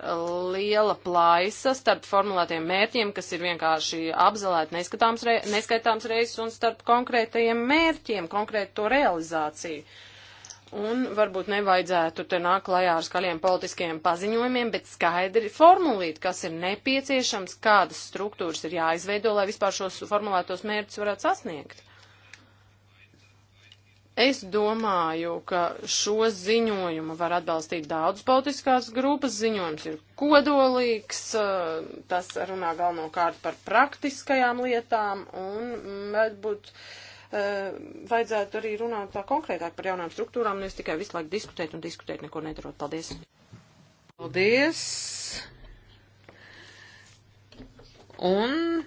liela plaisa starp formulētiem mērķiem, kas ir vienkārši apzalēti neskaitāms reizes, un starp konkrētajiem mērķiem, konkrēto realizāciju. Uh, Un varbūt nevajadzētu te nākt klajā ar skaļiem politiskiem paziņojumiem, bet skaidri formulīt, kas ir nepieciešams, kādas struktūras ir jāizveido, lai vispār šos formulētos mērķus varētu sasniegt. Es domāju, ka šo ziņojumu var atbalstīt daudz politiskās grupas. Ziņojums ir kodolīgs, tas runā galvenokārt par praktiskajām lietām un varbūt. Uh, Eh, vajadzētu arī runāt tā konkrētāk par jaunām struktūrām, nevis tikai visu laiku diskutēt un diskutēt, neko nedarot. Paldies! Paldies! Un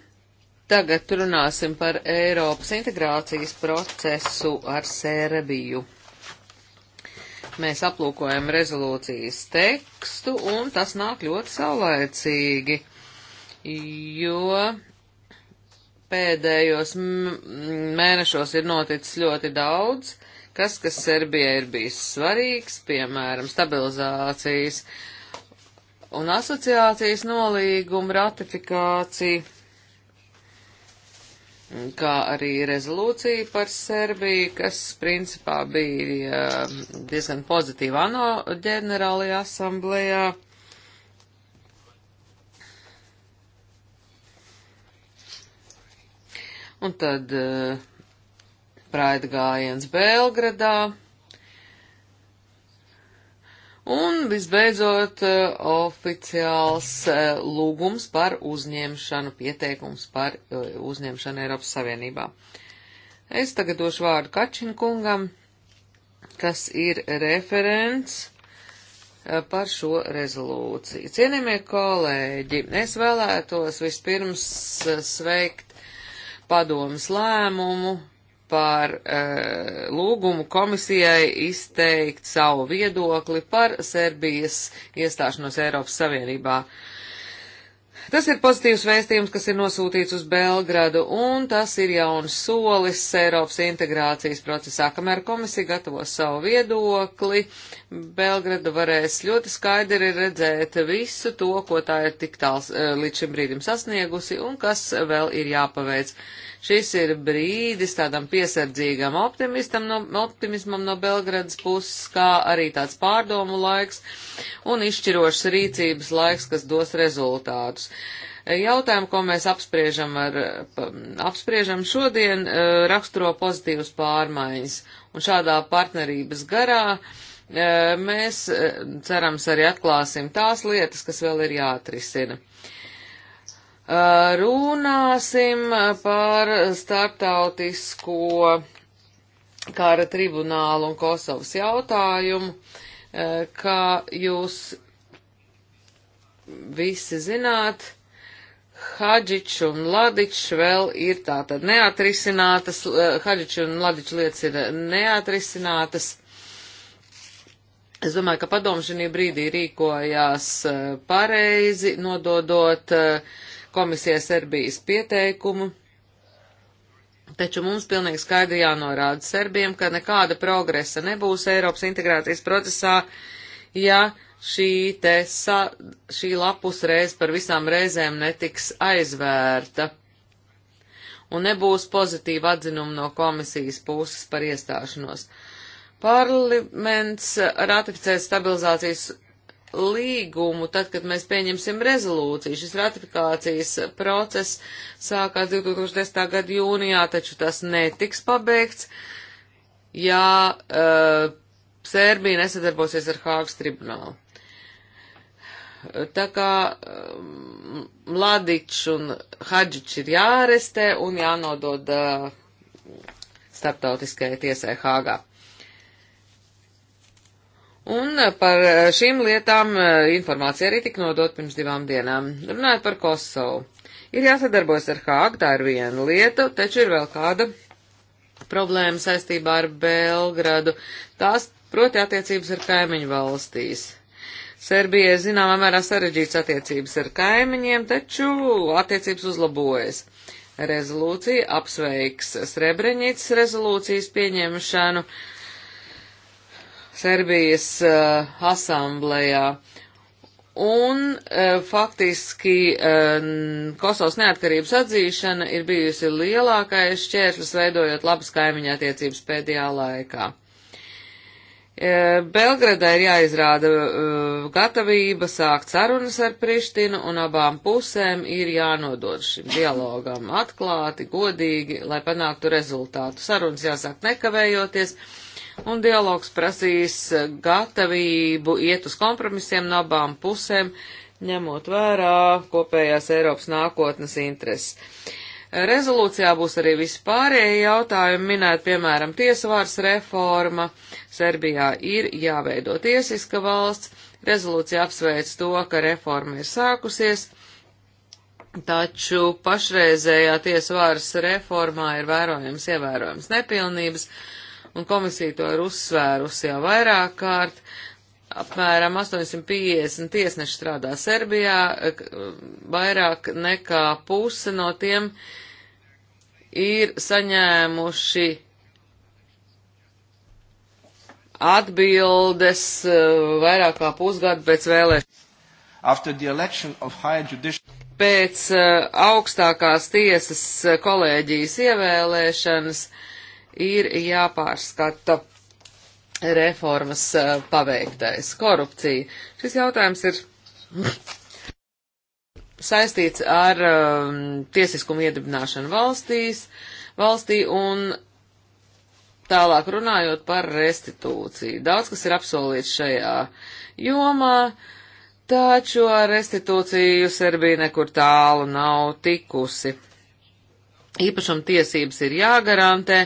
tagad runāsim par Eiropas integrācijas procesu ar Sērbiju mēs aplūkojam rezolūcijas tekstu, un tas nāk ļoti saulēcīgi, jo Pēdējos mēnešos ir noticis ļoti daudz, kas, kas Serbijai ir bijis svarīgs, piemēram, stabilizācijas un asociācijas nolīguma ratifikācija, kā arī rezolūcija par Serbiju, kas principā bija diezgan pozitīva ANO ģenerālajā asamblējā. Un tad uh, eh, Praida gājiens Belgradā. Un visbeidzot uh, oficiāls uh, lūgums par uzņemšanu, pieteikums par uh, uzņemšanu Eiropas Savienībā. Es tagad došu vārdu Kačinkungam, kas ir referents par šo rezolūciju. Cienījamie kolēģi, es vēlētos vispirms sveikt padomas lēmumu par e, lūgumu komisijai izteikt savu viedokli par Serbijas iestāšanos Eiropas Savienībā. E, Tas ir pozitīvs vēstījums, kas ir nosūtīts uz Belgradu, un tas ir jauns solis Eiropas integrācijas procesā. Kamēr komisija gatavo savu viedokli, Belgrada varēs ļoti skaidri redzēt visu to, ko tā ir tik tāls eh, līdz šim brīdim sasniegusi un kas vēl ir jāpaveic. Šis ir brīdis tādam piesardzīgam optimistam no, optimismam no Belgradas puses, kā arī tāds pārdomu laiks un izšķirošs rīcības laiks, kas dos rezultātus. Jautājumu, ko mēs apspriežam, ar, apspriežam šodien, eh, raksturo pozitīvas pārmaiņas. Un šādā partnerības garā eh, mēs eh, cerams arī atklāsim tās lietas, kas vēl ir jāatrisina. Runāsim par starptautisko kara tribunālu un Kosovas jautājumu, eh, kā jūs visi zināt, Hadžič un Ladič vēl ir tātad neatrisinātas, eh, Hadžič un Ladič lietas ir neatrisinātas. Es domāju, ka padomu šī brīdī rīkojās eh, pareizi, nododot uh, komisijas Serbijas pieteikumu. Taču mums pilnīgi skaidri jānorāda Serbiem, ka nekāda progresa nebūs Eiropas integrācijas procesā, ja šī, te, sa, šī lapus reiz par visām reizēm netiks aizvērta un nebūs pozitīva atzinuma no komisijas puses par iestāšanos. Parlaments ratificēs stabilizācijas līgumu, tad, kad mēs pieņemsim rezolūciju. Šis ratifikācijas process sākās 2010. gada jūnijā, taču tas netiks pabeigts, ja uh, Sērbija nesadarbosies ar Hāgas tribunālu. Tā kā um, eh, Mladičs un Hadžičs ir jārestē un jānodod uh, starptautiskajai tiesai Hāgā. Un eh, par eh, šīm lietām eh, informācija arī tika nodot pirms divām dienām. Runājot par Kosovu. Ir jāsadarbojas ar Hāgu, tā ir viena lieta, taču ir vēl kāda problēma saistībā ar Belgradu. Tās, proti, attiecības ar kaimiņu valstīs. Serbija, zināmā mērā, sarežģīts attiecības ar kaimiņiem, taču attiecības uzlabojas. Rezolūcija apsveiks Srebreņītas rezolūcijas pieņemšanu. Uh, Serbijas uh, asamblējā. Un uh, faktiski uh, Kosovas neatkarības atzīšana ir bijusi lielākais šķērslis veidojot labas kaimiņa attiecības pēdējā laikā. Belgradā ir jāizrāda gatavība sākt sarunas ar Prištinu, un abām pusēm ir jānodod šim dialogam atklāti, godīgi, lai panāktu rezultātu. Sarunas jāsāk nekavējoties. Uh, un dialogs prasīs gatavību iet uz kompromisiem no abām pusēm, ņemot vērā kopējās Eiropas nākotnes intereses. Rezolūcijā būs arī vispārējie jautājumi minēt, piemēram, tiesvārs reforma. Serbijā ir jāveido tiesiska valsts. Rezolūcija apsveic to, ka reforma ir sākusies, taču pašreizējā tiesvārs reformā ir vērojams ievērojams nepilnības un komisija to ir uzsvērusi jau vairāk kārt. Apmēram 850 tiesneši strādā Serbijā, vairāk nekā puse no tiem ir saņēmuši atbildes e, vairāk kā pusgadu pēc vēlēšanām. Pēc e, augstākās tiesas e, kolēģijas ievēlēšanas uh, ir jāpārskata reformas eh, paveiktais - korupcija. Šis jautājums ir saistīts ar um, tiesiskumu iedibināšanu valstīs, valstī un tālāk runājot par restitūciju. Daudz kas ir apsolīts šajā jomā, taču ar restitūciju Serbija nekur tālu nav tikusi. Īpašuma tiesības ir jāgarantē,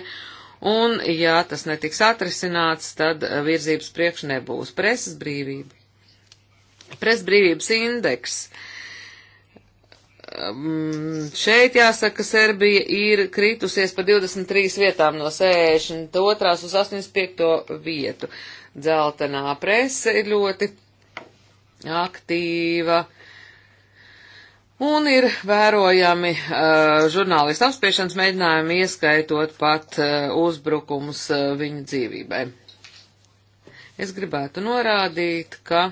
un ja tas netiks atrisināts, tad virzības priekš nebūs. Preses brīvība. Preses brīvības indeks. Um, šeit jāsaka, ka Serbija ir kritusies pa 23 vietām no 62. uz 85. vietu. Dzeltenā prese ir ļoti aktīva Un ir vērojami uh, žurnālistu apspiešanas mēģinājumi, ieskaitot pat uh, eh, uzbrukumus uh, eh, viņa dzīvībai. Es gribētu norādīt, ka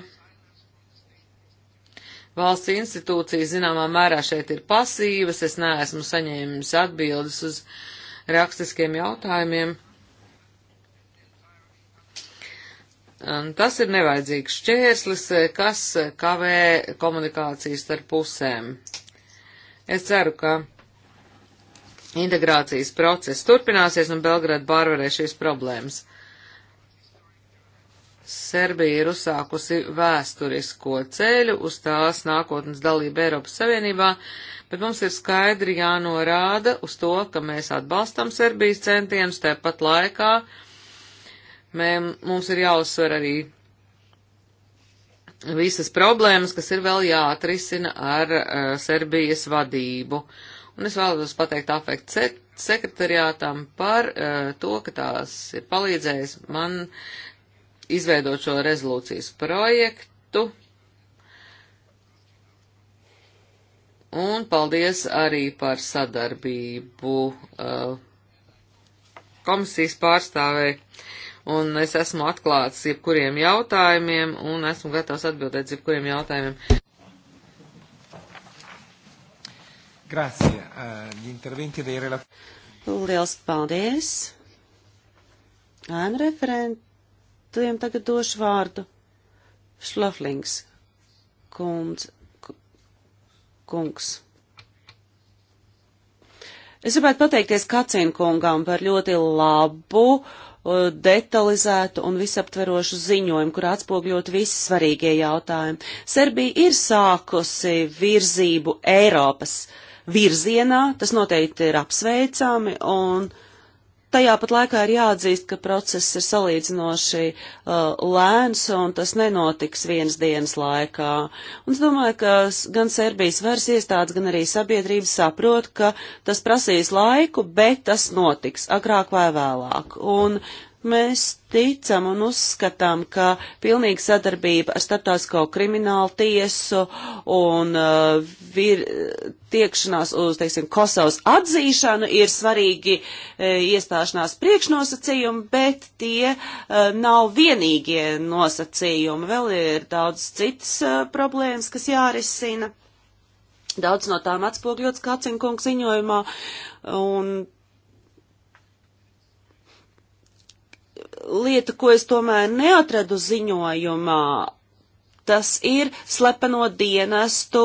valsts institūcijas zināmā mērā šeit ir pasīvas, es neesmu saņēmis atbildes uz rakstiskiem jautājumiem, Un tas ir nevajadzīgs šķērslis, eh, kas eh, kavē komunikācijas starp pusēm. Es ceru, ka integrācijas process turpināsies un Belgrāda pārvarēs šīs problēmas. Serbija ir uzsākusi vēsturisko ceļu uz tās nākotnes dalību Eiropas Savienībā, bet mums ir skaidri jānorāda uz to, ka mēs atbalstam Serbijas centienus, tāpat laikā uh, Mē, mums ir jāuzsver arī visas problēmas, kas ir vēl jāatrisina ar uh, Serbijas vadību. Un es vēlētos pateikt afekt sekretariātam par uh, to, ka tās ir palīdzējis man izveidot šo rezolūcijas projektu. Un paldies arī par sadarbību uh, komisijas pārstāvēju un es esmu atklāts jebkuriem jautājumiem, un esmu gatavs atbildēt jebkuriem jautājumiem. Grazie. Eh, gli interventi dei relatori. Liels paldies. Ēnu referentiem tagad došu vārdu. Šloflings kundz, kungs. Es gribētu pateikties Kacīna kungām par ļoti labu uh, Eh, detalizētu un visaptverošu ziņojumu, kur atspogļot visi svarīgie jautājumi. Serbija ir sākusi virzību Eiropas virzienā, tas noteikti ir apsveicami, un uh, tajā pat laikā ir jāatzīst, ka process ir salīdzinoši uh, lēns un tas nenotiks vienas dienas laikā. Un es domāju, ka gan Serbijas varas iestādes, gan arī sabiedrība saprot, ka tas prasīs laiku, bet tas notiks agrāk vai vēlāk. Un Mēs ticam un uzskatām, ka pilnīga sadarbība ar starptautisko kriminālu tiesu un uh, vir, tiekšanās uz, teiksim, Kosovas atzīšanu ir svarīgi uh, iestāšanās priekšnosacījumi, bet tie uh, nav vienīgie nosacījumi. Vēl ir daudz citas uh, problēmas, kas jārisina. Daudz no tām atspogļots Kacinkungs ziņojumā, un lieta, ko es tomēr neatradu ziņojumā, tas ir slepeno dienestu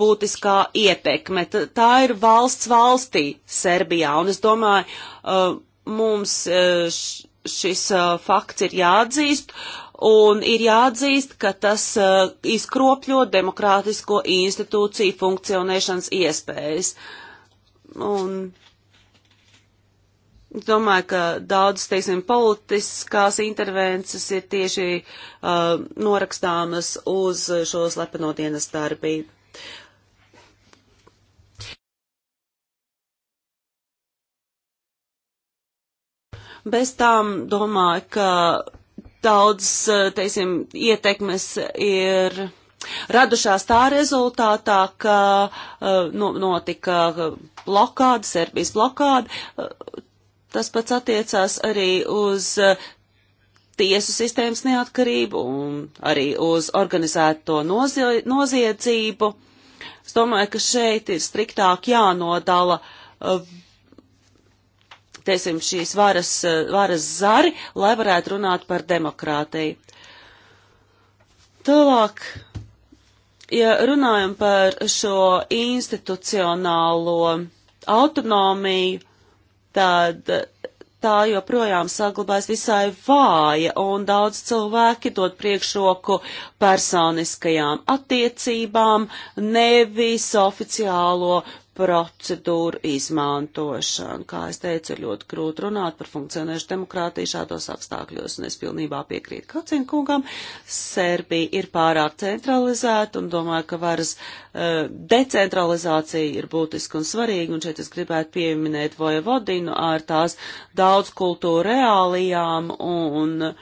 būtiskā ietekme. Tā ir valsts valstī Serbijā, un es domāju, uh, mums uh, šis uh, fakts ir jāatzīst, un ir jāatzīst, ka tas izkropļo demokrātisko institūciju funkcionēšanas iespējas. Un Domāju, ka daudzas, teiksim, politiskās intervences ir tieši uh, norakstāmas uz šo slepeno dienas darbību. Bez tām domāju, ka daudz, uh, teiksim, ietekmes ir radušās tā rezultātā, ka uh, notika blokāda, Serbijas blokāda. Uh, Tas pats attiecās arī uz eh, tiesu sistēmas neatkarību un arī uz organizēto nozie noziedzību. Es domāju, ka šeit ir striktāk jānodala eh, teiksim, šīs varas, eh, varas zari, lai varētu runāt par demokrātiju. Tālāk, ja runājam par šo institucionālo autonomiju, tad tā joprojām saglabājas visai vāja, un daudz cilvēki dod priekšroku personiskajām attiecībām, nevis oficiālo procedūru izmantošanu. Kā es teicu, ir ļoti grūti runāt par funkcionēšu demokrātiju šādos apstākļos, un es pilnībā piekrītu Kacinkungam. Serbija ir pārāk centralizēta, un domāju, ka varas uh, decentralizācija ir būtiska un svarīga, un šeit es gribētu pieminēt Vojevodinu ar tās daudz kultūra reālijām un, un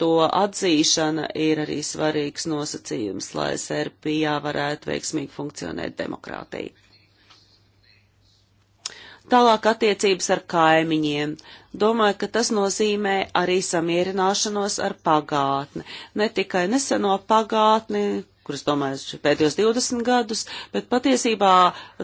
to atzīšana ir arī svarīgs nosacījums, lai Serbijā varētu veiksmīgi funkcionēt demokrātija. Tālāk attiecības ar kaimiņiem. Domāju, ka tas nozīmē arī samierināšanos ar pagātni. Ne tikai neseno pagātni, kuras, domāju, pēdējos 20 gadus, bet patiesībā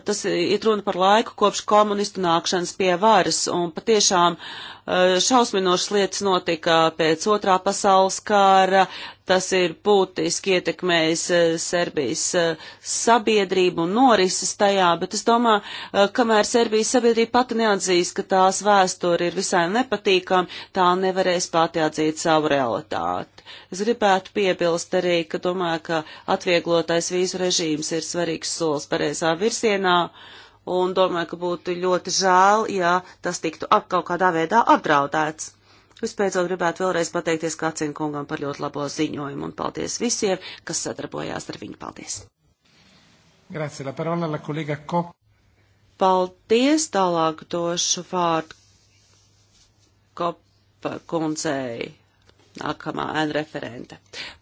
tas ir runa par laiku kopš komunistu nākšanas pie varas, un patiešām uh, Eh, šausminošas lietas notika pēc otrā pasaules kara, tas ir būtiski ietekmējis eh, Serbijas eh, sabiedrību un norises tajā, bet es domāju, kamēr Serbijas sabiedrība pati neatzīs, ka tās vēsture ir visai nepatīkama, tā nevarēs pati atzīt savu realitāti. Es gribētu piebilst arī, ka domāju, ka atvieglotais vīzu režīms ir svarīgs solis pareizā virsienā. Uh, un domāju, ka būtu ļoti žēl, ja tas tiktu ap kaut kādā veidā apdraudēts. Vispēcot gribētu vēlreiz pateikties Kacinkungam par ļoti labo ziņojumu un paldies visiem, kas sadarbojās ar viņu. Paldies! Grazie, la parola la kolega Kop. Paldies, tālāk došu vārdu Kopa kundzei nākamā ēna referente.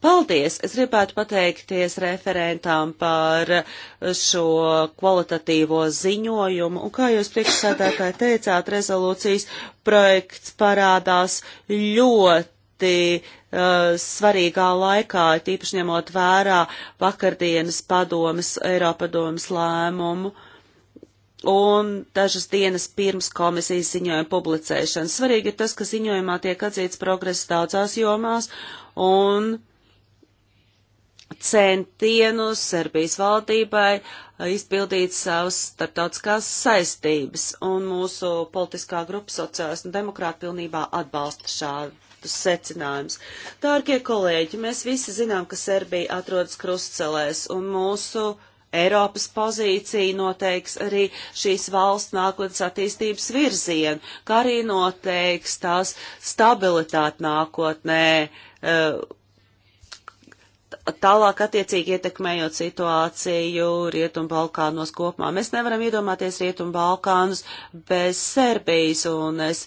Paldies! Es gribētu pateikties referentām par šo kvalitatīvo ziņojumu, un kā jūs priekšsēdētāji teicāt, rezolūcijas projekts parādās ļoti uh, svarīgā laikā, tīpaši ņemot vērā vakardienas padomas, Eiropadomas lēmumu. Uh, un dažas dienas pirms komisijas ziņojuma publicēšanas. Svarīgi ir tas, ka ziņojumā tiek atzīts progress daudzās jomās un centienus Serbijas valdībai izpildīt savas starptautiskās saistības, un mūsu politiskā grupa sociālistu un demokrātu pilnībā atbalsta šādus secinājumus. Dārgie kolēģi, mēs visi zinām, ka Serbija atrodas krustcelēs, un mūsu uh, Eiropas pozīcija noteiks arī šīs valsts nākotnes attīstības virzienu, kā arī noteiks tās stabilitāti nākotnē, eh, tālāk attiecīgi ietekmējot situāciju Rietumbalkānos kopumā. Mēs nevaram iedomāties Rietumbalkānus bez Serbijas, un es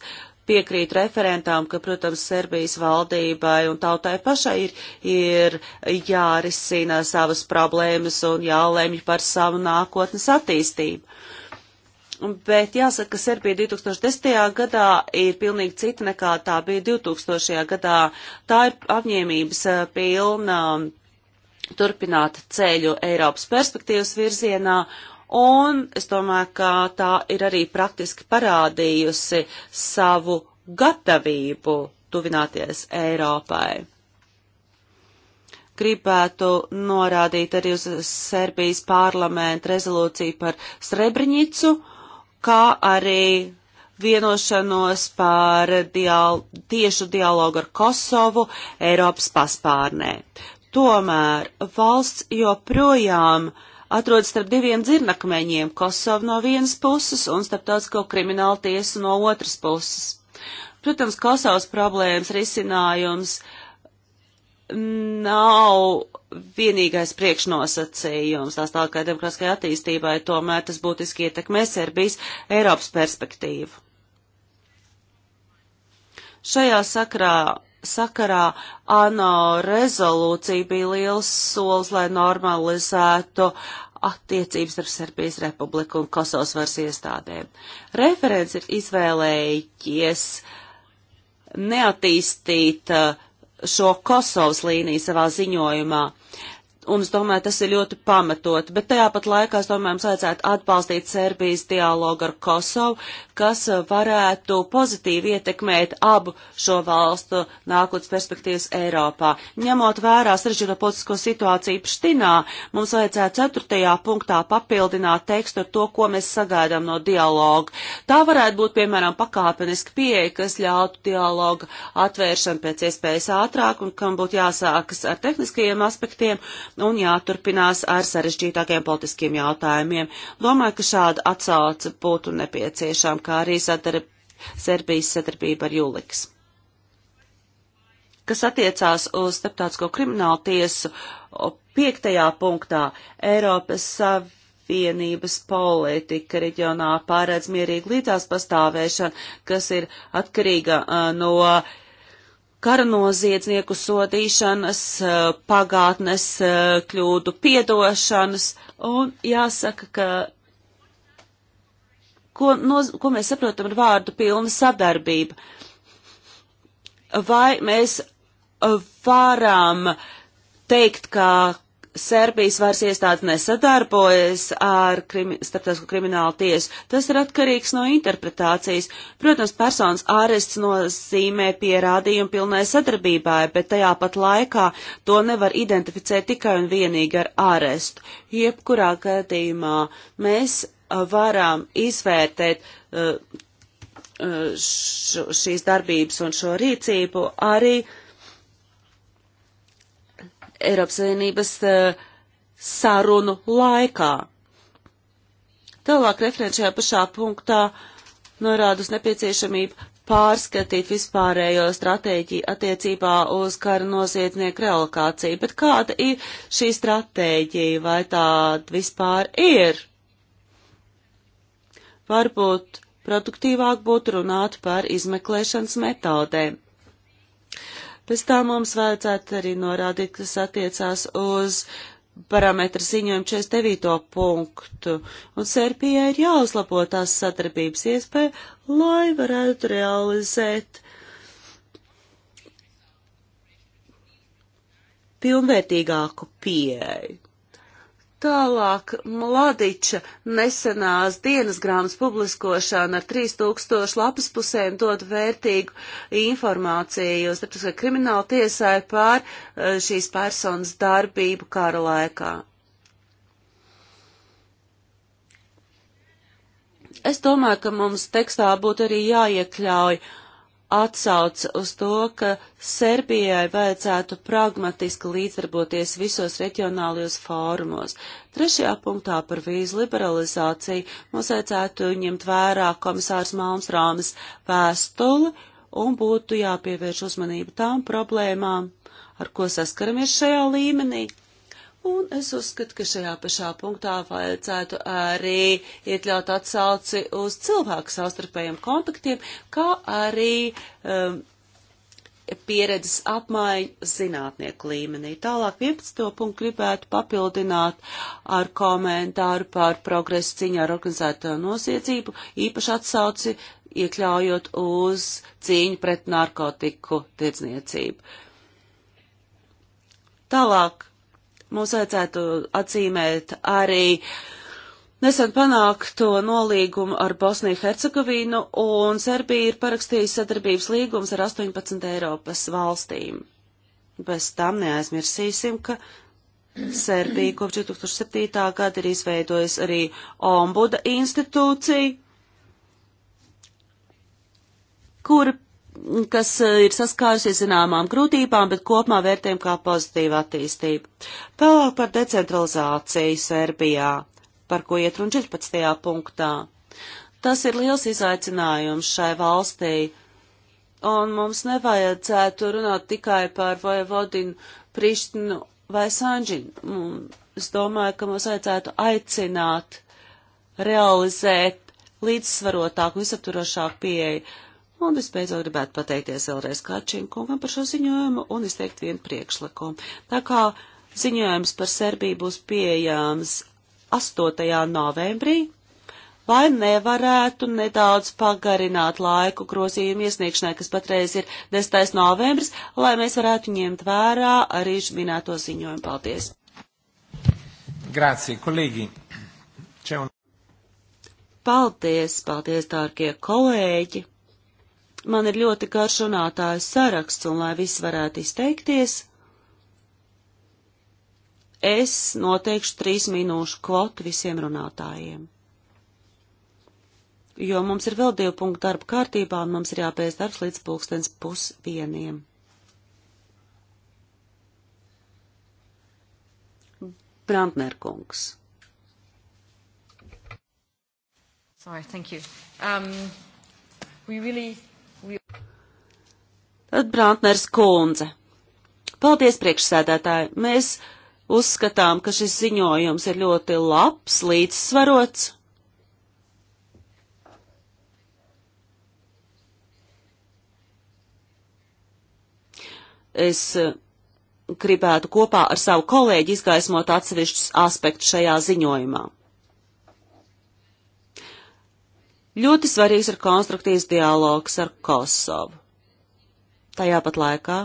piekrīt referentām, ka, protams, Serbijas valdībai un tautai pašai ir, ir jārisina savas problēmas un jālēmj par savu nākotnes attīstību. Bet jāsaka, ka Serbija 2010. gadā ir pilnīgi cita nekā tā bija 2000. gadā. Tā ir apņēmības eh, pilna turpināt ceļu Eiropas perspektīvas virzienā un es domāju, ka tā ir arī praktiski parādījusi savu gatavību tuvināties Eiropai. Gribētu norādīt arī uz Serbijas parlamentu rezolūciju par Srebrenicu, kā arī vienošanos par dial tiešu dialogu ar Kosovu Eiropas paspārnē. Tomēr valsts joprojām uh, atrodas starp diviem dzirnakmeņiem - Kosovu no vienas puses un starptautisko kriminālu tiesu no otras puses. Protams, Kosovas problēmas risinājums nav vienīgais priekšnosacījums tās tālākai demokrātiskai attīstībai, tomēr tas būtiski ietekmē Serbijas Eiropas perspektīvu. Šajā sakrā sakarā ANO rezolūcija bija liels solis, lai normalizētu attiecības ar Serbijas republiku un Kosovas varas iestādēm. Referents ir izvēlējies neattīstīt uh, šo Kosovas līniju savā ziņojumā. Uh, un es domāju, tas ir ļoti pamatot. Bet tajā pat laikā, es domāju, mums vajadzētu atbalstīt Serbijas dialogu ar Kosovu, kas uh, varētu pozitīvi ietekmēt abu šo valstu nākotnes perspektīvas Eiropā. Ņemot vērā sarežģīto politisko situāciju Pštinā, mums vajadzētu ceturtajā punktā papildināt tekstu ar to, ko mēs sagaidām no dialoga. Tā varētu būt, piemēram, pakāpeniska pieeja, kas ļautu dialogu atvēršanu pēc iespējas ātrāk un kam būtu jāsākas ar tehniskajiem aspektiem un jāturpinās ar sarežģītākiem politiskiem jautājumiem. Domāju, ka šāda atsauce būtu nepieciešama, kā arī sadarb Serbijas sadarbība ar Juliks. Kas attiecās uz starptautisko kriminālu tiesu, piektajā punktā Eiropas Savienības vienības politika reģionā pārēdz mierīgu līdzās pastāvēšanu, kas ir atkarīga uh, no karnoziedznieku sodīšanas, eh, pagātnes eh, kļūdu piedošanas, un jāsaka, ka ko, noz, ko mēs saprotam ar vārdu pilna sadarbība. Vai mēs varam teikt, ka Serbijas varas iestāde nesadarbojas ar krimi, starptautisko kriminālu tiesu. Tas ir atkarīgs no interpretācijas. Protams, personas ārests nozīmē pierādījumu pilnai sadarbībai, bet tajā pat laikā to nevar identificēt tikai un vienīgi ar ārestu. Jebkurā gadījumā mēs uh, varam izvērtēt uh, uh š, šīs darbības un šo rīcību arī uh, Eiropas Savienības eh, sarunu laikā. Tālāk referenčajā pašā punktā norāda uz nepieciešamību pārskatīt vispārējo stratēģiju attiecībā uz kara noziedznieku relokāciju, bet kāda ir šī stratēģija, vai tāda vispār ir? Varbūt produktīvāk būtu runāt par izmeklēšanas metodēm. Pēc tam mums vajadzētu arī norādīt, kas attiecās uz parametra ziņojumu 49. punktu, un Sērpijai ir jāuzlabo tās sadarbības iespēja, lai varētu realizēt pilnvērtīgāku pieeju. Tālāk Mladiča nesenās dienas grāmatas publiskošana ar 3000 lapas pusēm dod vērtīgu informāciju starptautiskā krimināla tiesai pār eh, šīs personas darbību kara laikā. Es domāju, ka mums tekstā būtu arī jāiekļauj uh, atsauc uz to, ka Serbijai vajadzētu pragmatiski līdzdarboties visos reģionālajos fórumos. Trešajā punktā par vīzu liberalizāciju mums vajadzētu ņemt vērā komisārs Malmstrāmas vēstuli un būtu jāpievērš uzmanība tām problēmām, ar ko saskaramies šajā līmenī. Un es uzskatu, ka šajā pašā punktā vajadzētu arī iekļaut atsauci uz cilvēku savstarpējiem kontaktiem, kā arī um, pieredzes apmaiņu zinātnieku līmenī. Tālāk 11. punktu gribētu papildināt ar komentāru par progresu ciņā ar organizēto nosiedzību, īpaši atsauci iekļaujot uz cīņu pret narkotiku tirdzniecību. Tālāk mums vajadzētu atzīmēt arī nesen panākto nolīgumu ar Bosniju Hercegovinu, un Serbija ir parakstījusi sadarbības līgums ar 18 Eiropas valstīm. Bez tam neaizmirsīsim, ka Serbija kopš 2007. gada ir izveidojusi arī ombuda institūciju, kura kas eh, ir saskārusies zināmām grūtībām, bet kopumā vērtējam kā pozitīvu attīstību. Tālāk par decentralizāciju Serbijā, par ko iet runa 14. punktā. Tas ir liels izaicinājums šai valstī, un mums nevajadzētu runāt tikai par Vojvodinu, Prištinu vai Sanžinu. Mm, es domāju, ka mums vajadzētu aicināt realizēt līdzsvarotāku, visapturošāku pieeju Un visbeidzot gribētu pateikties vēlreiz Kārčiem kungam par šo ziņojumu un izteikt vienu priekšlikumu. Tā kā ziņojums par Serbiju būs pieejams 8. novembrī, vai nevarētu nedaudz pagarināt laiku grozījumu iesniegšanai, kas patreiz ir 10. novembris, lai mēs varētu ņemt vērā arī minēto ziņojumu. Paldies! Grācija, kolēģi! Un... Paldies, paldies, dārgie kolēģi! Man ir ļoti garš runātāju saraksts, un lai viss varētu izteikties, es noteikšu trīs minūšu kvotu visiem runātājiem. Jo mums ir vēl divi punkti darba kārtībā, un mums ir jāpēc darbs līdz pulkstens pusvieniem. Brantner kungs. Sorry, thank you. Um, we really Tad Brantners kundze. Paldies, priekšsēdētāji. Mēs uzskatām, ka šis ziņojums ir ļoti labs, līdzsvarots. Es eh, gribētu kopā ar savu kolēģi izgaismot atsevišķus aspektus šajā ziņojumā. Ļoti svarīgs ir konstruktīvs dialogs ar Kosovu. Tajā pat laikā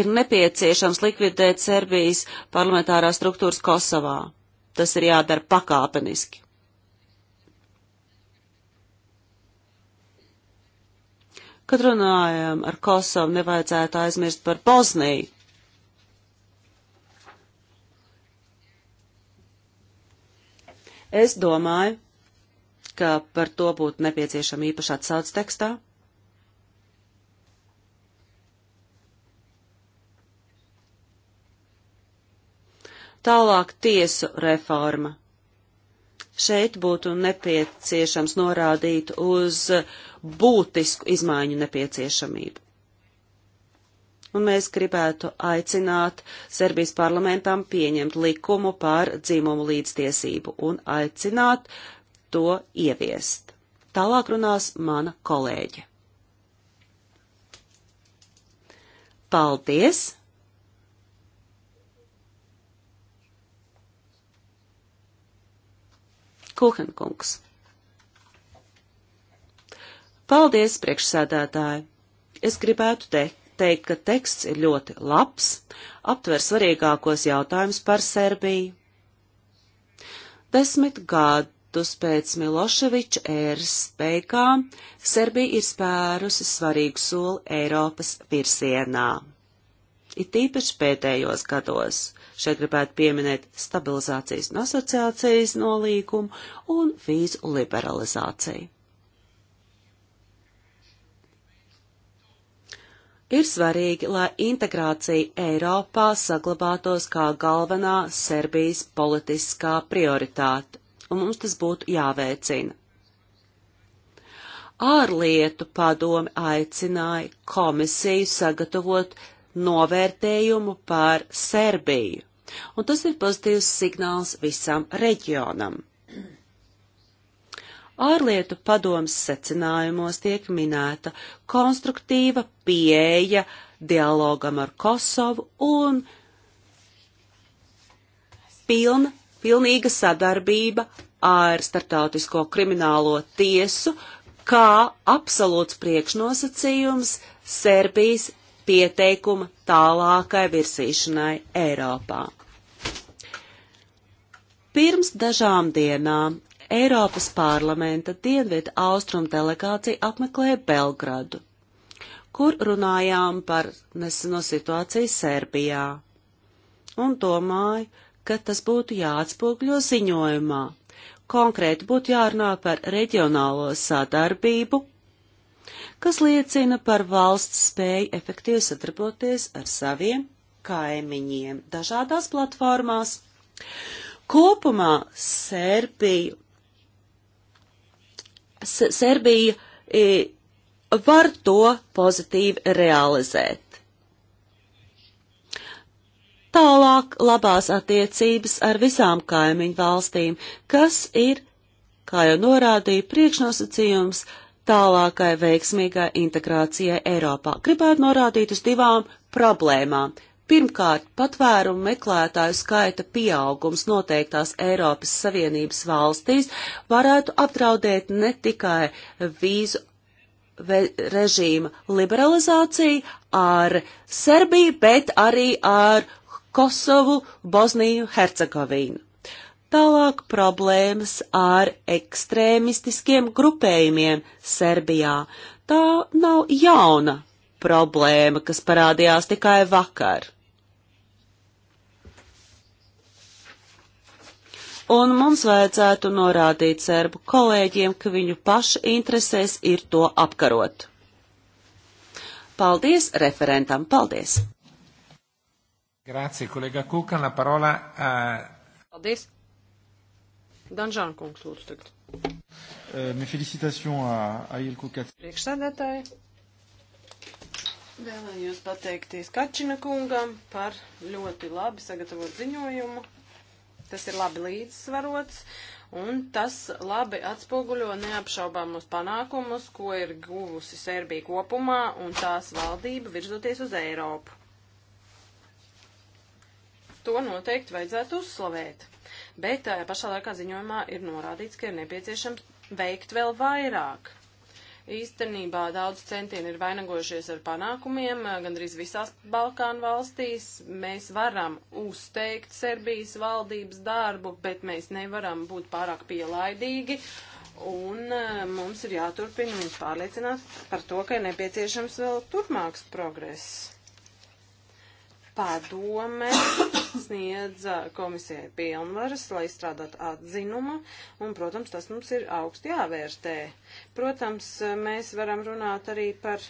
ir nepieciešams likvidēt Serbijas parlamentārās struktūras Kosovā. Tas ir jādara pakāpeniski. Kad runājam ar Kosovu, nevajadzētu aizmirst par Bosniju. Es domāju, ka par to būtu nepieciešama īpaša atsauc tekstā. Tālāk tiesu reforma. Šeit būtu nepieciešams norādīt uz būtisku izmaiņu nepieciešamību un mēs gribētu aicināt Serbijas parlamentam pieņemt likumu par dzīmumu līdztiesību un aicināt to ieviest. Tālāk runās mana kolēģe. Paldies! Kuhenkungs. Paldies, priekšsēdētāji! Es gribētu teikt, teikt, ka teksts ir ļoti labs, aptver svarīgākos jautājumus par Serbiju. Desmit gadus pēc Miloševiča ēras beigām Serbija ir spērusi svarīgu soli Eiropas virsienā. It īpaši pēdējos gados šeit gribētu pieminēt stabilizācijas un asociācijas nolīgumu un vīzu liberalizāciju. Ir svarīgi, lai integrācija Eiropā saglabātos kā galvenā Serbijas politiskā prioritāte, un mums tas būtu jāveicina. Ārlietu padomi aicināja komisiju sagatavot novērtējumu par Serbiju, un tas ir pozitīvs signāls visam reģionam. Ārlietu padomas secinājumos tiek minēta konstruktīva pieeja dialogam ar Kosovu un pilna, pilnīga sadarbība ar Startautisko kriminālo tiesu, kā absolūts priekšnosacījums Serbijas pieteikuma tālākai virsīšanai Eiropā. Pirms dažām dienām Eiropas parlamenta dienvidu austrumu delegācija apmeklēja Belgradu, kur runājām par neseno situāciju Serbijā. Un domāju, ka tas būtu jāatspūgļo ziņojumā. Konkrēti būtu jārunā par reģionālo sadarbību, kas liecina par valsts spēju efektīvi sadarboties ar saviem kaimiņiem dažādās platformās. Kopumā Sērbiju Serbija e, var to pozitīvi realizēt. Tālāk labās attiecības ar visām kaimiņu valstīm, kas ir, kā jau norādīja, priekšnosacījums tālākai veiksmīgai integrācijai Eiropā. Gribētu norādīt uz divām problēmām Pirmkārt, patvērumu meklētāju skaita pieaugums noteiktās Eiropas Savienības valstīs varētu apdraudēt ne tikai vīzu režīma liberalizāciju ar Serbiju, bet arī ar Kosovu, Bosniju, Hercegovīnu. Tālāk problēmas ar ekstrēmistiskiem grupējumiem Serbijā. Tā nav jauna problēma, kas parādījās tikai vakar. Un mums vajadzētu norādīt serbu kolēģiem, ka viņu pašu interesēs ir to apkarot. Paldies referentam, paldies! Grācija, kolēģa Kukan, la parola. Uh... Paldies! Danžāna kungs, lūdzu tagad. Uh, Mes félicitations à, à Ilko Kats. Priekšsēdētāji, Vēlējos pateikties Kačina kungam par ļoti labi sagatavot ziņojumu. Tas ir labi līdzsvarots un tas labi atspoguļo neapšaubāmos panākumus, ko ir guvusi Serbija kopumā un tās valdība virzoties uz Eiropu. To noteikti vajadzētu uzslavēt. Bet tajā pašā laikā ziņojumā ir norādīts, ka ir nepieciešams veikt vēl vairāk. Īstenībā daudz centieni ir vainagojušies ar panākumiem, eh, gandrīz visās Balkānu valstīs. Mēs varam uzteikt Serbijas valdības darbu, bet mēs nevaram būt pārāk pielaidīgi. Un eh, mums ir jāturpina viņus pārliecināt par to, ka ir nepieciešams vēl turpmāks progress padome sniedza komisijai pilnvaras, lai izstrādātu atzinumu, un, protams, tas mums ir augsti jāvērtē. Protams, mēs varam runāt arī par.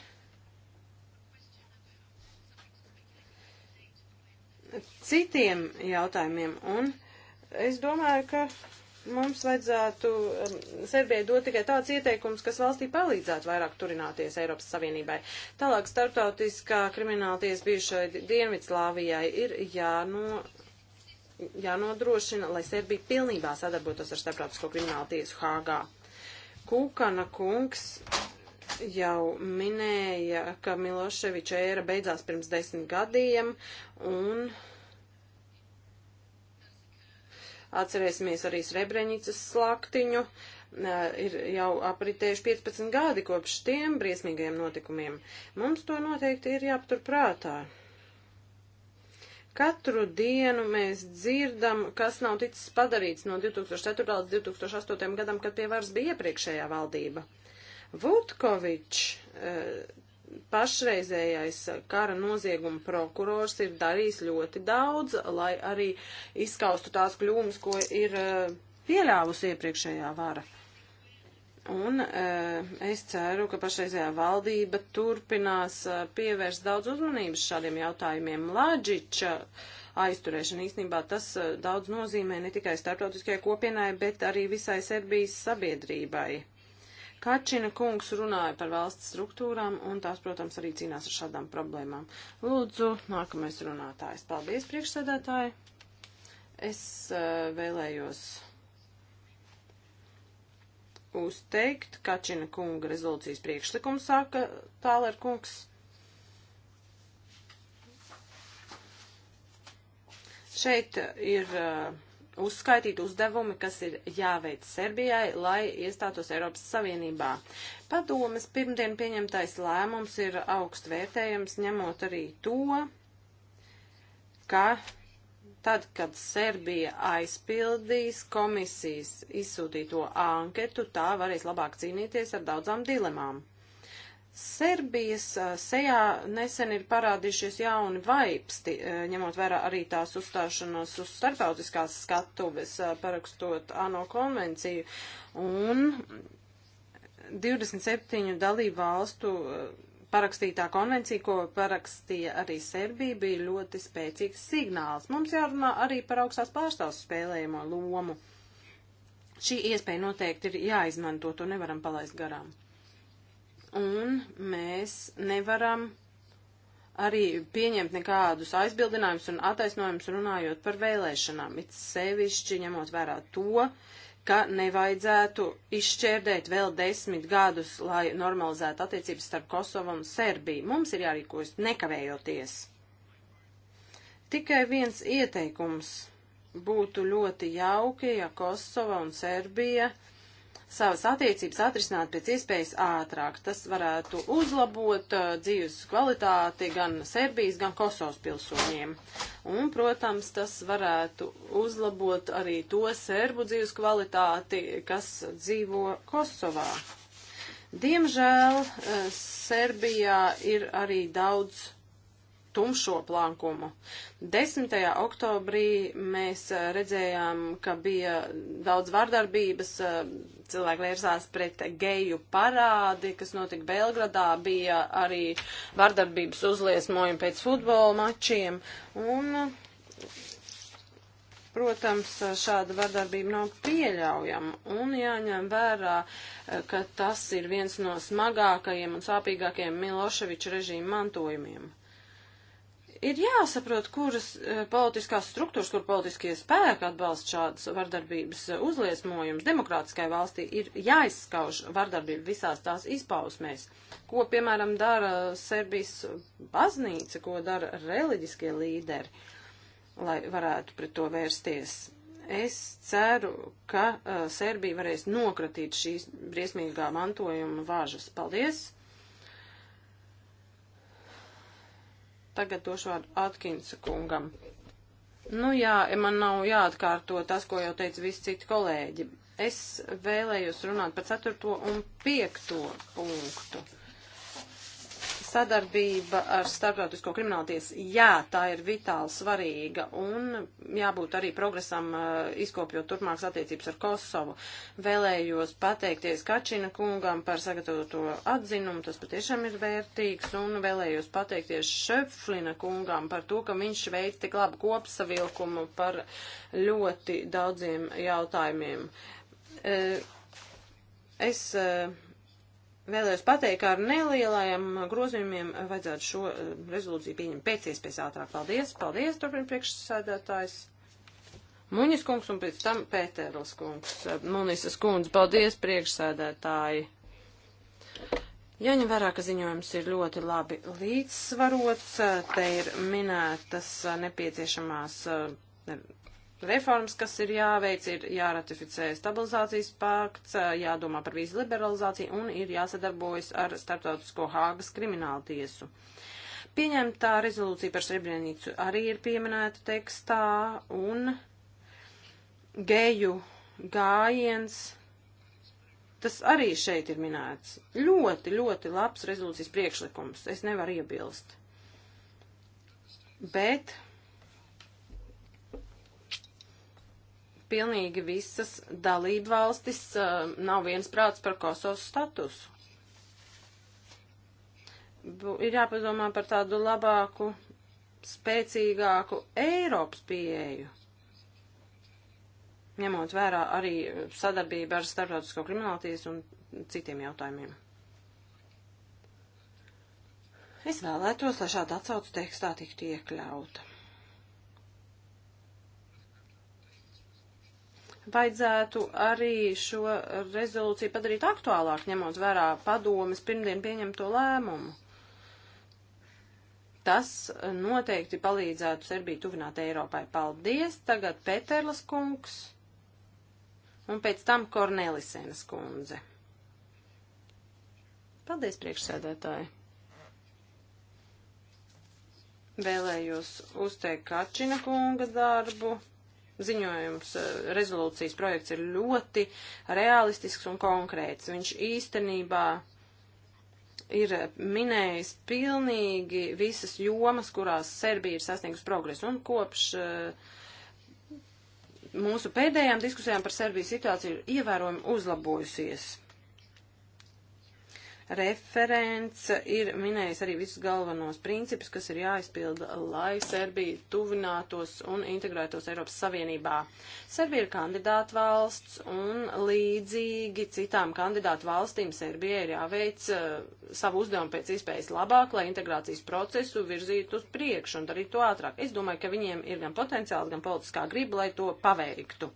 Citiem jautājumiem, un es domāju, ka mums vajadzētu um, Serbijai dot tikai tāds ieteikums, kas valstī palīdzētu vairāk turināties Eiropas Savienībai. Tālāk starptautiskā kriminālties bijušai Dienvidslāvijai ir jāno, jānodrošina, lai Serbija pilnībā sadarbotos ar starptautisko kriminālu tiesu Hāgā. Kūkana kungs jau minēja, ka Miloševiča ēra beidzās pirms desmit gadiem un Atcerēsimies arī Srebrenicas slaktiņu. Ir jau apritējuši 15 gadi kopš tiem briesmīgajiem notikumiem. Mums to noteikti ir jāpatur prātā. Katru dienu mēs dzirdam, kas nav ticis padarīts no 2004. līdz 2008. gadam, kad pie varas bija iepriekšējā valdība. Vutkovičs pašreizējais kara nozieguma prokurors ir darījis ļoti daudz, lai arī izskaustu tās kļūmes, ko ir eh, pieļāvusi iepriekšējā vara. Un eh, es ceru, ka pašreizējā valdība turpinās eh, pievērst daudz uzmanības šādiem jautājumiem. Lādžiča aizturēšana īstenībā tas daudz nozīmē ne tikai starptautiskajai kopienai, bet arī visai Serbijas sabiedrībai Kačina kungs runāja par valsts struktūrām, un tās, protams, arī cīnās ar šādām problēmām. Lūdzu, nākamais runātājs. Paldies, priekšsēdētāji. Es uh, vēlējos uzteikt Kačina kunga rezolūcijas priekšlikumu, saka Tāler kungs. Šeit eh, ir. Uh, uzskaitīt uzdevumi, kas ir jāveic Serbijai, lai iestātos Eiropas Savienībā. Padomas pirmdien pieņemtais lēmums ir augst vērtējams, ņemot arī to, ka tad, kad Serbija aizpildīs komisijas izsūtīto anketu, tā varēs labāk cīnīties ar daudzām dilemām. Serbijas sejā nesen ir parādījušies jauni vaipsti, ņemot vērā arī tās uzstāšanos uz starptautiskās skatuves, parakstot ANO konvenciju. Un 27 dalību valstu parakstītā konvencija, ko parakstīja arī Serbija, bija ļoti spēcīgs signāls. Mums jārunā arī par augstās pārstāvs spēlējamo lomu. Šī iespēja noteikti ir jāizmanto, to nevaram palaist garām un mēs nevaram arī pieņemt nekādus aizbildinājumus un attaisnojumus runājot par vēlēšanām, it sevišķi ņemot vērā to, ka nevajadzētu izšķērdēt vēl desmit gadus, lai normalizētu attiecības starp Kosovu un Serbiju. Mums ir jārīkojas nekavējoties. Tikai viens ieteikums būtu ļoti jauki, ja Kosova un Serbija uh, savas attiecības atrisināt pēc iespējas ātrāk. Tas varētu uzlabot uh, dzīves kvalitāti gan Serbijas, gan Kosovas pilsoņiem. Un, protams, tas varētu uzlabot arī to serbu dzīves kvalitāti, kas dzīvo Kosovā. Diemžēl uh, Serbijā ir arī daudz tumšo plankumu. 10. oktobrī mēs eh, redzējām, ka bija daudz vardarbības, eh, cilvēki vērsās pret geju parādi, kas notika Belgradā, bija arī vardarbības uzliesmojumi pēc futbola mačiem. Un, protams, šāda vardarbība nav pieļaujama un jāņem vērā, eh, ka tas ir viens no smagākajiem un sāpīgākajiem Miloševiča režīma mantojumiem. Ir jāsaprot, kuras eh, politiskās struktūras, kur politiskie spēki atbalsta šādas vardarbības eh, uzliesmojums. Demokrātiskai valstī ir jāizskauž vardarbība visās tās izpausmēs. Ko, piemēram, dara Serbijas baznīca, ko dara reliģiskie līderi, lai varētu pret to vērsties es ceru, ka uh, Serbija varēs nokratīt šīs briesmīgā mantojuma vāžas. Paldies! Tagad došu vārdu Atkinsa kungam. Nu jā, man nav jāatkārto tas, ko jau teica visi citi kolēģi. Es vēlējos runāt par 4. un 5. punktu sadarbība ar starptautisko krimināltiesu, jā, tā ir vitāli svarīga un jābūt arī progresam uh, izkopjot turpmākas attiecības ar Kosovu. Vēlējos pateikties Kačina kungam par sagatavoto atzinumu, tas patiešām ir vērtīgs, un vēlējos pateikties Šeflina kungam par to, ka viņš veic tik labu kopsavilkumu par ļoti daudziem jautājumiem. Uh, es uh, vēlējos pateikt, ka ar nelielajiem grozījumiem vajadzētu šo eh, rezolūciju pieņemt pēc iespējas ātrāk. Paldies, paldies, turpin priekšsēdētājs. Muņas kungs un pēc tam Pēterls kungs. Munisas kundze, paldies priekšsēdētāji. Jaņem vērā, ka ziņojums ir ļoti labi līdzsvarots, te ir minētas nepieciešamās eh, reformas, kas ir jāveic, ir jāratificē stabilizācijas pakts, jādomā par vīzu liberalizāciju un ir jāsadarbojas ar starptautisko Hāgas kriminālu tiesu. Pieņemtā rezolūcija par Srebrenicu arī ir pieminēta tekstā un geju gājiens. Tas arī šeit ir minēts. Ļoti, ļoti labs rezolūcijas priekšlikums. Es nevaru iebilst. Bet pilnīgi visas dalību valstis uh, nav viens prāts par Kosovas statusu. Bu, ir jāpadomā par tādu labāku, spēcīgāku Eiropas pieeju, ņemot vērā arī sadarbību ar starptautisko krimināltiesu un citiem jautājumiem. Es vēlētos, lai šāda atsaucu tekstā tiktu iekļauta. vajadzētu arī šo rezolūciju padarīt aktuālāk, ņemot vērā padomas pirmdien pieņemto lēmumu. Tas noteikti palīdzētu Serbiju tuvināt Eiropai. Paldies! Tagad Peterlas kungs un pēc tam Kornelisēnas kundze. Paldies, priekšsēdētāji! Vēlējos uzteikt Kačina kunga darbu ziņojums, eh, rezolūcijas projekts ir ļoti realistisks un konkrēts. Viņš īstenībā ir minējis pilnīgi visas jomas, kurās Serbija ir sasniegusi progresu. Un kopš eh, mūsu pēdējām diskusijām par Serbijas situāciju ir ievērojami uzlabojusies. Referents ir minējis arī visus galvenos principus, kas ir jāizpilda, lai Serbija tuvinātos un integrētos Eiropas Savienībā. Serbija ir kandidāta valsts un līdzīgi citām kandidātu valstīm Serbijai ir jāveic uh, savu uzdevumu pēc iespējas labāk, lai integrācijas procesu virzītu uz priekšu un darītu to ātrāk. Es domāju, ka viņiem ir gan potenciāls, gan politiskā griba, lai to paveiktu.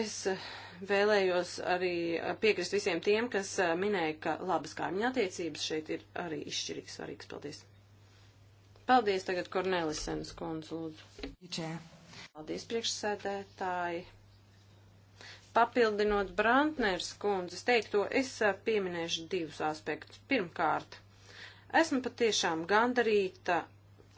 Es uh, vēlējos arī eh, piekrist visiem tiem, kas eh, minēja, ka labas kaimiņa attiecības šeit ir arī izšķirīgs svarīgs. Paldies! Paldies tagad Kornelisenas kundze, lūdzu. Čē. Paldies priekšsēdētāji. Papildinot Brantners kundzes teikto, es eh, pieminēšu divus aspektus. Pirmkārt, esmu patiešām gandarīta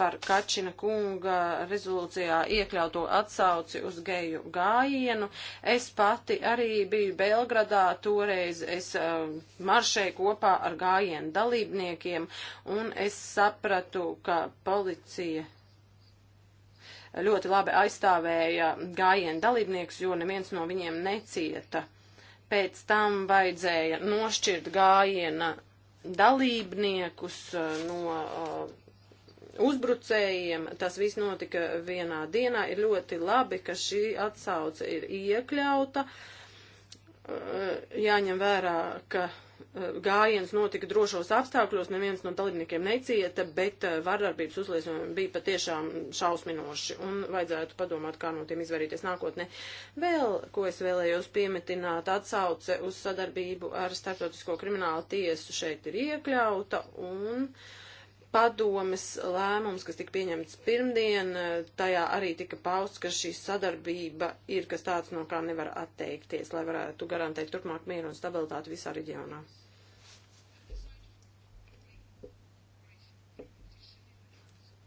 par Kačina kunga rezolūcijā iekļauto atsauci uz geju gājienu. Es pati arī biju Belgradā, toreiz es uh, maršēju kopā ar gājienu dalībniekiem, un es sapratu, ka policija ļoti labi aizstāvēja gājienu dalībniekus, jo neviens no viņiem necieta. Pēc tam vajadzēja nošķirt gājiena dalībniekus uh, no uh, uzbrucējiem. Tas viss notika vienā dienā. Ir ļoti labi, ka šī atsauce ir iekļauta. Uh, jāņem vērā, ka uh, gājiens notika drošos apstākļos, neviens no dalībniekiem necieta, bet uh, vardarbības uzliesmojumi bija patiešām šausminoši un vajadzētu padomāt, kā no tiem izvairīties nākotnē. Vēl, ko es vēlējos piemetināt, atsauce uz sadarbību ar Startautisko kriminālu tiesu šeit ir iekļauta un. Uh, padomes lēmums, kas tika pieņemts pirmdien, eh, tajā arī tika pausts, ka šī sadarbība ir kas tāds, no kā nevar atteikties, lai varētu garantēt turpmāk mieru un stabilitāti visā reģionā.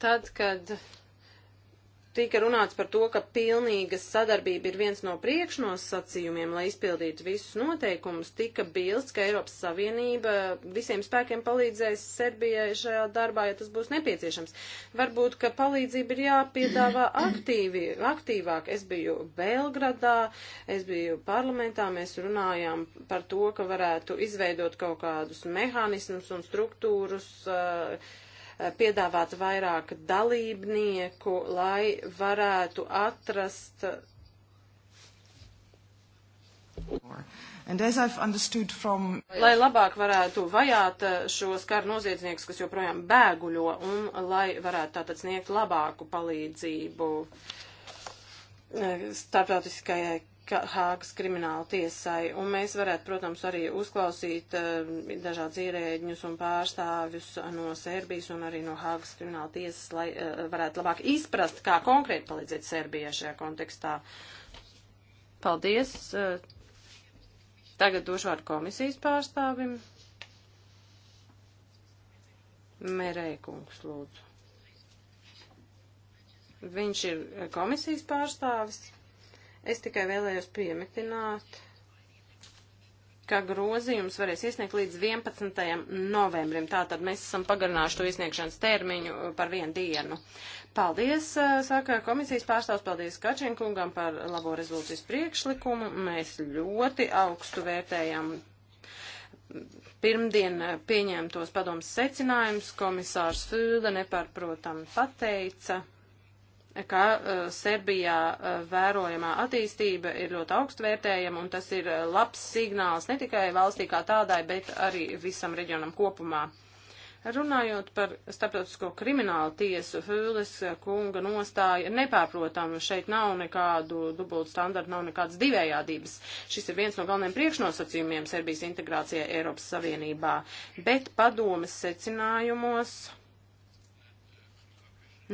Tad, kad tika runāts par to, ka pilnīga sadarbība ir viens no priekšnosacījumiem, lai izpildītu visus noteikumus, tika bilsts, ka Eiropas Savienība visiem spēkiem palīdzēs Serbijai šajā darbā, ja tas būs nepieciešams. Varbūt, ka palīdzība ir jāpiedāvā aktīvi, aktīvāk. Es biju Belgradā, es biju parlamentā, mēs runājām par to, ka varētu izveidot kaut kādus mehānismus un struktūrus, uh, Eh, piedāvāt vairāk dalībnieku, lai varētu atrast. From... Lai labāk varētu vajāt eh, šos karu noziedzniekus, kas joprojām bēguļo, un lai varētu tātad sniegt labāku palīdzību eh, starptautiskajai Hāgas krimināla tiesai, un mēs varētu, protams, arī uzklausīt uh, dažādas ierēģņus un pārstāvjus no Serbijas un arī no Hāgas krimināla tiesas, lai uh, varētu labāk izprast, kā konkrēti palīdzēt Serbijai šajā kontekstā. Paldies. Uh, tagad došu vārdu komisijas pārstāvim. Merēkungs, lūdzu. Viņš ir komisijas pārstāvis. Es tikai vēlējos piemetināt, ka grozījums varēs iesniegt līdz 11. novembrim. Tātad mēs esam pagarinājuši to iesniegšanas termiņu par vienu dienu. Paldies, saka komisijas pārstāvs, paldies Kačinkungam par labo rezolūcijas priekšlikumu. Mēs ļoti augstu vērtējam pirmdien pieņemtos padomus secinājumus. Komisārs Fūda neparprotam pateica ka uh, Serbijā uh, vērojamā attīstība ir ļoti augstvērtējama, un tas ir eh, labs signāls ne tikai valstī kā tādai, bet arī visam reģionam kopumā. Runājot par starptautisko kriminālu tiesu, Fūles kunga nostāja nepārprotama. Šeit nav nekādu dubultu standartu, nav nekādas divējādības. Šis ir viens no galvenajiem priekšnosacījumiem Serbijas integrācijai Eiropas Savienībā. Bet padomas secinājumos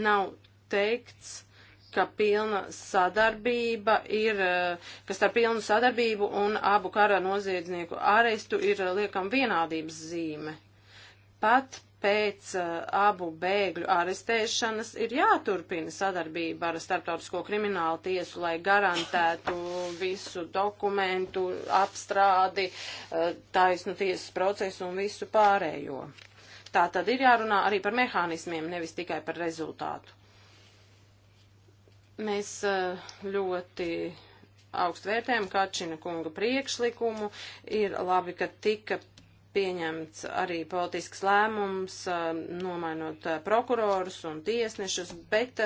nav teikts, ka pilna sadarbība ir, ka starp pilnu sadarbību un abu kara noziedznieku arestu ir liekam vienādības zīme. Pat pēc uh, abu bēgļu arestēšanas ir jāturpina sadarbība ar starptautisko kriminālu tiesu, lai garantētu visu dokumentu apstrādi, uh, taisnu tiesas procesu un visu pārējo. Tā tad ir jārunā arī par mehānismiem, nevis tikai par rezultātu. Mēs eh, ļoti augstu vērtējam Kačina kunga priekšlikumu. Ir labi, ka tika pieņemts arī politisks lēmums, eh, nomainot eh, prokurorus un tiesnešus, bet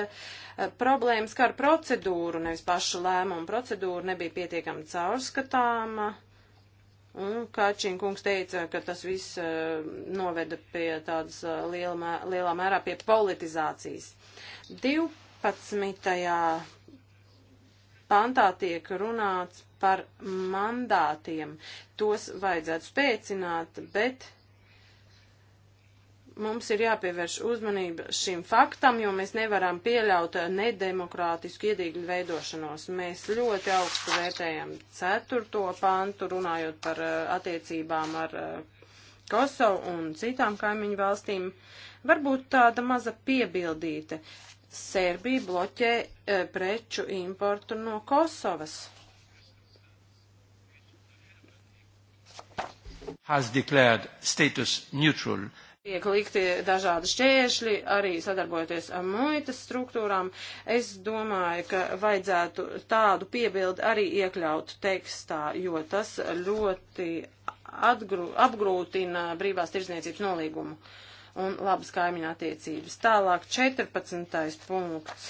problēmas kā ar procedūru, nevis pašu lēmumu procedūru, nebija pietiekami caurskatāma. Un Kačina kungs teica, ka tas viss noveda pie tādas liela, lielā mērā pie politizācijas. 12 11. pantā tiek runāts par mandātiem. Tos vajadzētu spēcināt, bet mums ir jāpievērš uzmanība šim faktam, jo mēs nevaram pieļaut nedemokrātisku iedīgļu veidošanos. Mēs ļoti augstu vērtējam ceturto pantu, runājot par eh, attiecībām ar eh, Kosovu un citām kaimiņu valstīm. Varbūt tāda maza piebildīte. Sērbija bloķē e, preču importu no Kosovas. Has declared status neutral tiek likti dažādi šķēršļi, arī sadarbojoties ar muitas struktūrām. Es domāju, ka vajadzētu tādu piebildi arī iekļaut tekstā, jo tas ļoti atgru, apgrūtina brīvās tirzniecības nolīgumu. Uh, un labas kaimiņa attiecības. Tālāk 14. punkts.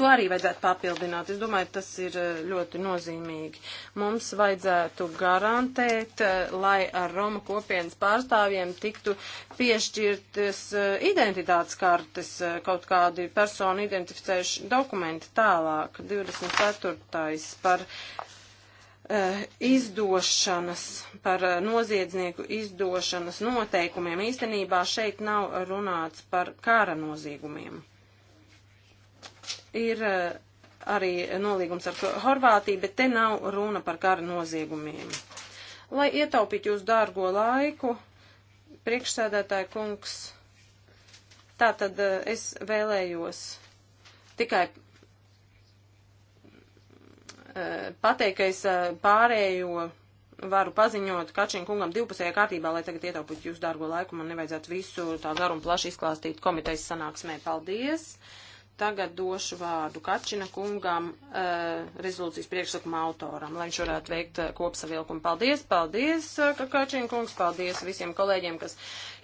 To arī vajadzētu papildināt. Es domāju, tas ir eh, ļoti nozīmīgi. Mums vajadzētu garantēt, eh, lai ar Roma kopienas pārstāvjiem tiktu piešķirtas eh, identitātes kartes, kaut kādi personu identificējuši dokumenti tālāk. 24. par Eh, izdošanas, par eh, noziedznieku izdošanas noteikumiem. Īstenībā šeit nav runāts par kara noziegumiem. Ir eh, arī nolīgums ar Horvātiju, bet te nav runa par kara noziegumiem. Lai ietaupītu jūs dārgo laiku, priekšsēdētāja kungs, tātad es vēlējos tikai Eh, pateikt, ka es eh, pārējo varu paziņot Kačina kungam divpusējā kārtībā, lai tagad ietaupītu jūsu dārgo laiku. Man nevajadzētu visu tā garu un plaši izklāstīt komitejas sanāksmē. Paldies! Tagad došu vārdu Kačina kungam, uh, rezolūcijas priekšlikuma autoram, lai viņš varētu veikt uh, kopsavilkumu. Paldies, paldies, uh, Kačina kungs, paldies visiem kolēģiem, kas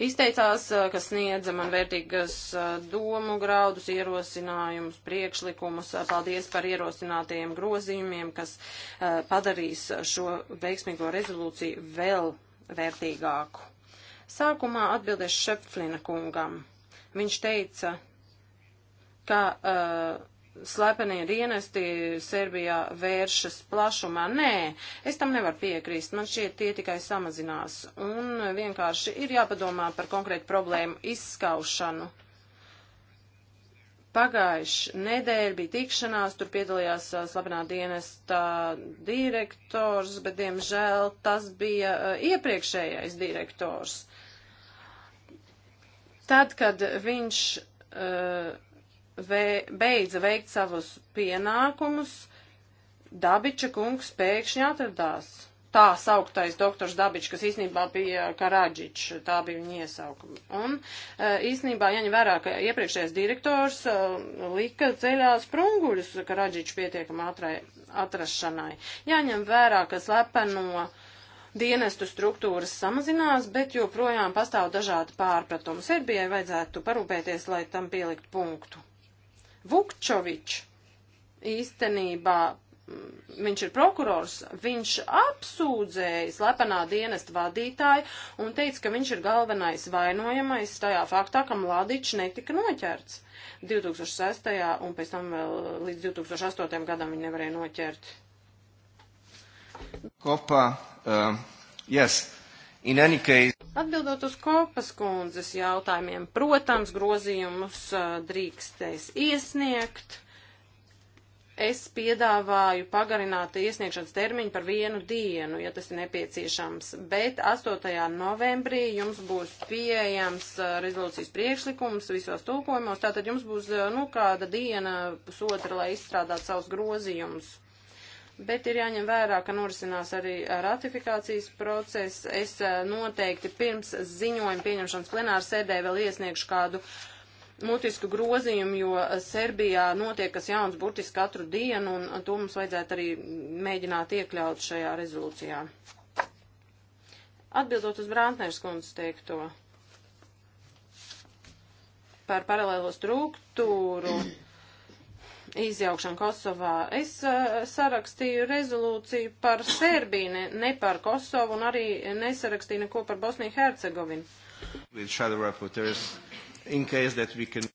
izteicās, uh, kas sniedza man vērtīgas uh, domu graudus, ierosinājumus, priekšlikumus. Uh, paldies par ierosinātajiem grozījumiem, kas uh, padarīs šo veiksmīgo rezolūciju vēl vērtīgāku. Sākumā atbildēšu Šepflina kungam. Viņš teica, ka uh, slepenie dienesti Serbijā vēršas plašumā. Nē, es tam nevaru piekrīst. Man šķiet, tie tikai samazinās. Un vienkārši ir jāpadomā par konkrētu problēmu izskaušanu. Pagājuši nedēļa bija tikšanās, tur piedalījās uh, slavenā dienesta direktors, bet, diemžēl, tas bija uh, iepriekšējais direktors. Tad, kad viņš uh, vē, beidza veikt savus pienākumus, Dabiča kungs pēkšņi atradās. Tā sauktais doktors Dabičs, kas īsnībā bija Karadžičs, tā bija viņa iesaukuma. Un e, īsnībā, jaņem vērā, ka iepriekšējais direktors e, lika ceļā sprunguļus Karadžičs pietiekam atrai, atrašanai. Jaņem vērā, ka slepeno dienestu struktūras samazinās, bet joprojām pastāv dažādi pārpratumi. Serbijai vajadzētu parūpēties, lai tam pielikt punktu. Vukčovičs īstenībā mm, viņš ir prokurors, viņš apsūdzēja slepenā dienesta vadītāju un teica, ka viņš ir galvenais vainojamais tajā faktā, ka Mladičs netika noķerts. 2006. un pēc tam vēl līdz 2008. gadam viņi nevarēja noķert. Kopā, um, yes, in any case. Atbildot uz kopas kundzes jautājumiem, protams, grozījumus uh, drīkstēs iesniegt. Es piedāvāju pagarināt iesniegšanas termiņu par vienu dienu, ja tas ir nepieciešams, bet 8. novembrī jums būs pieejams uh, rezolūcijas priekšlikums visos tūkojumos, tātad jums būs, uh, nu, kāda diena, pusotra, lai izstrādātu savus grozījumus bet ir jāņem vērā, ka norisinās arī ratifikācijas process. Es eh, noteikti pirms ziņojuma pieņemšanas plenāra sēdē vēl iesniegšu kādu mutisku grozījumu, jo eh, Serbijā notiek kas jauns burtiski katru dienu, un eh, to mums vajadzētu arī mēģināt iekļaut šajā rezolūcijā. Atbildot uz Brāntnērs kundzes teikto par paralēlo struktūru. Mm izjaukšanu Kosovā. Es uh, sarakstīju rezolūciju par Serbiju, ne, ne par Kosovu, un arī nesarakstīju neko par Bosniju Hercegovinu. Can...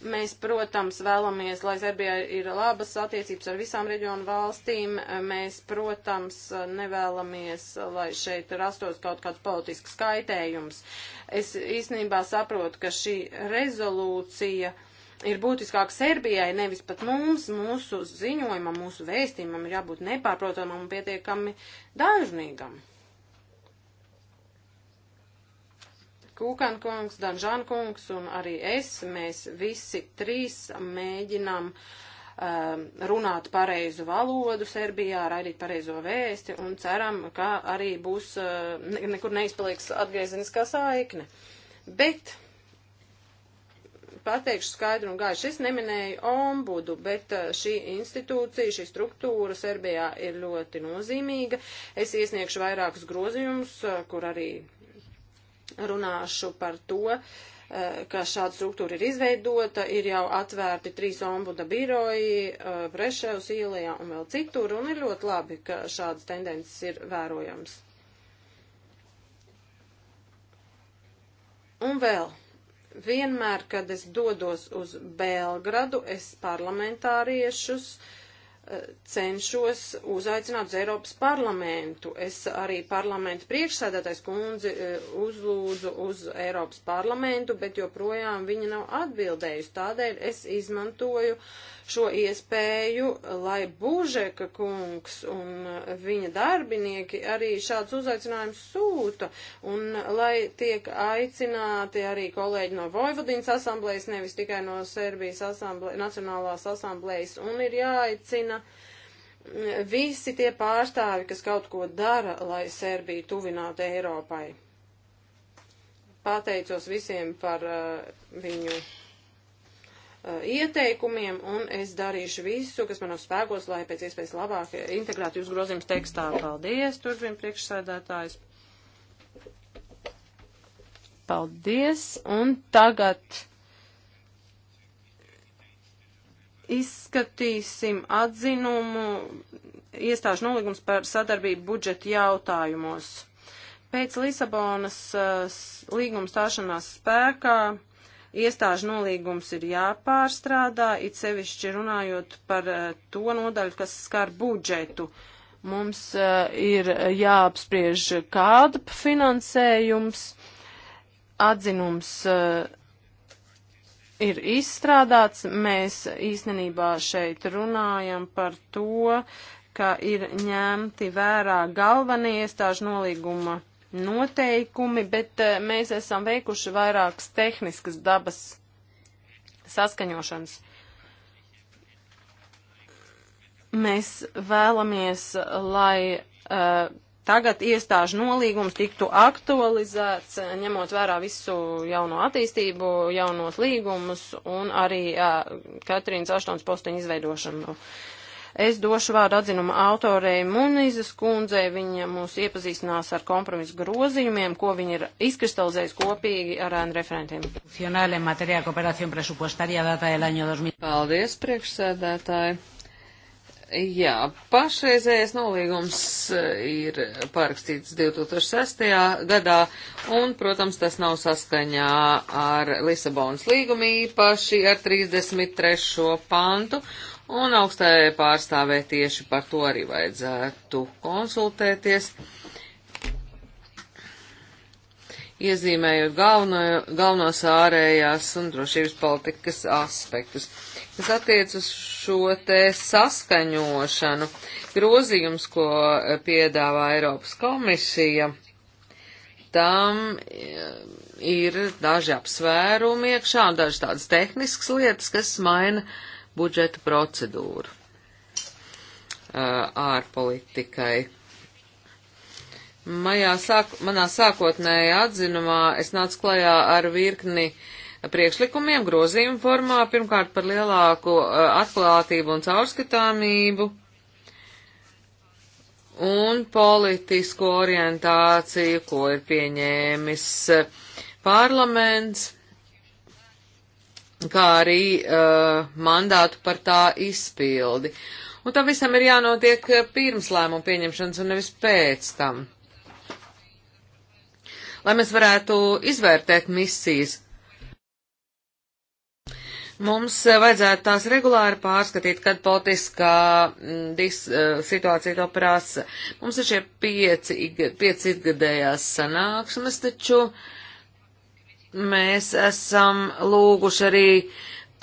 Mēs, protams, vēlamies, lai Serbijā ir labas attiecības ar visām reģionu valstīm. Mēs, protams, nevēlamies, lai šeit rastos kaut kāds politisks kaitējums. Es īstenībā saprotu, ka šī rezolūcija uh, ir būtiskāk Serbijai, nevis pat mums, mūsu ziņojumam, mūsu vēstījumam ir jābūt nepārprotamam un pietiekami dažnīgam. Kūkan kungs, Danžan kungs un arī es, mēs visi trīs mēģinām um, runāt pareizu valodu Serbijā, raidīt pareizo vēsti un ceram, ka arī būs, uh, ne, nekur neizpaliks atgriezeniskā saikne. Bet pateikšu skaidru un gaišu. Es neminēju ombudu, bet uh, šī institūcija, šī struktūra Serbijā ir ļoti nozīmīga. Es iesniegšu vairākus grozījumus, uh, kur arī runāšu par to, uh, ka šāda struktūra ir izveidota, ir jau atvērti trīs ombuda biroji, Breševs ielajā un vēl citur, un ir ļoti labi, ka šādas tendences ir vērojams. Un vēl Vienmēr, kad es dodos uz Belgradu, es parlamentāriešus eh, cenšos uzaicināt uz Eiropas parlamentu. Es arī parlamentu priekšsēdētais kundzi eh, uzlūdzu uz Eiropas parlamentu, bet joprojām viņa nav atbildējusi. Tādēļ es izmantoju uh, šo iespēju, lai Bužeka kungs un viņa darbinieki arī šāds uzaicinājums sūta un lai tiek aicināti arī kolēģi no Vojvodīnas asamblējas, nevis tikai no Serbijas asamblē, Nacionālās asamblējas, un ir jāaicina visi tie pārstāvi, kas kaut ko dara, lai Serbiju tuvinātu Eiropai. Pateicos visiem par uh, viņu Uh, ieteikumiem, un es darīšu visu, kas manos spēkos, lai pēc iespējas labāk integrētu jūs grozījums tekstā. Paldies, turpin priekšsēdētājs. Paldies, un tagad izskatīsim atzinumu iestāžu nolīgums par sadarbību budžeta jautājumos. Pēc Lisabonas uh, līguma stāšanās spēkā Iestāžu nolīgums ir jāpārstrādā, it sevišķi runājot par eh, to nodaļu, kas skar budžetu. Mums eh, ir jāapspriež kāda finansējums, atzinums eh, ir izstrādāts. Mēs īstenībā šeit runājam par to, ka ir ņemti vērā galvenie iestāžu nolīguma noteikumi, bet eh, mēs esam veikuši vairākas tehniskas dabas saskaņošanas. Mēs vēlamies, lai uh, tagad iestāžu nolīgums tiktu aktualizēts, ņemot vērā visu jauno attīstību, jaunos līgumus un arī uh, Katrīnas Aštons posteņu izveidošanu. Uh, Es došu vārdu atzinuma autorei Munizas kundzei. Viņa mūs iepazīstinās ar kompromisu grozījumiem, ko viņa ir izkristalizējusi kopīgi ar ēnu referentiem. Paldies, priekšsēdētāji! Jā, pašreizējais nolīgums eh, ir parakstīts 2006. gadā, un, protams, tas nav saskaņā ar Lisabonas līgumu īpaši ar 33. pantu un augstai pārstāvē tieši par to arī vajadzētu konsultēties, iezīmējot galveno, galvenos ārējās un drošības politikas aspektus. Kas attiec uz šo te saskaņošanu, grozījums, ko piedāvā Eiropas komisija, tam eh, ir daži apsvērumi iekšā un daži tādas tehniskas lietas, kas maina uh, budžeta procedūru ārpolitikai. Majā sāk, manā sākotnējā atzinumā es nācu klajā ar virkni priekšlikumiem grozījumu formā, pirmkārt par lielāku atklātību un caurskatāmību un politisko orientāciju, ko ir pieņēmis parlaments kā arī uh, mandātu par tā izpildi. Un tam visam ir jānotiek uh, pirms lēmumu pieņemšanas un nevis pēc tam. Lai mēs varētu izvērtēt misijas, mums uh, vajadzētu tās regulāri pārskatīt, kad politiskā mm, dis, uh, situācija to prasa. Mums ir šie pieci, pieci ikgadējās sanāksmes, taču uh, Mēs esam lūguši arī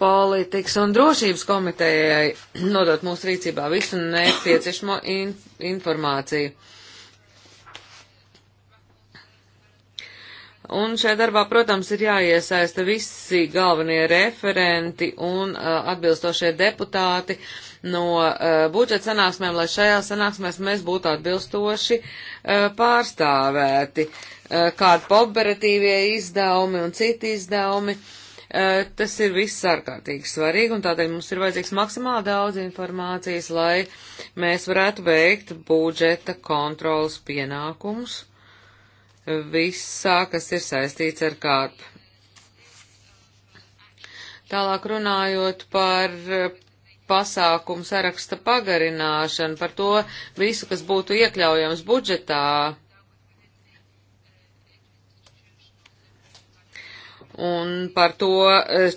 politikas un drošības komitejai nodot mūsu rīcībā visu nepieciešamo in informāciju. Un šajā darbā, protams, ir jāiesaista visi galvenie referenti un uh, atbilstošie deputāti no uh, budžeta sanāksmēm, lai šajā sanāksmēs mēs būtu atbilstoši uh, pārstāvēti. Uh, Eh, kādi kooperatīvie izdevumi un citi izdevumi. Eh, tas ir viss ārkārtīgi svarīgi, un tādēļ mums ir vajadzīgs maksimāli daudz informācijas, lai mēs varētu veikt budžeta kontrolas pienākumus visā, kas ir saistīts ar kārpu. Tālāk runājot par eh, pasākumu saraksta pagarināšanu, par to visu, kas būtu iekļaujams budžetā, Un par to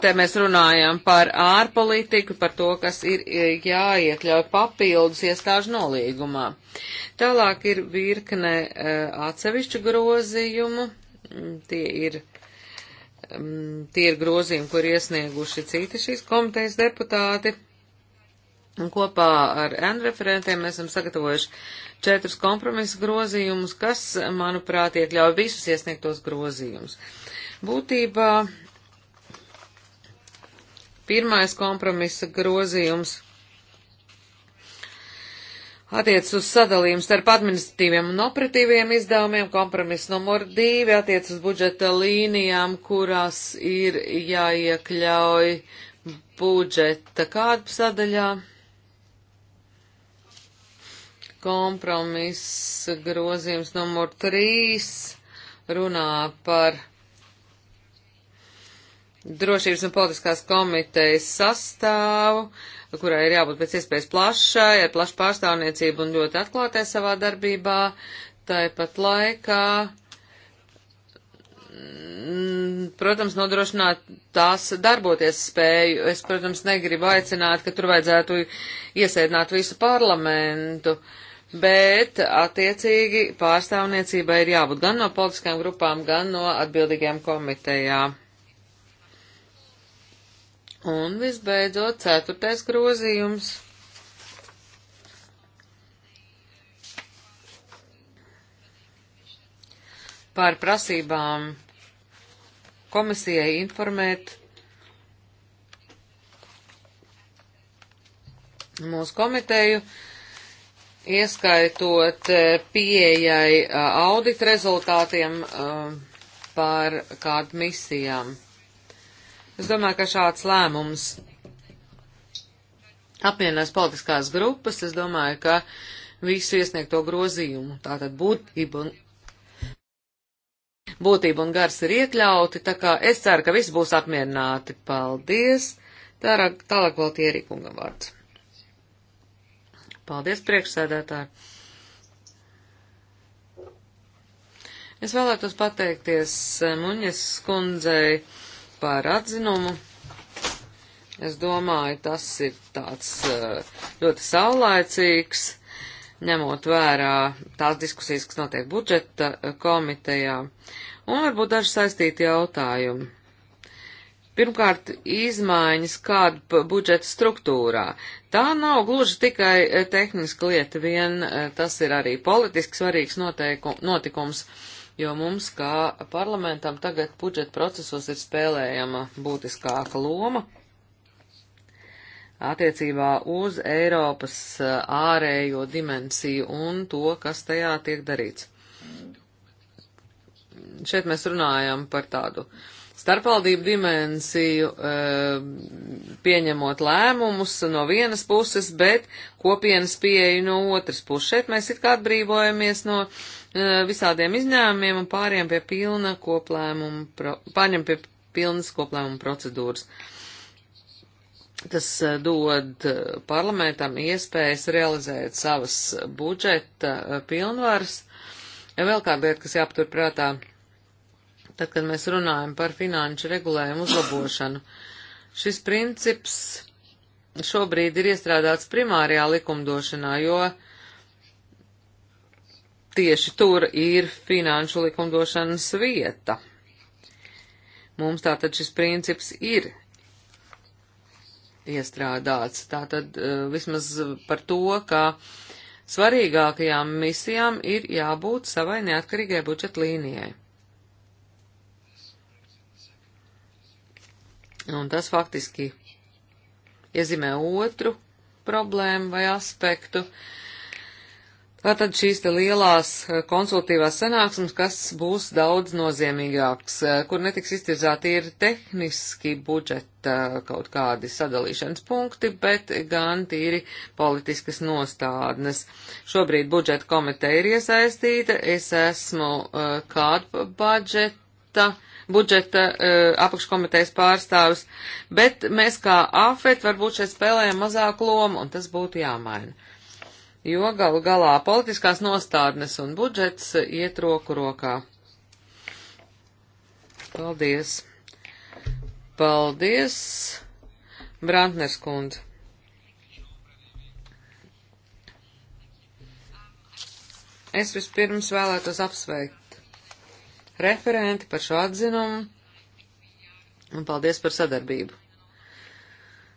te mēs runājam par ārpolitiku, par to, kas ir e, jāiekļauj papildus iestāžu nolīgumā. Tālāk ir virkne e, atsevišķu grozījumu. Tie ir, tie ir grozījumi, kur iesnieguši citi šīs komitejas deputāti. Un kopā ar N referentiem mēs esam sagatavojuši četrus kompromisu grozījumus, kas, manuprāt, iekļauj visus iesniegtos grozījumus. Uh, Būtībā pirmais kompromisa grozījums attiec uz sadalījumu starp administratīviem un operatīviem izdevumiem, kompromiss numur divi attiec uz budžeta līnijām, kurās ir jāiekļauj budžeta kādu sadaļā. Kompromiss grozījums numur trīs runā par drošības un politiskās komitejas sastāvu, kurai ir jābūt pēc iespējas plašai, ar plašu pārstāvniecību un ļoti atklātai savā darbībā, tāpat laikā, mm, protams, nodrošināt tās darboties spēju. Es, protams, negribu aicināt, ka tur vajadzētu iesēdināt visu parlamentu. Bet, attiecīgi, pārstāvniecībai ir jābūt gan no politiskām grupām, gan no atbildīgajām komitejām. Un visbeidzot, ceturtais grozījums. Par prasībām komisijai informēt mūsu komiteju, ieskaitot eh, pieejai eh, audit rezultātiem eh, par kādu misijām. Es domāju, ka šāds lēmums apvienās politiskās grupas. Es domāju, ka visu iesniegto grozījumu, tātad būtību un, būtību un gars ir iekļauti, tā kā es ceru, ka visi būs apmierināti. Paldies! Tālāk, tālāk vēl tie ir ikungam vārds. Paldies, priekšsēdētāji! Es vēlētos pateikties eh, Muņas kundzei par atzinumu. Es domāju, tas ir tāds eh, ļoti saulaicīgs, ņemot vērā tās diskusijas, kas notiek budžeta eh, komitejā, un varbūt daži saistīti jautājumi. Pirmkārt, izmaiņas kāda budžeta struktūrā. Tā nav gluži tikai eh, tehniska lieta, vien tas ir arī politiski svarīgs noteikums, notikums. notikums jo mums kā parlamentam tagad budžeta procesos ir spēlējama būtiskāka loma attiecībā uz Eiropas ārējo dimensiju un to, kas tajā tiek darīts. Šeit mēs runājam par tādu starpvaldību dimensiju, pieņemot lēmumus no vienas puses, bet kopienas pieeju no otras puses. Šeit mēs it kā atbrīvojamies no uh, Eh, visādiem izņēmumiem un pāriem pie pilna koplēmuma, pāriem pie pilnas koplēmuma procedūras. Tas eh, dod eh, parlamentam iespējas realizēt savas budžeta pilnvaras. Vēl kāda lieta, kas jāpatur prātā, tad, kad mēs runājam par finanšu regulējumu uzlabošanu, šis princips šobrīd ir iestrādāts primārajā likumdošanā, jo uh, tieši tur ir finanšu likumdošanas vieta. Mums tātad šis princips ir iestrādāts. Tātad eh, vismaz par to, ka svarīgākajām misijām ir jābūt savai neatkarīgai budžeta līnijai. Un tas faktiski iezīmē otru problēmu vai aspektu. Uh, Tātad šīs te lielās eh, konsultīvās sanāksmes, kas būs daudz nozīmīgāks, eh, kur netiks iztirzāti ir tehniski budžeta eh, kaut kādi sadalīšanas punkti, bet gan tīri politiskas nostādnes. Šobrīd budžeta komiteja ir iesaistīta, es esmu kādu budžeta budžeta uh, apakškomitejas pārstāvis, bet mēs kā AFET varbūt šeit spēlējam mazāku lomu, un tas būtu jāmaina jo galu galā politiskās nostādnes un budžets iet roku rokā. Paldies! Paldies, Brantners kundze! Es vispirms vēlētos apsveikt referenti par šo atzinumu un paldies par sadarbību.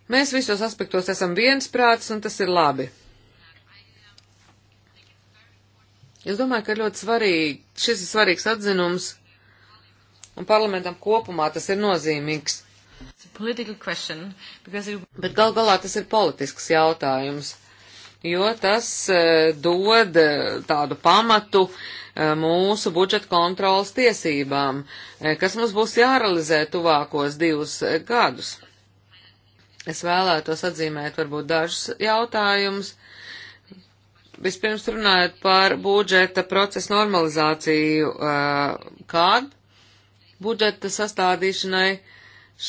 Mēs visos aspektos esam viensprāts un tas ir labi. Es domāju, ka ļoti svarīgi, šis ir svarīgs atzinums, un parlamentam kopumā tas ir nozīmīgs. It... Bet gal galā tas ir politisks jautājums, jo tas e, dod e, tādu pamatu e, mūsu budžeta kontrolas tiesībām, kas mums būs jārealizē tuvākos divus gadus. Es vēlētos atzīmēt varbūt dažus jautājumus, uh, Vispirms runājot par budžeta procesu normalizāciju, kādu budžeta sastādīšanai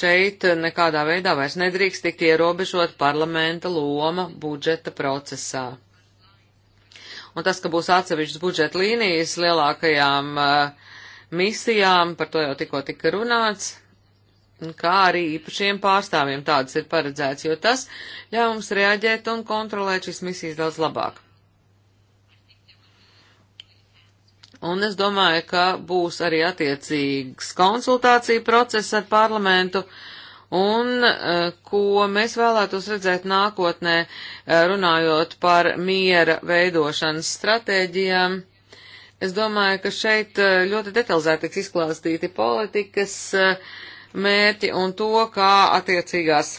šeit nekādā veidā vairs nedrīkst tikt ierobežot parlamenta loma budžeta procesā. Un tas, ka būs atsevišķas budžeta līnijas lielākajām misijām, par to jau tikko tika runāts, kā arī īpašiem pārstāvjiem tādas ir paredzēts, jo tas ļauj mums reaģēt un kontrolēt šīs misijas daudz labāk. un es domāju, ka būs arī attiecīgs konsultācija process ar parlamentu, un eh, ko mēs vēlētos redzēt nākotnē, eh, runājot par miera veidošanas stratēģijām. Es domāju, ka šeit eh, ļoti detalizēti tiks izklāstīti politikas mērķi un to, kā attiecīgās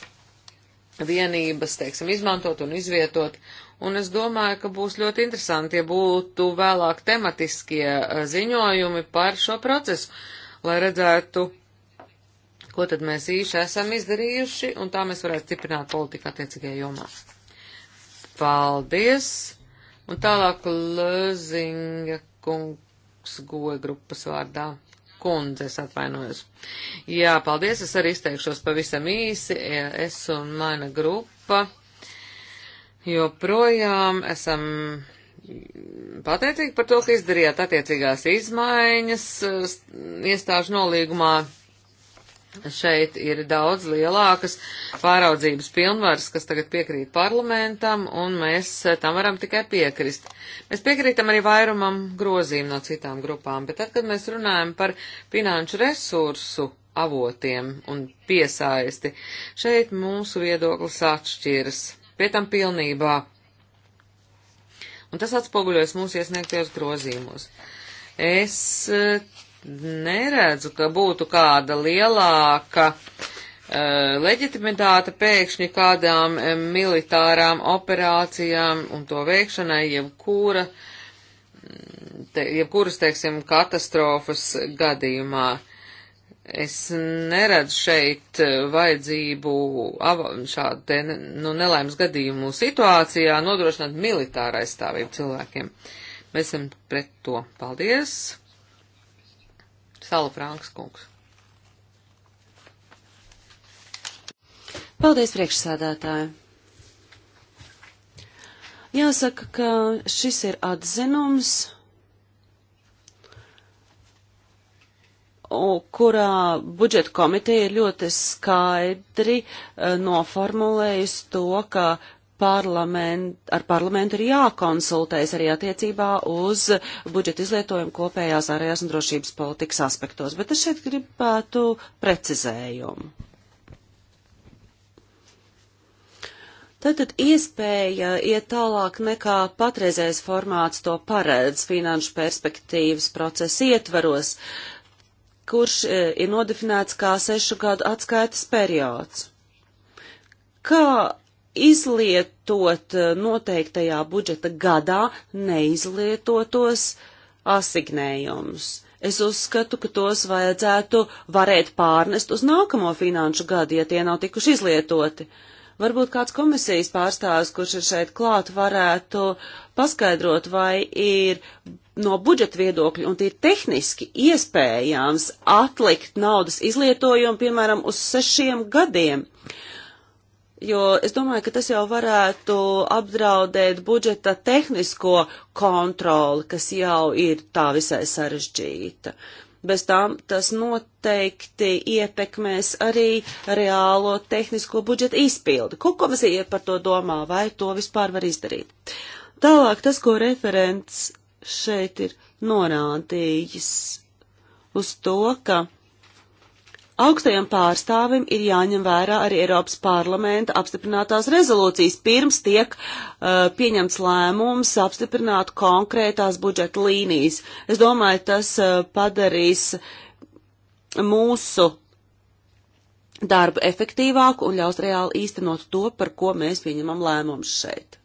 vienības, teiksim, izmantot un izvietot un es domāju, ka būs ļoti interesanti, ja būtu vēlāk tematiskie eh, ziņojumi par šo procesu, lai redzētu, ko tad mēs īši esam izdarījuši, un tā mēs varētu stiprināt politiku attiecīgajā jomā. Paldies! Un tālāk Lēzinga kungs goja grupas vārdā. Kundzes atvainojos. Jā, paldies, es arī izteikšos pavisam īsi. Es un mana grupa joprojām esam pateicīgi par to, ka izdarījāt attiecīgās izmaiņas eh, iestāžu nolīgumā. Šeit ir daudz lielākas pāraudzības pilnvaras, kas tagad piekrīt parlamentam, un mēs eh, tam varam tikai piekrist. Mēs piekrītam arī vairumam grozīm no citām grupām, bet tad, kad mēs runājam par finanšu resursu avotiem un piesaisti, šeit mūsu viedoklis atšķiras pie tam pilnībā. Un tas atspoguļojas mūsu iesniegtajos grozījumos. Es eh, neredzu, ka būtu kāda lielāka eh, leģitimitāte pēkšņi kādām eh, militārām operācijām un to veikšanai, jebkura, te, jebkuras, teiksim, katastrofas gadījumā. Uh, Es neredzu šeit eh, vajadzību šādu te, nu, nelaimes gadījumu situācijā nodrošināt militāru aizstāvību cilvēkiem. Mēs esam pret to. Paldies! Sala Franks kungs. Paldies, priekšsēdētāji! Jāsaka, ka šis ir atzinums kurā budžeta komiteja ir ļoti skaidri uh, noformulējusi to, ka parlament, ar parlamentu ir jākonsultējas arī attiecībā uz budžeta izlietojumu kopējās ārējās un drošības politikas aspektos. Bet es šeit gribētu precizējumu. Tātad iespēja iet tālāk nekā patreizējais formāts to paredz finanšu perspektīvas procesa ietvaros. Uh, kurš e, ir nodefinēts kā sešu gadu atskaites periods. Kā izlietot e, noteiktajā budžeta gadā neizlietotos asignējumus? Es uzskatu, ka tos vajadzētu varēt pārnest uz nākamo finanšu gadu, ja tie nav tikuši izlietoti. Varbūt kāds komisijas pārstāvis, kurš ir šeit klāt, varētu paskaidrot, vai ir no budžeta viedokļa un tie tehniski iespējams atlikt naudas izlietojumu, piemēram, uz sešiem gadiem. Jo es domāju, ka tas jau varētu apdraudēt budžeta tehnisko kontroli, kas jau ir tā visai sarežģīta. Bez tām tas noteikti ietekmēs arī reālo tehnisko budžeta izpildi. Ko komisija par to domā, vai to vispār var izdarīt? Tālāk tas, ko referents šeit ir norādījis uz to, ka augstajam pārstāvim ir jāņem vērā arī Eiropas parlamenta apstiprinātās rezolūcijas, pirms tiek uh, pieņemts lēmums apstiprināt konkrētās budžeta līnijas. Es domāju, tas uh, padarīs mūsu darbu efektīvāku un ļaus reāli īstenot to, par ko mēs pieņemam lēmumus šeit.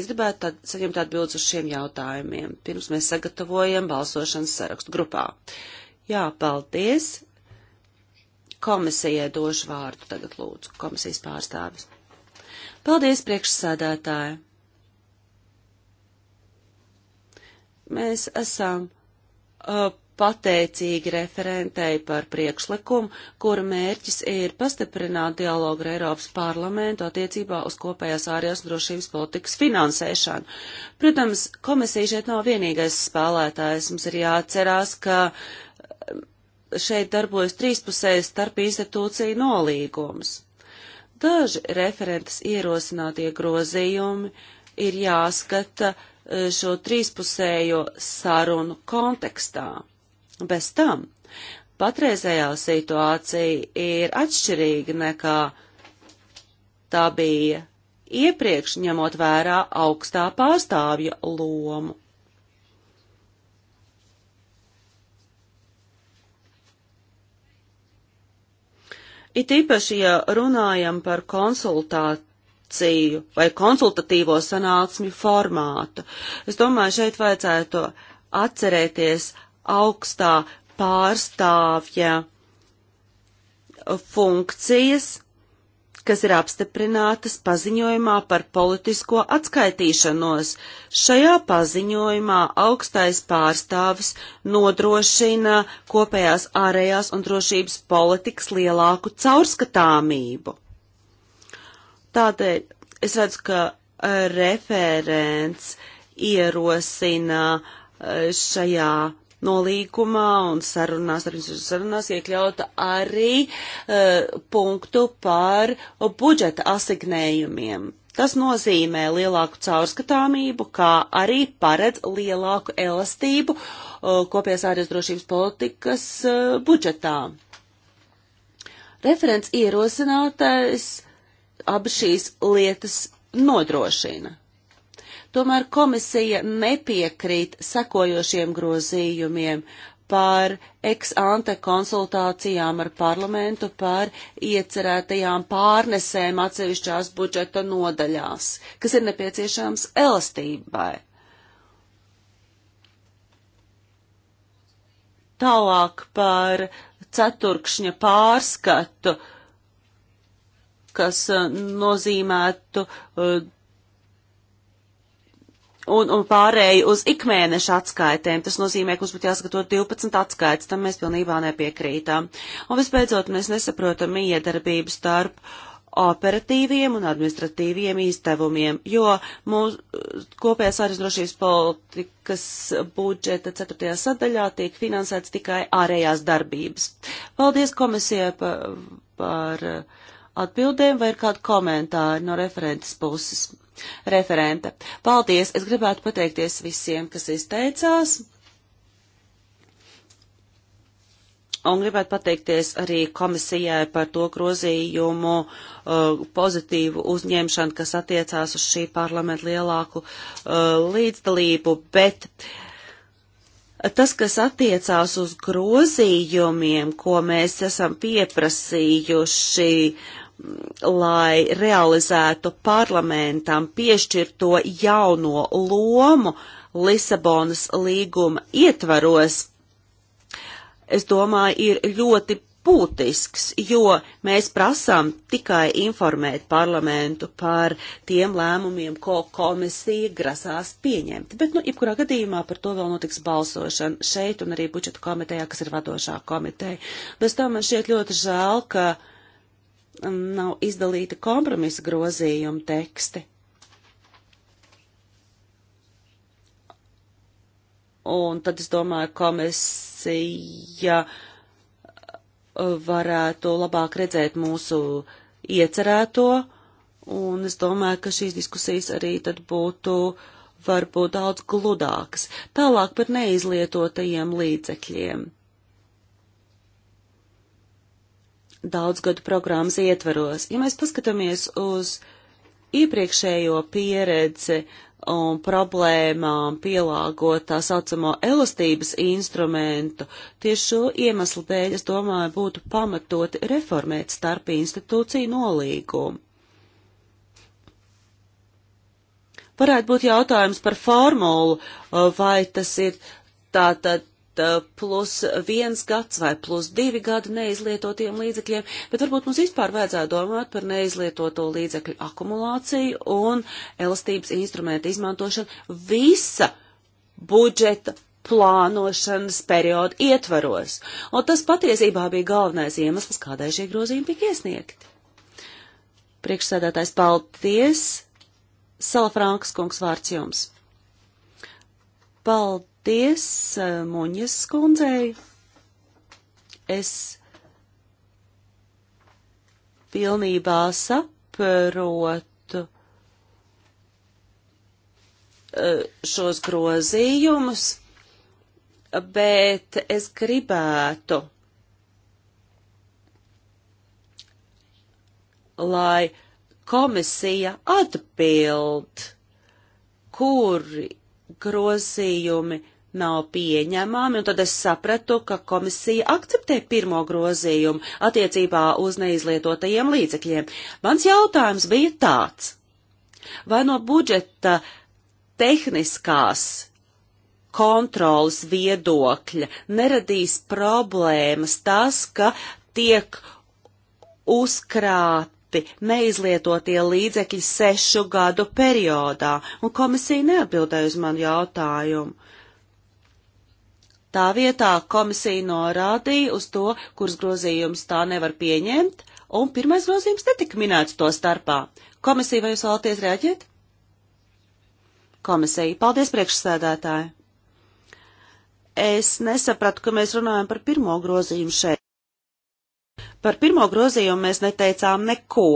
Es gribētu tād, saņemt atbildes uz šiem jautājumiem, pirms mēs sagatavojam balsošanas sarakstu grupā. Jā, paldies. Komisijai došu vārdu tagad lūdzu, komisijas pārstāvis. Paldies, priekšsādātāji. Mēs esam uh, pateicīgi referentei par priekšlikumu, kura mērķis ir pastiprināt dialogu ar Eiropas parlamentu attiecībā uz kopējās ārējās drošības politikas finansēšanu. Protams, komisija šeit nav vienīgais spēlētājs. Mums ir jāatcerās, ka um, šeit darbojas trīspusējas starp institūciju nolīgums. Daži referentes ierosinātie grozījumi ir jāskata uh, šo trīspusējo sarunu kontekstā. Bez tam patreizējā situācija ir atšķirīga nekā tā bija iepriekš ņemot vērā augstā pārstāvja lomu. It īpaši, ja runājam par konsultāciju vai konsultatīvo sanāksmi formātu, es domāju, šeit vajadzētu atcerēties augstā pārstāvja funkcijas, kas ir apstiprinātas paziņojumā par politisko atskaitīšanos. Šajā paziņojumā augstais pārstāvis nodrošina kopējās ārējās un drošības politikas lielāku caurskatāmību. Tādēļ es redzu, ka e, referents ierosina e, šajā nolīgumā un sarunās, sarunās iekļauta arī uh, punktu par budžeta asignējumiem. Tas nozīmē lielāku caurskatāmību, kā arī paredz lielāku elastību uh, kopējās ārējās drošības politikas uh, budžetā. Referents ierosinātais abi šīs lietas nodrošina. Tomēr komisija nepiekrīt sekojošiem grozījumiem par ex-ante konsultācijām ar parlamentu par iecerētajām pārnesēm atsevišķās budžeta nodaļās, kas ir nepieciešams elastībai. Tālāk par ceturkšņa pārskatu, kas eh, nozīmētu eh, un, un pārēji uz ikmēneša atskaitēm. Tas nozīmē, ka mums būtu jāsagatavo 12 atskaites, tam mēs pilnībā nepiekrītām. Un visbeidzot, mēs nesaprotam iedarbību starp operatīviem un administratīviem izdevumiem, jo mūsu kopējās ārējās drošības politikas budžeta 4. sadaļā tiek finansēts tikai ārējās darbības. Paldies komisijai par, par atbildēm vai ir kādi komentāri no referentes puses referente. Paldies! Es gribētu pateikties visiem, kas izteicās. Un gribētu pateikties arī komisijai par to grozījumu uh, pozitīvu uzņemšanu, kas attiecās uz šī parlamenta lielāku uh, līdzdalību, bet tas, kas attiecās uz grozījumiem, ko mēs esam pieprasījuši, uh, lai realizētu parlamentam piešķirto jauno lomu Lisabonas līguma ietvaros, es domāju, ir ļoti būtisks, jo mēs prasām tikai informēt parlamentu par tiem lēmumiem, ko komisija grasās pieņemt. Bet, nu, jebkurā gadījumā par to vēl notiks balsošana šeit un arī budžeta komitejā, kas ir vadošā komiteja. Bez tam man šķiet ļoti žēl, ka uh, Um, nav izdalīti kompromisa grozījuma teksti. Un tad es domāju, komisija uh, varētu labāk redzēt mūsu iecerēto, un es domāju, ka šīs diskusijas arī tad būtu varbūt daudz gludākas. Tālāk par neizlietotajiem līdzekļiem. daudzgadu programmas ietvaros. Ja mēs paskatāmies uz iepriekšējo pieredzi un problēmām pielāgot tā saucamo elastības instrumentu, tieši šo iemeslu dēļ, es domāju, būtu pamatoti reformēt starp institūciju nolīgumu. Varētu būt jautājums par formulu, vai tas ir tātad Eh, plus viens gads vai plus divi gadi neizlietotiem līdzekļiem, bet varbūt mums vispār vajadzētu domāt par neizlietoto līdzekļu akumulāciju un elastības instrumentu izmantošanu visa budžeta plānošanas periodu ietvaros. Un tas patiesībā bija galvenais iemesls, kādēļ šie grozījumi tika iesniegti. Priekšsēdētājs paldies! Salafrānkas kungs vārds jums. Paldies! Paldies eh, Muņas skundzei. Es pilnībā saprotu eh, šos grozījumus, bet es gribētu, lai komisija atbild, kuri grozījumi nav pieņemami, un tad es sapratu, ka komisija akceptē pirmo grozījumu attiecībā uz neizlietotajiem līdzekļiem. Mans jautājums bija tāds, vai no budžeta tehniskās kontrolas viedokļa neradīs problēmas tas, ka tiek uzkrāt citi neizlietotie līdzekļi sešu gadu periodā, un komisija neatbildēja uz manu jautājumu. Tā vietā komisija norādīja uz to, kurus grozījumus tā nevar pieņemt, un pirmais grozījums netika minēts to starpā. Komisija, vai jūs vēlaties rēģēt? Komisija, paldies priekšsēdētāji. Es nesapratu, ka mēs runājam par pirmo grozījumu šeit. Par pirmo grozījumu mēs neteicām neko,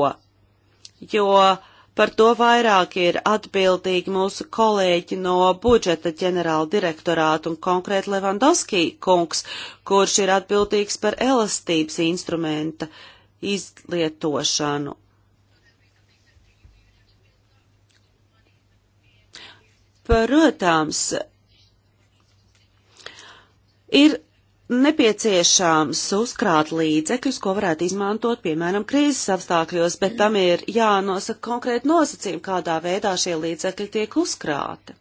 jo uh, Par to vairāk ir atbildīgi mūsu kolēģi no budžeta ģenerāla direktorāta un konkrēti Levandovskī kungs, kurš ir atbildīgs par elastības instrumenta izlietošanu. Protams, ir nepieciešams uzkrāt līdzekļus, ko varētu izmantot, piemēram, krīzes apstākļos, bet tam ir jānosaka konkrēti nosacījumi, kādā veidā šie līdzekļi tiek uzkrāti.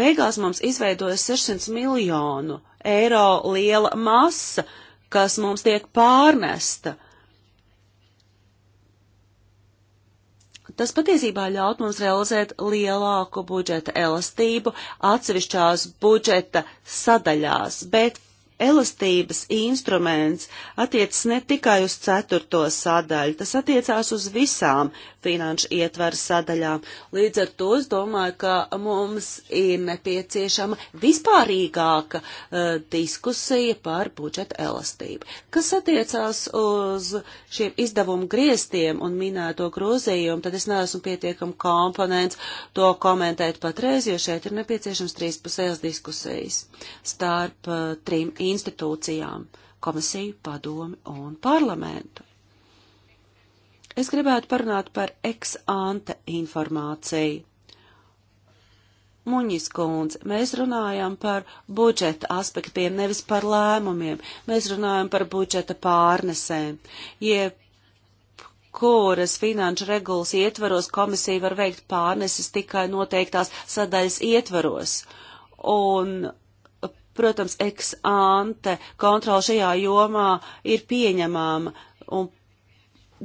Beigās mums izveidojas 600 miljonu eiro liela masa, kas mums tiek pārnesta uh, Tas patiesībā ļaut mums realizēt lielāku budžeta elastību atsevišķās budžeta sadaļās, bet elastības instruments attiecas ne tikai uz ceturto sadaļu, tas attiecās uz visām finanšu ietveru sadaļām. Līdz ar to es domāju, ka mums ir nepieciešama vispārīgāka uh, diskusija par budžeta elastību. Kas attiecās uz šiem izdevumu griestiem un minēto grozījumu, tad es neesmu pietiekam komponents to komentēt patreiz, jo šeit ir nepieciešams trīspusējas diskusijas starp uh, trim instrumentiem institūcijām - komisiju, padomi un parlamentu. Es gribētu parunāt par ex-ante informāciju. Muņis kundze, mēs runājam par budžeta aspektiem, nevis par lēmumiem. Mēs runājam par budžeta pārnesēm. Jeb kuras finanšu regulas ietvaros komisija var veikt pārneses tikai noteiktās sadaļas ietvaros. Un Protams, ex ante kontrola šajā jomā ir pieņemama, un,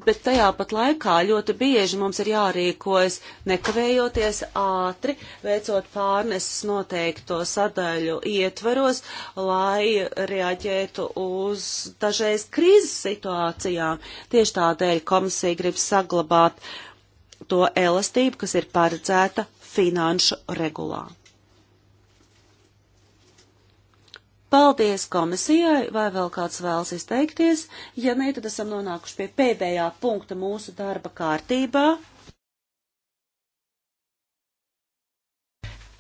bet tajā pat laikā ļoti bieži mums ir jārīkojas nekavējoties ātri, veicot pārneses noteikto sadaļu ietveros, lai reaģētu uz dažreiz krīzes situācijām. Tieši tādēļ komisija grib saglabāt to elastību, kas ir paredzēta finanšu regulā. Paldies komisijai, vai vēl kāds vēlas izteikties? Ja nē, tad esam nonākuši pie pēdējā punkta mūsu darba kārtībā.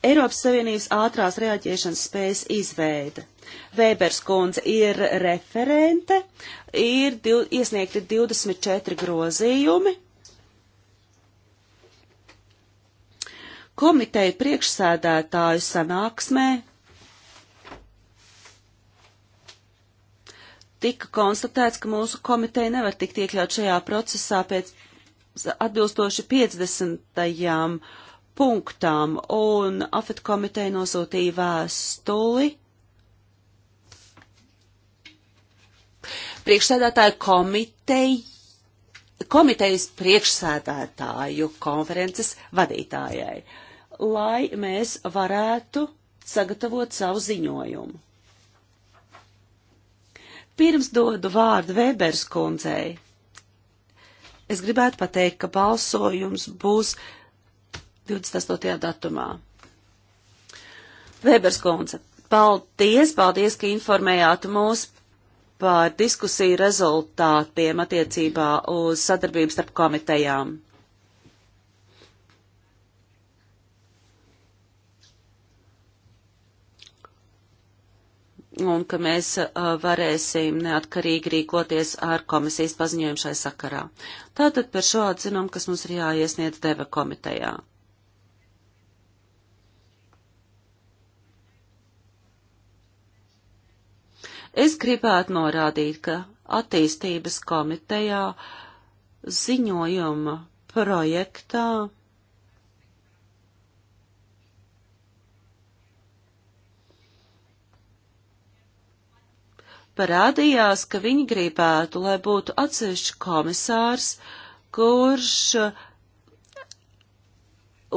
Eiropas Savienības ātrās reaģēšanas spējas izveida. Vēbers kundze ir referente, ir div, iesniegti 24 grozījumi. Komiteja priekšsēdētāju sanāksmē tika konstatēts, ka mūsu komiteja nevar tikt iekļaut šajā procesā pēc atbilstoši 50. punktām, un AFET komiteja nosūtīja vēstuli. Priekšsēdētāja komiteja komitejas priekšsēdētāju konferences vadītājai, lai mēs varētu sagatavot savu ziņojumu. Pirms dodu vārdu Vēbers kundzei. Es gribētu pateikt, ka balsojums būs 28. datumā. Vēbers kundze, paldies, paldies, ka informējāt mūs par diskusiju rezultātiem attiecībā uz sadarbību starp komitejām. un ka mēs varēsim neatkarīgi rīkoties ar komisijas paziņojumu šai sakarā. Tātad par šo atzinumu, kas mums ir jāiesniedz deva komitejā. Es gribētu norādīt, ka attīstības komitejā ziņojuma projektā parādījās, ka viņi gribētu, lai būtu atsevišķi komisārs, kurš uh,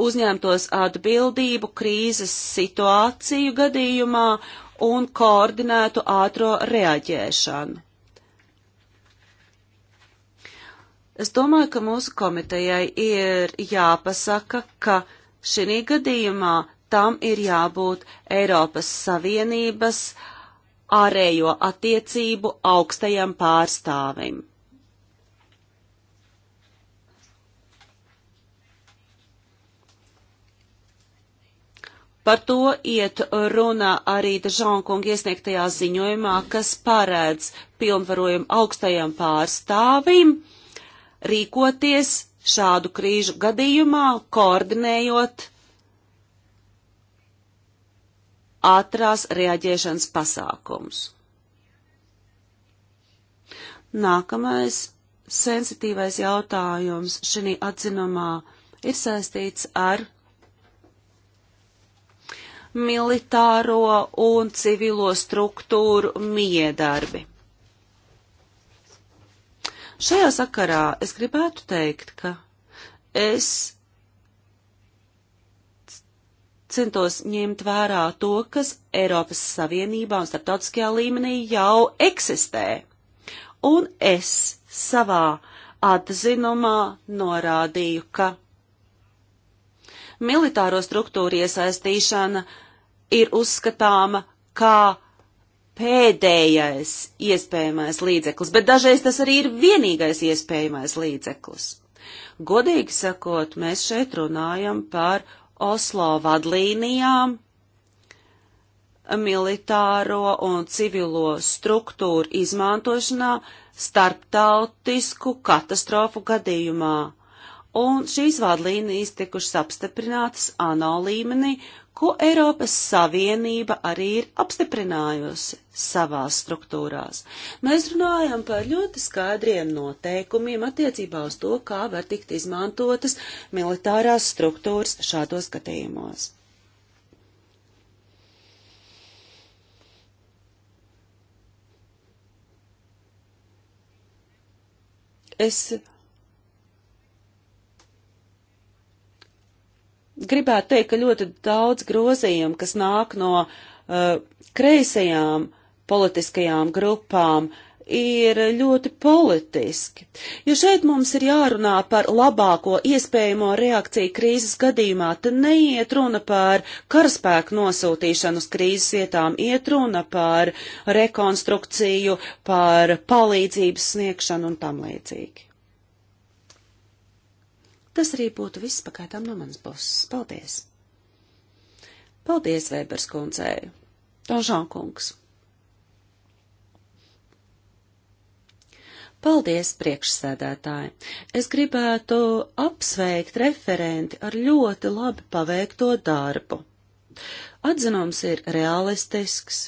uzņemtos atbildību krīzes situāciju gadījumā un koordinētu ātro reaģēšanu. Es domāju, ka mūsu komitejai ir jāpasaka, ka šī gadījumā tam ir jābūt Eiropas Savienības uh, ārējo attiecību augstajam pārstāvim. Par to iet runa arī Dažonkunga iesniegtajā ziņojumā, kas paredz pilnvarojumu augstajam pārstāvim rīkoties šādu krīžu gadījumā, koordinējot ātrās reaģēšanas pasākums. Nākamais sensitīvais jautājums šī atzinumā ir saistīts ar militāro un civilo struktūru miedarbi. Šajā sakarā es gribētu teikt, ka es centos ņemt vērā to, kas Eiropas Savienībā un starptautiskajā līmenī jau eksistē. Un es savā atzinumā norādīju, ka militāro struktūru iesaistīšana ir uzskatāma kā pēdējais iespējamais līdzeklis, bet dažreiz tas arī ir vienīgais iespējamais līdzeklis. Godīgi sakot, mēs šeit runājam par Oslo vadlīnijām militāro un civilo struktūru izmantošanā starptautisku katastrofu gadījumā. Un šīs vadlīnijas tikušas apstiprinātas ANO līmenī ko Eiropas Savienība arī ir apstiprinājusi savās struktūrās. Mēs runājam par ļoti skaidriem noteikumiem attiecībā uz to, kā var tikt izmantotas militārās struktūras šādos gadījumos. Es gribētu teikt, ka ļoti daudz grozījumu, kas nāk no uh, kreisajām politiskajām grupām, ir ļoti politiski. Jo šeit mums ir jārunā par labāko iespējamo reakciju krīzes gadījumā. Te neiet runa par karaspēku nosūtīšanu uz krīzes vietām, iet runa par rekonstrukciju, par palīdzības sniegšanu un tam līdzīgi. Tas arī būtu viss pakaitām no manas puses. Paldies! Paldies, Vēbers kundzei! Donžon kungs! Paldies, priekšsēdētāji! Es gribētu apsveikt referenti ar ļoti labi paveikto darbu. Atzinums ir realistisks,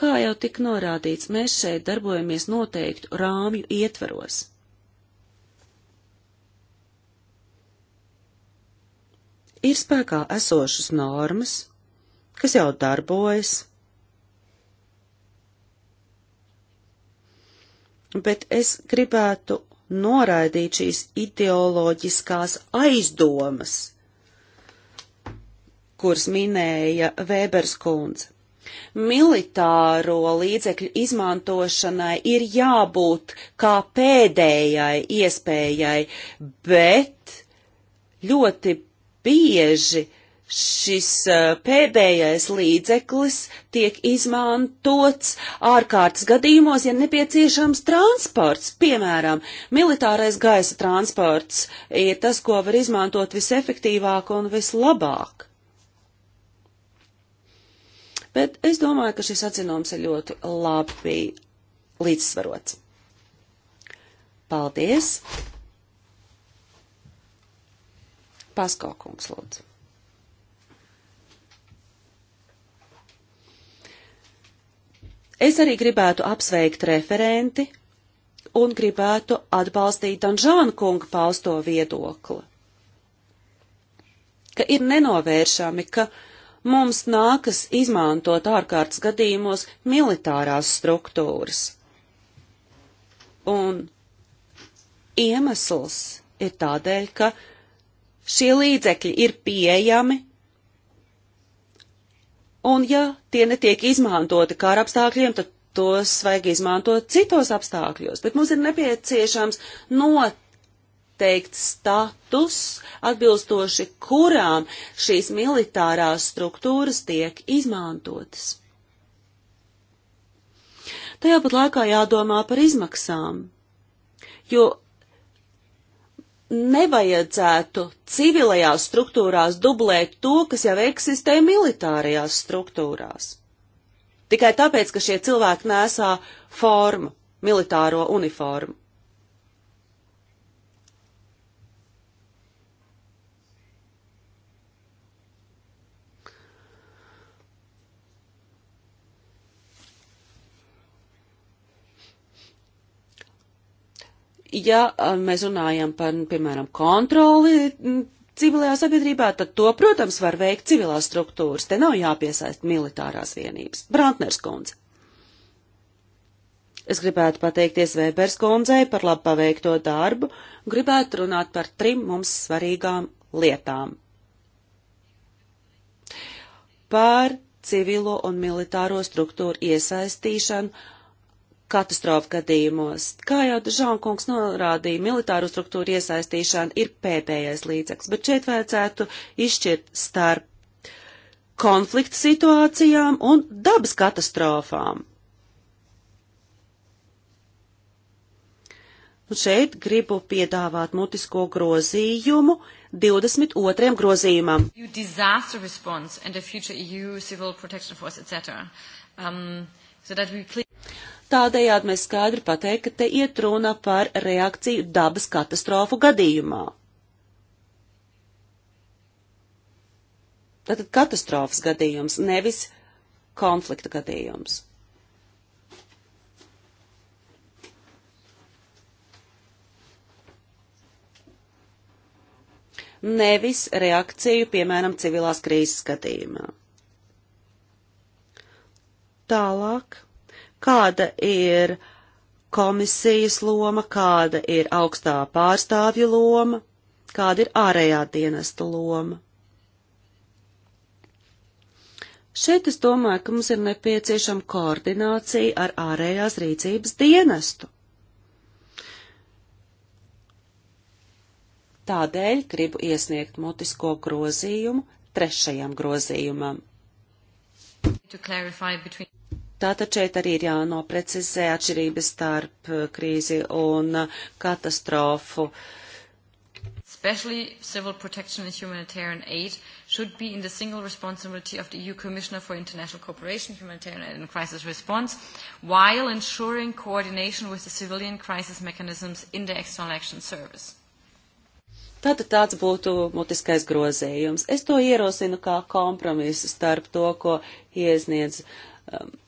Kā jau tik norādīts, mēs šeit darbojamies noteiktu rāmju ietvaros. Ir spēkā esošas normas, kas jau darbojas, bet es gribētu noraidīt šīs ideoloģiskās aizdomas, kuras minēja Vēbers kundze militāro līdzekļu izmantošanai ir jābūt kā pēdējai iespējai, bet ļoti bieži šis pēdējais līdzeklis tiek izmantots ārkārtas gadījumos, ja nepieciešams transports. Piemēram, militārais gaisa transports ir tas, ko var izmantot visefektīvāk un vislabāk. Bet es domāju, ka šis atzinums ir ļoti labi līdzsvarots. Paldies! Pasko kungs, lūdzu. Es arī gribētu apsveikt referenti un gribētu atbalstīt Anžānu kungu pausto viedokli, ka ir nenovēršami, ka uh, mums nākas izmantot ārkārtas gadījumos militārās struktūras. Un iemesls ir tādēļ, ka šie līdzekļi ir pieejami, un ja tie netiek izmantoti kā ar apstākļiem, tad tos vajag izmantot citos apstākļos, bet mums ir nepieciešams not noteikt status, atbilstoši kurām šīs militārās struktūras tiek izmantotas. Tajā pat laikā jādomā par izmaksām, jo nevajadzētu civilajās struktūrās dublēt to, kas jau eksistē militārajās struktūrās. Tikai tāpēc, ka šie cilvēki nesā formu, militāro uniformu. ja mēs runājam par, piemēram, kontroli civilajā sabiedrībā, tad to, protams, var veikt civilās struktūras. Te nav jāpiesaist militārās vienības. Brantners kundze. Es gribētu pateikties Vēbers kundzei par labu paveikto darbu, gribētu runāt par trim mums svarīgām lietām. Par civilo un militāro struktūru iesaistīšanu katastrofu gadījumos. Kā jau Žankungs norādīja, militāru struktūru iesaistīšana ir pēdējais līdzeklis, bet šeit vajadzētu izšķirt starp konflikta situācijām un dabas katastrofām. Un šeit gribu piedāvāt mutisko grozījumu 22. grozījumam. E e um, so clear... Tādējādi mēs skaidri pateikt, ka te iet runa par reakciju dabas katastrofu gadījumā. Tātad katastrofas gadījums, nevis konflikta gadījums. nevis reakciju, piemēram, civilās krīzes gadījumā. Tālāk kāda ir komisijas loma, kāda ir augstā pārstāvja loma, kāda ir ārējā dienesta loma. Šeit es domāju, ka mums ir nepieciešama koordinācija ar ārējās rīcības dienestu. Tādēļ gribu iesniegt mutisko grozījumu trešajam grozījumam. Between... Tātad šeit arī ir jānoprecizē atšķirības starp uh, krīzi un uh, katastrofu. Especially civil protection and humanitarian aid should be in the single responsibility of the EU Commissioner for International Cooperation, Humanitarian Aid and Crisis Response, while ensuring coordination with the civilian crisis mechanisms in the External Action Service. Tātad tāds būtu mutiskais grozējums. Es to ierosinu kā kompromisu starp to, ko iesniedz um,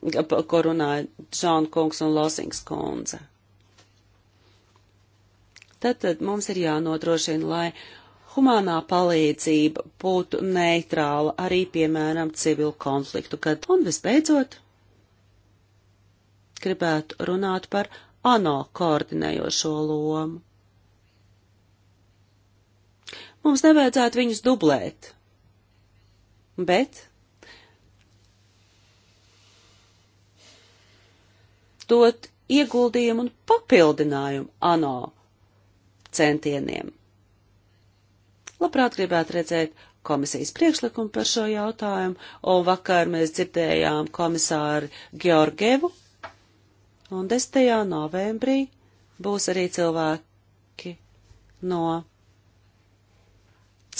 par ko runāja Žāna kungs un Losings kundze. Tātad mums ir jānodrošina, lai humānā palīdzība būtu neitrāla arī, piemēram, civilu konfliktu, kad un visbeidzot gribētu runāt par ANO koordinējošo lomu. Mums nevajadzētu viņus dublēt, bet dot ieguldījumu un papildinājumu ANO centieniem. Labprāt gribētu redzēt komisijas priekšlikumu par šo jautājumu, un vakar mēs dzirdējām komisāru Georgievu, un 10. novembrī būs arī cilvēki no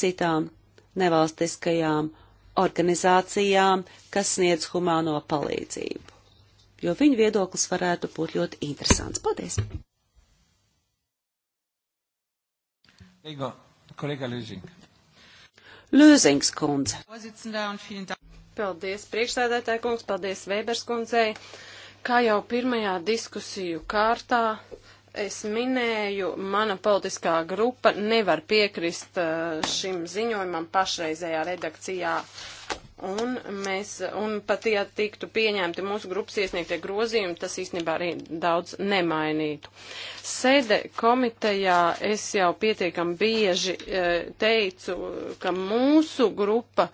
citām nevalstiskajām organizācijām, kas sniedz humāno palīdzību jo viņu viedoklis varētu būt ļoti interesants. Paldies! Līgo, kolēģa Lūzing. Lūzings kundze. Paldies, priekšstādētāja kungs, paldies Vēbers kundzei. Kā jau pirmajā diskusiju kārtā es minēju, mana politiskā grupa nevar piekrist eh, šim ziņojumam pašreizējā redakcijā. Un mēs, un pat ja tiktu pieņemti mūsu grupas iesniegtie grozījumi, tas īstenībā arī daudz nemainītu. Sēde komitejā es jau pietiekam bieži e, teicu, ka mūsu grupa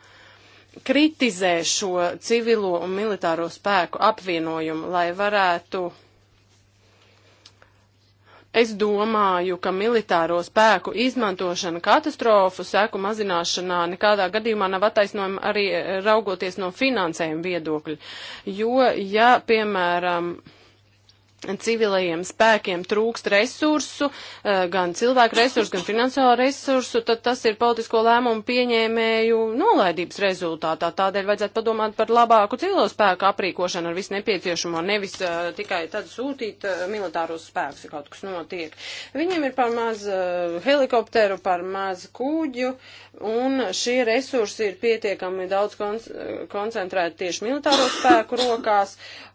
kritizē šo civilo un militāro spēku apvienojumu, lai varētu Es domāju, ka militāro spēku izmantošana katastrofu sēku mazināšanā nekādā gadījumā nav attaisnojama arī eh, raugoties no finansējuma viedokļa. Jo, ja, piemēram, civilajiem spēkiem trūkst resursu, eh, gan cilvēku resursu, gan finansiālu resursu, tad tas ir politisko lēmumu pieņēmēju nolaidības rezultātā. Tādēļ vajadzētu padomāt par labāku civilo spēku aprīkošanu ar visu nepieciešamo, nevis uh, tikai tad sūtīt uh, militāros spēkus, ja kaut kas notiek. Viņiem ir par maz uh, helikopteru, par maz kuģu, un šie resursi ir pietiekami daudz konc koncentrēti tieši militāro spēku rokās,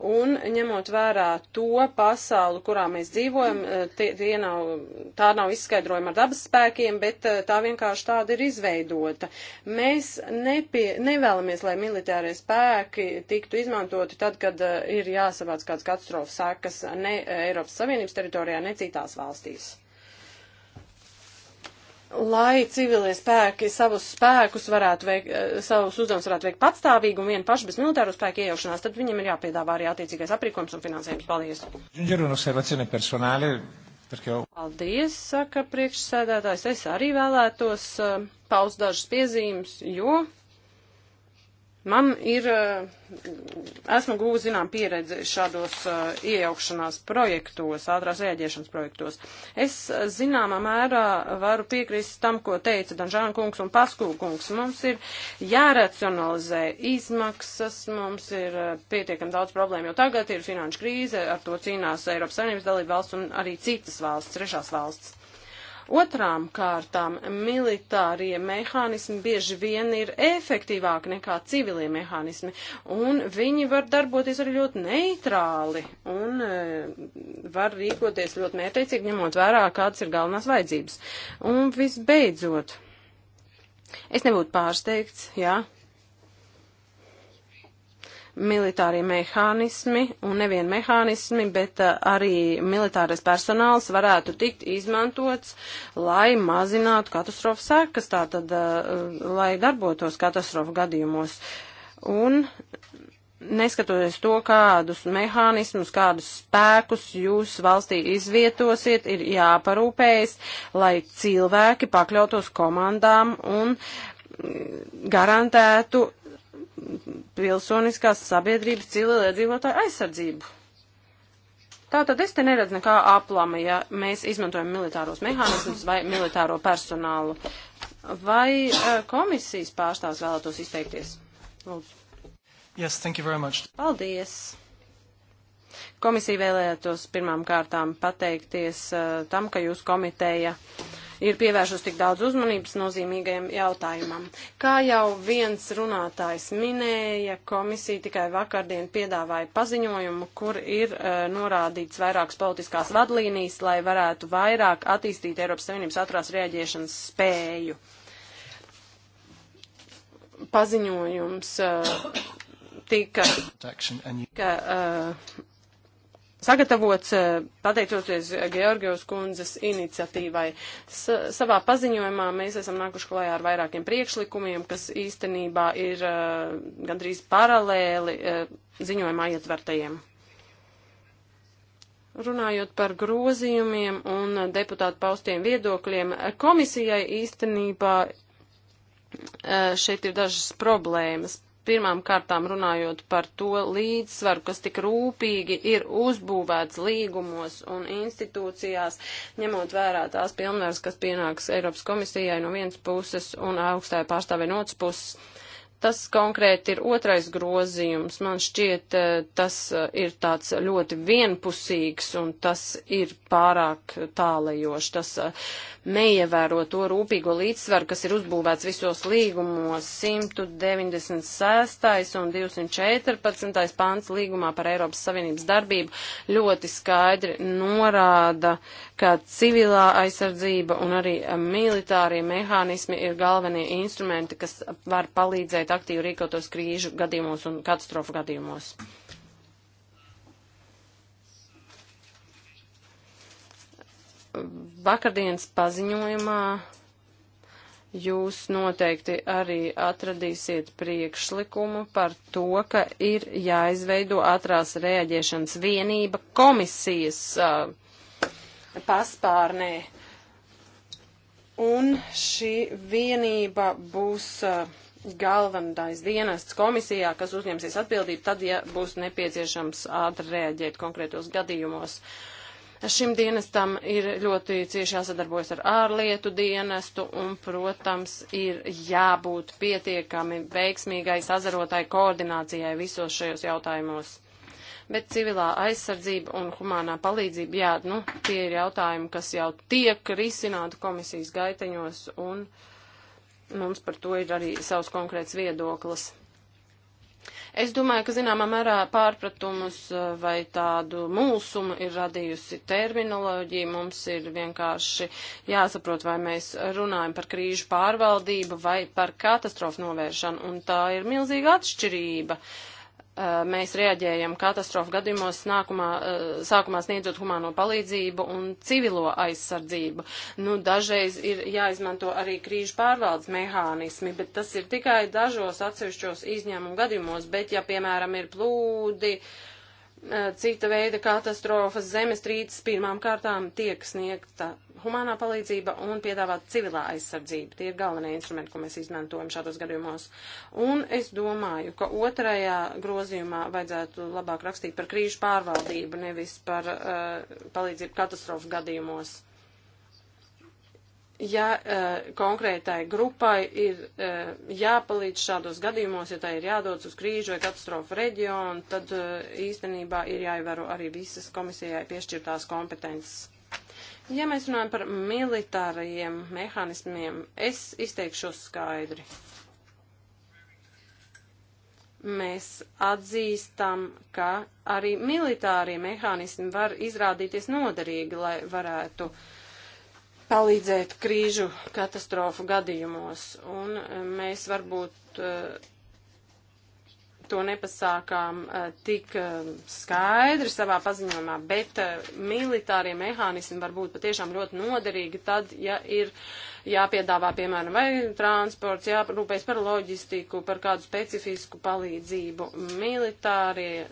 un ņemot vērā to, pasauli, kurā mēs dzīvojam, eh, tie, tie nav, tā nav izskaidrojama ar dabas spēkiem, bet eh, tā vienkārši tāda ir izveidota. Mēs nepie, nevēlamies, lai militārie spēki tiktu izmantoti tad, kad eh, ir jāsavāc kāds katastrofas sekas ne Eiropas Savienības teritorijā, ne citās valstīs lai civilie spēki savus spēkus varētu veikt, eh, savus uzdevumus varētu veikt patstāvīgi un vien paši bez militāro spēku iejaukšanās, tad viņam ir jāpiedāvā arī attiecīgais aprīkojums un finansējums. Paldies! Paldies, saka priekšsēdētājs. Es arī vēlētos uh, paust dažas piezīmes, jo Man ir, eh, esmu gūst zinām pieredzi šādos eh, iejaukšanās projektos, ātrās rēģēšanas projektos. Es eh, zināmā mērā varu piekrist tam, ko teica Danžāna kungs un Paskū kungs. Mums ir jāracionalizē izmaksas, mums ir pietiekam daudz problēmu, jo tagad ir finanšu krīze, ar to cīnās Eiropas Savienības dalība valsts un arī citas valsts, trešās valsts. Otrām kārtām militārie mehānismi bieži vien ir efektīvāki nekā civilie mehānismi, un viņi var darboties arī ļoti neitrāli un e, var rīkoties ļoti mērteicīgi, ņemot vērā, kādas ir galvenās vajadzības. Un visbeidzot, es nebūtu pārsteigts, jā. Ja? militārie mehānismi un nevien mehānismi, bet uh, arī militārais personāls varētu tikt izmantots, lai mazinātu katastrofu sekas, tātad, uh, lai darbotos katastrofu gadījumos. Un neskatoties to, kādus mehānismus, kādus spēkus jūs valstī izvietosiet, ir jāparūpējas, lai cilvēki pakļautos komandām un garantētu pilsoniskās sabiedrības civiliedzīvotāju aizsardzību. Tātad es te neredzu nekā aplama, ja mēs izmantojam militāros mehānismus vai militāro personālu. Vai uh, komisijas pārstāvs vēlētos izteikties? Lūdzu. Yes, thank you very much. Paldies. Komisija vēlētos pirmām kārtām pateikties uh, tam, ka jūs komiteja uh, ir pievēršus tik daudz uzmanības nozīmīgajam jautājumam. Kā jau viens runātājs minēja, komisija tikai vakardien piedāvāja paziņojumu, kur ir uh, norādīts vairākas politiskās vadlīnijas, lai varētu vairāk attīstīt Eiropas Savienības atrās rēģēšanas spēju. Paziņojums uh, tika, tika uh, eh, sagatavots eh, pateicoties Georgijos kundzes iniciatīvai. S savā paziņojumā mēs esam nākuši klajā ar vairākiem priekšlikumiem, kas īstenībā ir uh, gandrīz paralēli uh, ziņojumā ietvertajiem. Runājot par grozījumiem un deputātu paustiem viedokļiem, komisijai īstenībā šeit ir dažas problēmas pirmām kārtām runājot par to līdzsvaru, kas tik rūpīgi ir uzbūvēts līgumos un institūcijās, ņemot vērā tās pilnvaras, kas pienāks Eiropas komisijai no vienas puses un augstāja pārstāvē no otras puses. Tas konkrēti ir otrais grozījums. Man šķiet, eh, tas eh, ir tāds ļoti vienpusīgs un tas ir pārāk tālajošs. Tas eh, neievēro to rūpīgo līdzsvaru, kas ir uzbūvēts visos līgumos 196. un 214. pāns līgumā par Eiropas Savienības darbību ļoti skaidri norāda, ka civilā aizsardzība un arī militārie mehānismi ir galvenie instrumenti, kas var palīdzēt šeit aktīvi rīkotos krīžu gadījumos un katastrofu gadījumos. Vakardienas paziņojumā jūs noteikti arī atradīsiet priekšlikumu par to, ka ir jāizveido atrās rēģēšanas vienība komisijas uh, paspārnē. Un šī vienība būs uh, galvenais dienests komisijā, kas uzņemsies atbildību, tad, ja būs nepieciešams ātri reaģēt konkrētos gadījumos. Šim dienestam ir ļoti cieši jāsadarbojas ar ārlietu dienestu un, protams, ir jābūt pietiekami veiksmīgai sazarotai koordinācijai visos šajos jautājumos. Bet civilā aizsardzība un humānā palīdzība, jā, nu, tie ir jautājumi, kas jau tiek risināti komisijas gaiteņos un uh, Mums par to ir arī savs konkrēts viedoklis. Es domāju, ka zināmā mērā pārpratumus eh, vai tādu mulsumu ir radījusi terminoloģija. Mums ir vienkārši jāsaprot, vai mēs runājam par krīžu pārvaldību vai par katastrofu novēršanu, un tā ir milzīga atšķirība. Uh, Eh, mēs reaģējam katastrofu gadījumos, nākumā, eh, sākumā sniedzot humāno palīdzību un civilo aizsardzību. Nu, dažreiz ir jāizmanto arī krīžu pārvaldes mehānismi, bet tas ir tikai dažos atsevišķos izņēmumu gadījumos, bet ja, piemēram, ir plūdi, uh, Eh, cita veida katastrofas, zemestrīces pirmām kārtām tiek sniegta humānā palīdzība un piedāvāt civilā aizsardzība. Tie ir galvenie instrumenti, ko mēs izmantojam šādos gadījumos. Un es domāju, ka otrajā grozījumā vajadzētu labāk rakstīt par krīžu pārvaldību, nevis par uh, palīdzību katastrofu gadījumos ja uh, konkrētai grupai ir uh, jāpalīdz šādos gadījumos, ja tā ir jādodas uz krīžu vai katastrofu reģionu, tad uh, īstenībā ir jāievēro arī visas komisijai piešķirtās kompetences. Ja mēs runājam par militārajiem mehānismiem, es izteikšos skaidri. Mēs atzīstam, ka arī militārie mehānismi var izrādīties noderīgi, lai varētu uh, palīdzēt krīžu katastrofu gadījumos. Un e, mēs varbūt e, to nepasākām e, tik skaidri savā paziņojumā, bet militārie mehānismi var būt patiešām ļoti noderīgi tad, ja ir jāpiedāvā, piemēram, vai transports, jārūpēs par loģistiku, par kādu specifisku palīdzību. Militārie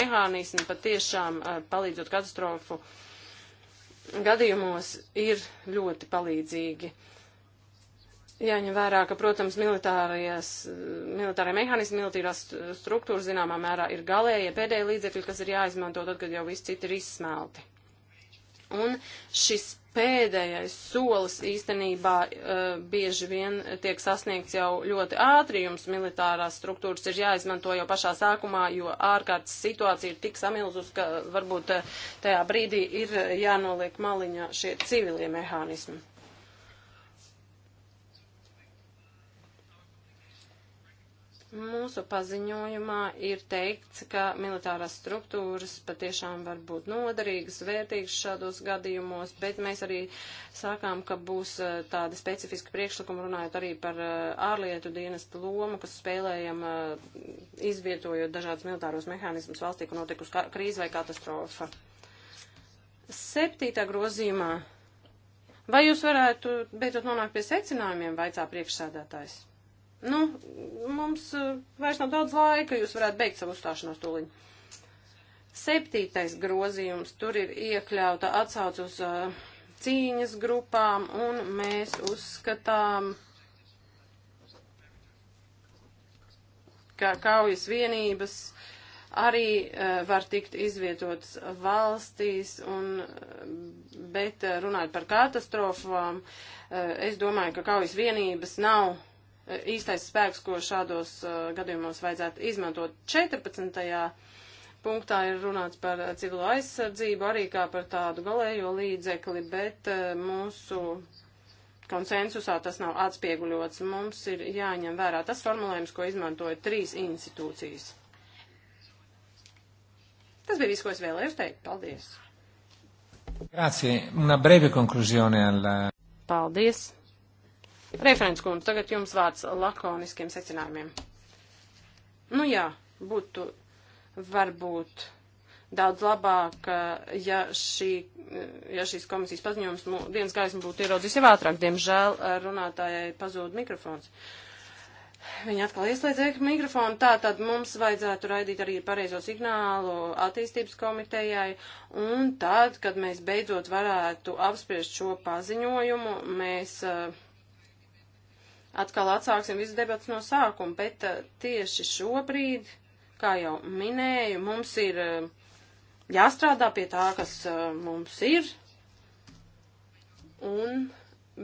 mehānismi patiešām palīdzot katastrofu uh, gadījumos ir ļoti palīdzīgi. Jāņem vērā, ka, protams, militārie mehānismi, militārās struktūras zināmā mērā ir galējie pēdējie līdzekļi, kas ir jāizmanto tad, kad jau viss citi ir izsmelti. Un šis pēdējais solis īstenībā eh, bieži vien tiek sasniegts jau ļoti ātri, jums militārās struktūras ir jāizmanto jau pašā sākumā, jo ārkārtas situācija ir tik samilzus, ka varbūt eh, tajā brīdī ir eh, jānoliek maliņā šie civilie mehānismi. Mūsu paziņojumā ir teikts, ka militārās struktūras patiešām var būt noderīgas, vērtīgas šādos gadījumos, bet mēs arī sākām, ka būs eh, tāda specifiska priekšlikuma runājot arī par eh, ārlietu dienestu lomu, kas spēlējam eh, izvietojot dažādus militāros mehānismus valstī, kur notikusi krīze vai katastrofa. Septītā grozījumā. Vai jūs varētu beidzot nonākt pie secinājumiem, vaicā priekšsēdētājs? Nu, mums eh, vairs nav daudz laika, jūs varētu beigt savu uzstāšanos tūliņ. Septītais grozījums, tur ir iekļauta atsauc uz uh, cīņas grupām, un mēs uzskatām, ka kaujas vienības arī uh, var tikt izvietotas valstīs, un, bet runājot par katastrofām, uh, es domāju, ka kaujas vienības nav īstais spēks, ko šādos uh, gadījumos vajadzētu izmantot. 14. punktā ir runāts par civilo aizsardzību, arī kā par tādu galējo līdzekli, bet uh, mūsu konsensusā tas nav atspieguļots. Mums ir jāņem vērā tas formulējums, ko izmantoja trīs institūcijas. Tas bija viss, ko es vēlējos teikt. Paldies! Grazie. Una breve conclusione alla... Paldies! Referents kundze, tagad jums vārds lakoniskiem secinājumiem. Nu jā, būtu varbūt daudz labāk, ja, šī, ja šīs komisijas paziņojums nu, dienas gaismu būtu ieraudzījis jau ātrāk. Diemžēl runātājai pazūd mikrofons. Viņa atkal ieslēdz mikrofonu, tā tad mums vajadzētu raidīt arī pareizo signālu attīstības komitejai, un tad, kad mēs beidzot varētu apspriest šo paziņojumu, mēs uh, atkal atsāksim visu debats no sākuma, bet eh, tieši šobrīd, kā jau minēju, mums ir eh, jāstrādā pie tā, kas eh, mums ir. Un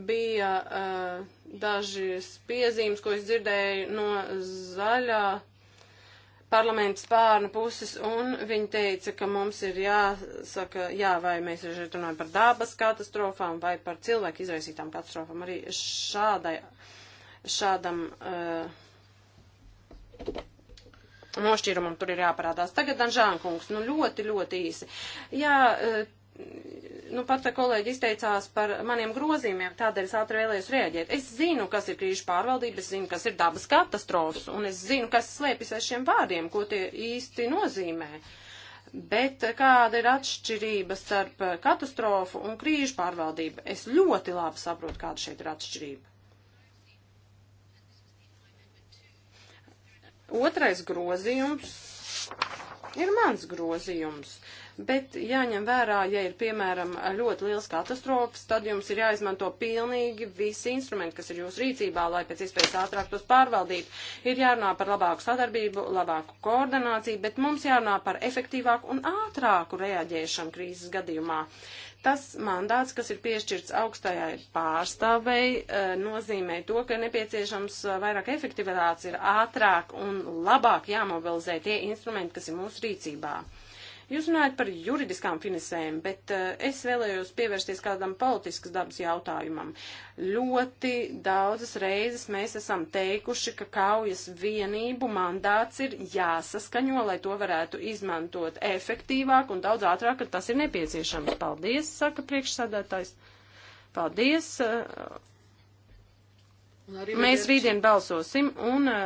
bija uh, dažas piezīmes, ko es dzirdēju no zaļā parlamenta spārna puses, un viņi teica, ka mums ir jāsaka, jā, vai mēs šeit runājam par dabas katastrofām vai par cilvēku izraisītām katastrofām. Arī šādai šādam uh, nošķīrumam tur ir jāparādās. Tagad, Danžāna kungs, nu ļoti, ļoti īsi. Jā, uh, nu, pat te kolēģi izteicās par maniem grozījumiem, tādēļ es ātri vēlējos rēģēt. Es zinu, kas ir krīžu pārvaldība, es zinu, kas ir dabas katastrofas, un es zinu, kas slēpjas aiz šiem vārdiem, ko tie īsti nozīmē. Bet kāda ir atšķirība starp katastrofu un krīžu pārvaldību? Es ļoti labi saprotu, kāda šeit ir atšķirība. Otrais grozījums ir mans grozījums. Bet jāņem vērā, ja ir, piemēram, ļoti liels katastrofas, tad jums ir jāizmanto pilnīgi visi instrumenti, kas ir jūsu rīcībā, lai pēc iespējas ātrāk tos pārvaldītu. Ir jārunā par labāku sadarbību, labāku koordināciju, bet mums jārunā par efektīvāku un ātrāku reaģēšanu krīzes gadījumā. Uh, Tas mandāts, kas ir piešķirts augstajai pārstāvei, e, nozīmē to, ka nepieciešams e, vairāk efektivitātes ir ātrāk un labāk jāmobilizē tie instrumenti, kas ir mūsu rīcībā. Jūs runājat par juridiskām finansēm, bet uh, es vēlējos pievērsties kādam politiskas dabas jautājumam. Ļoti daudzas reizes mēs esam teikuši, ka kaujas vienību mandāts ir jāsaskaņo, lai to varētu izmantot efektīvāk un daudz ātrāk, kad tas ir nepieciešams. Paldies, saka priekšsādātājs. Paldies. Uh, Mēs rītdien balsosim un eh,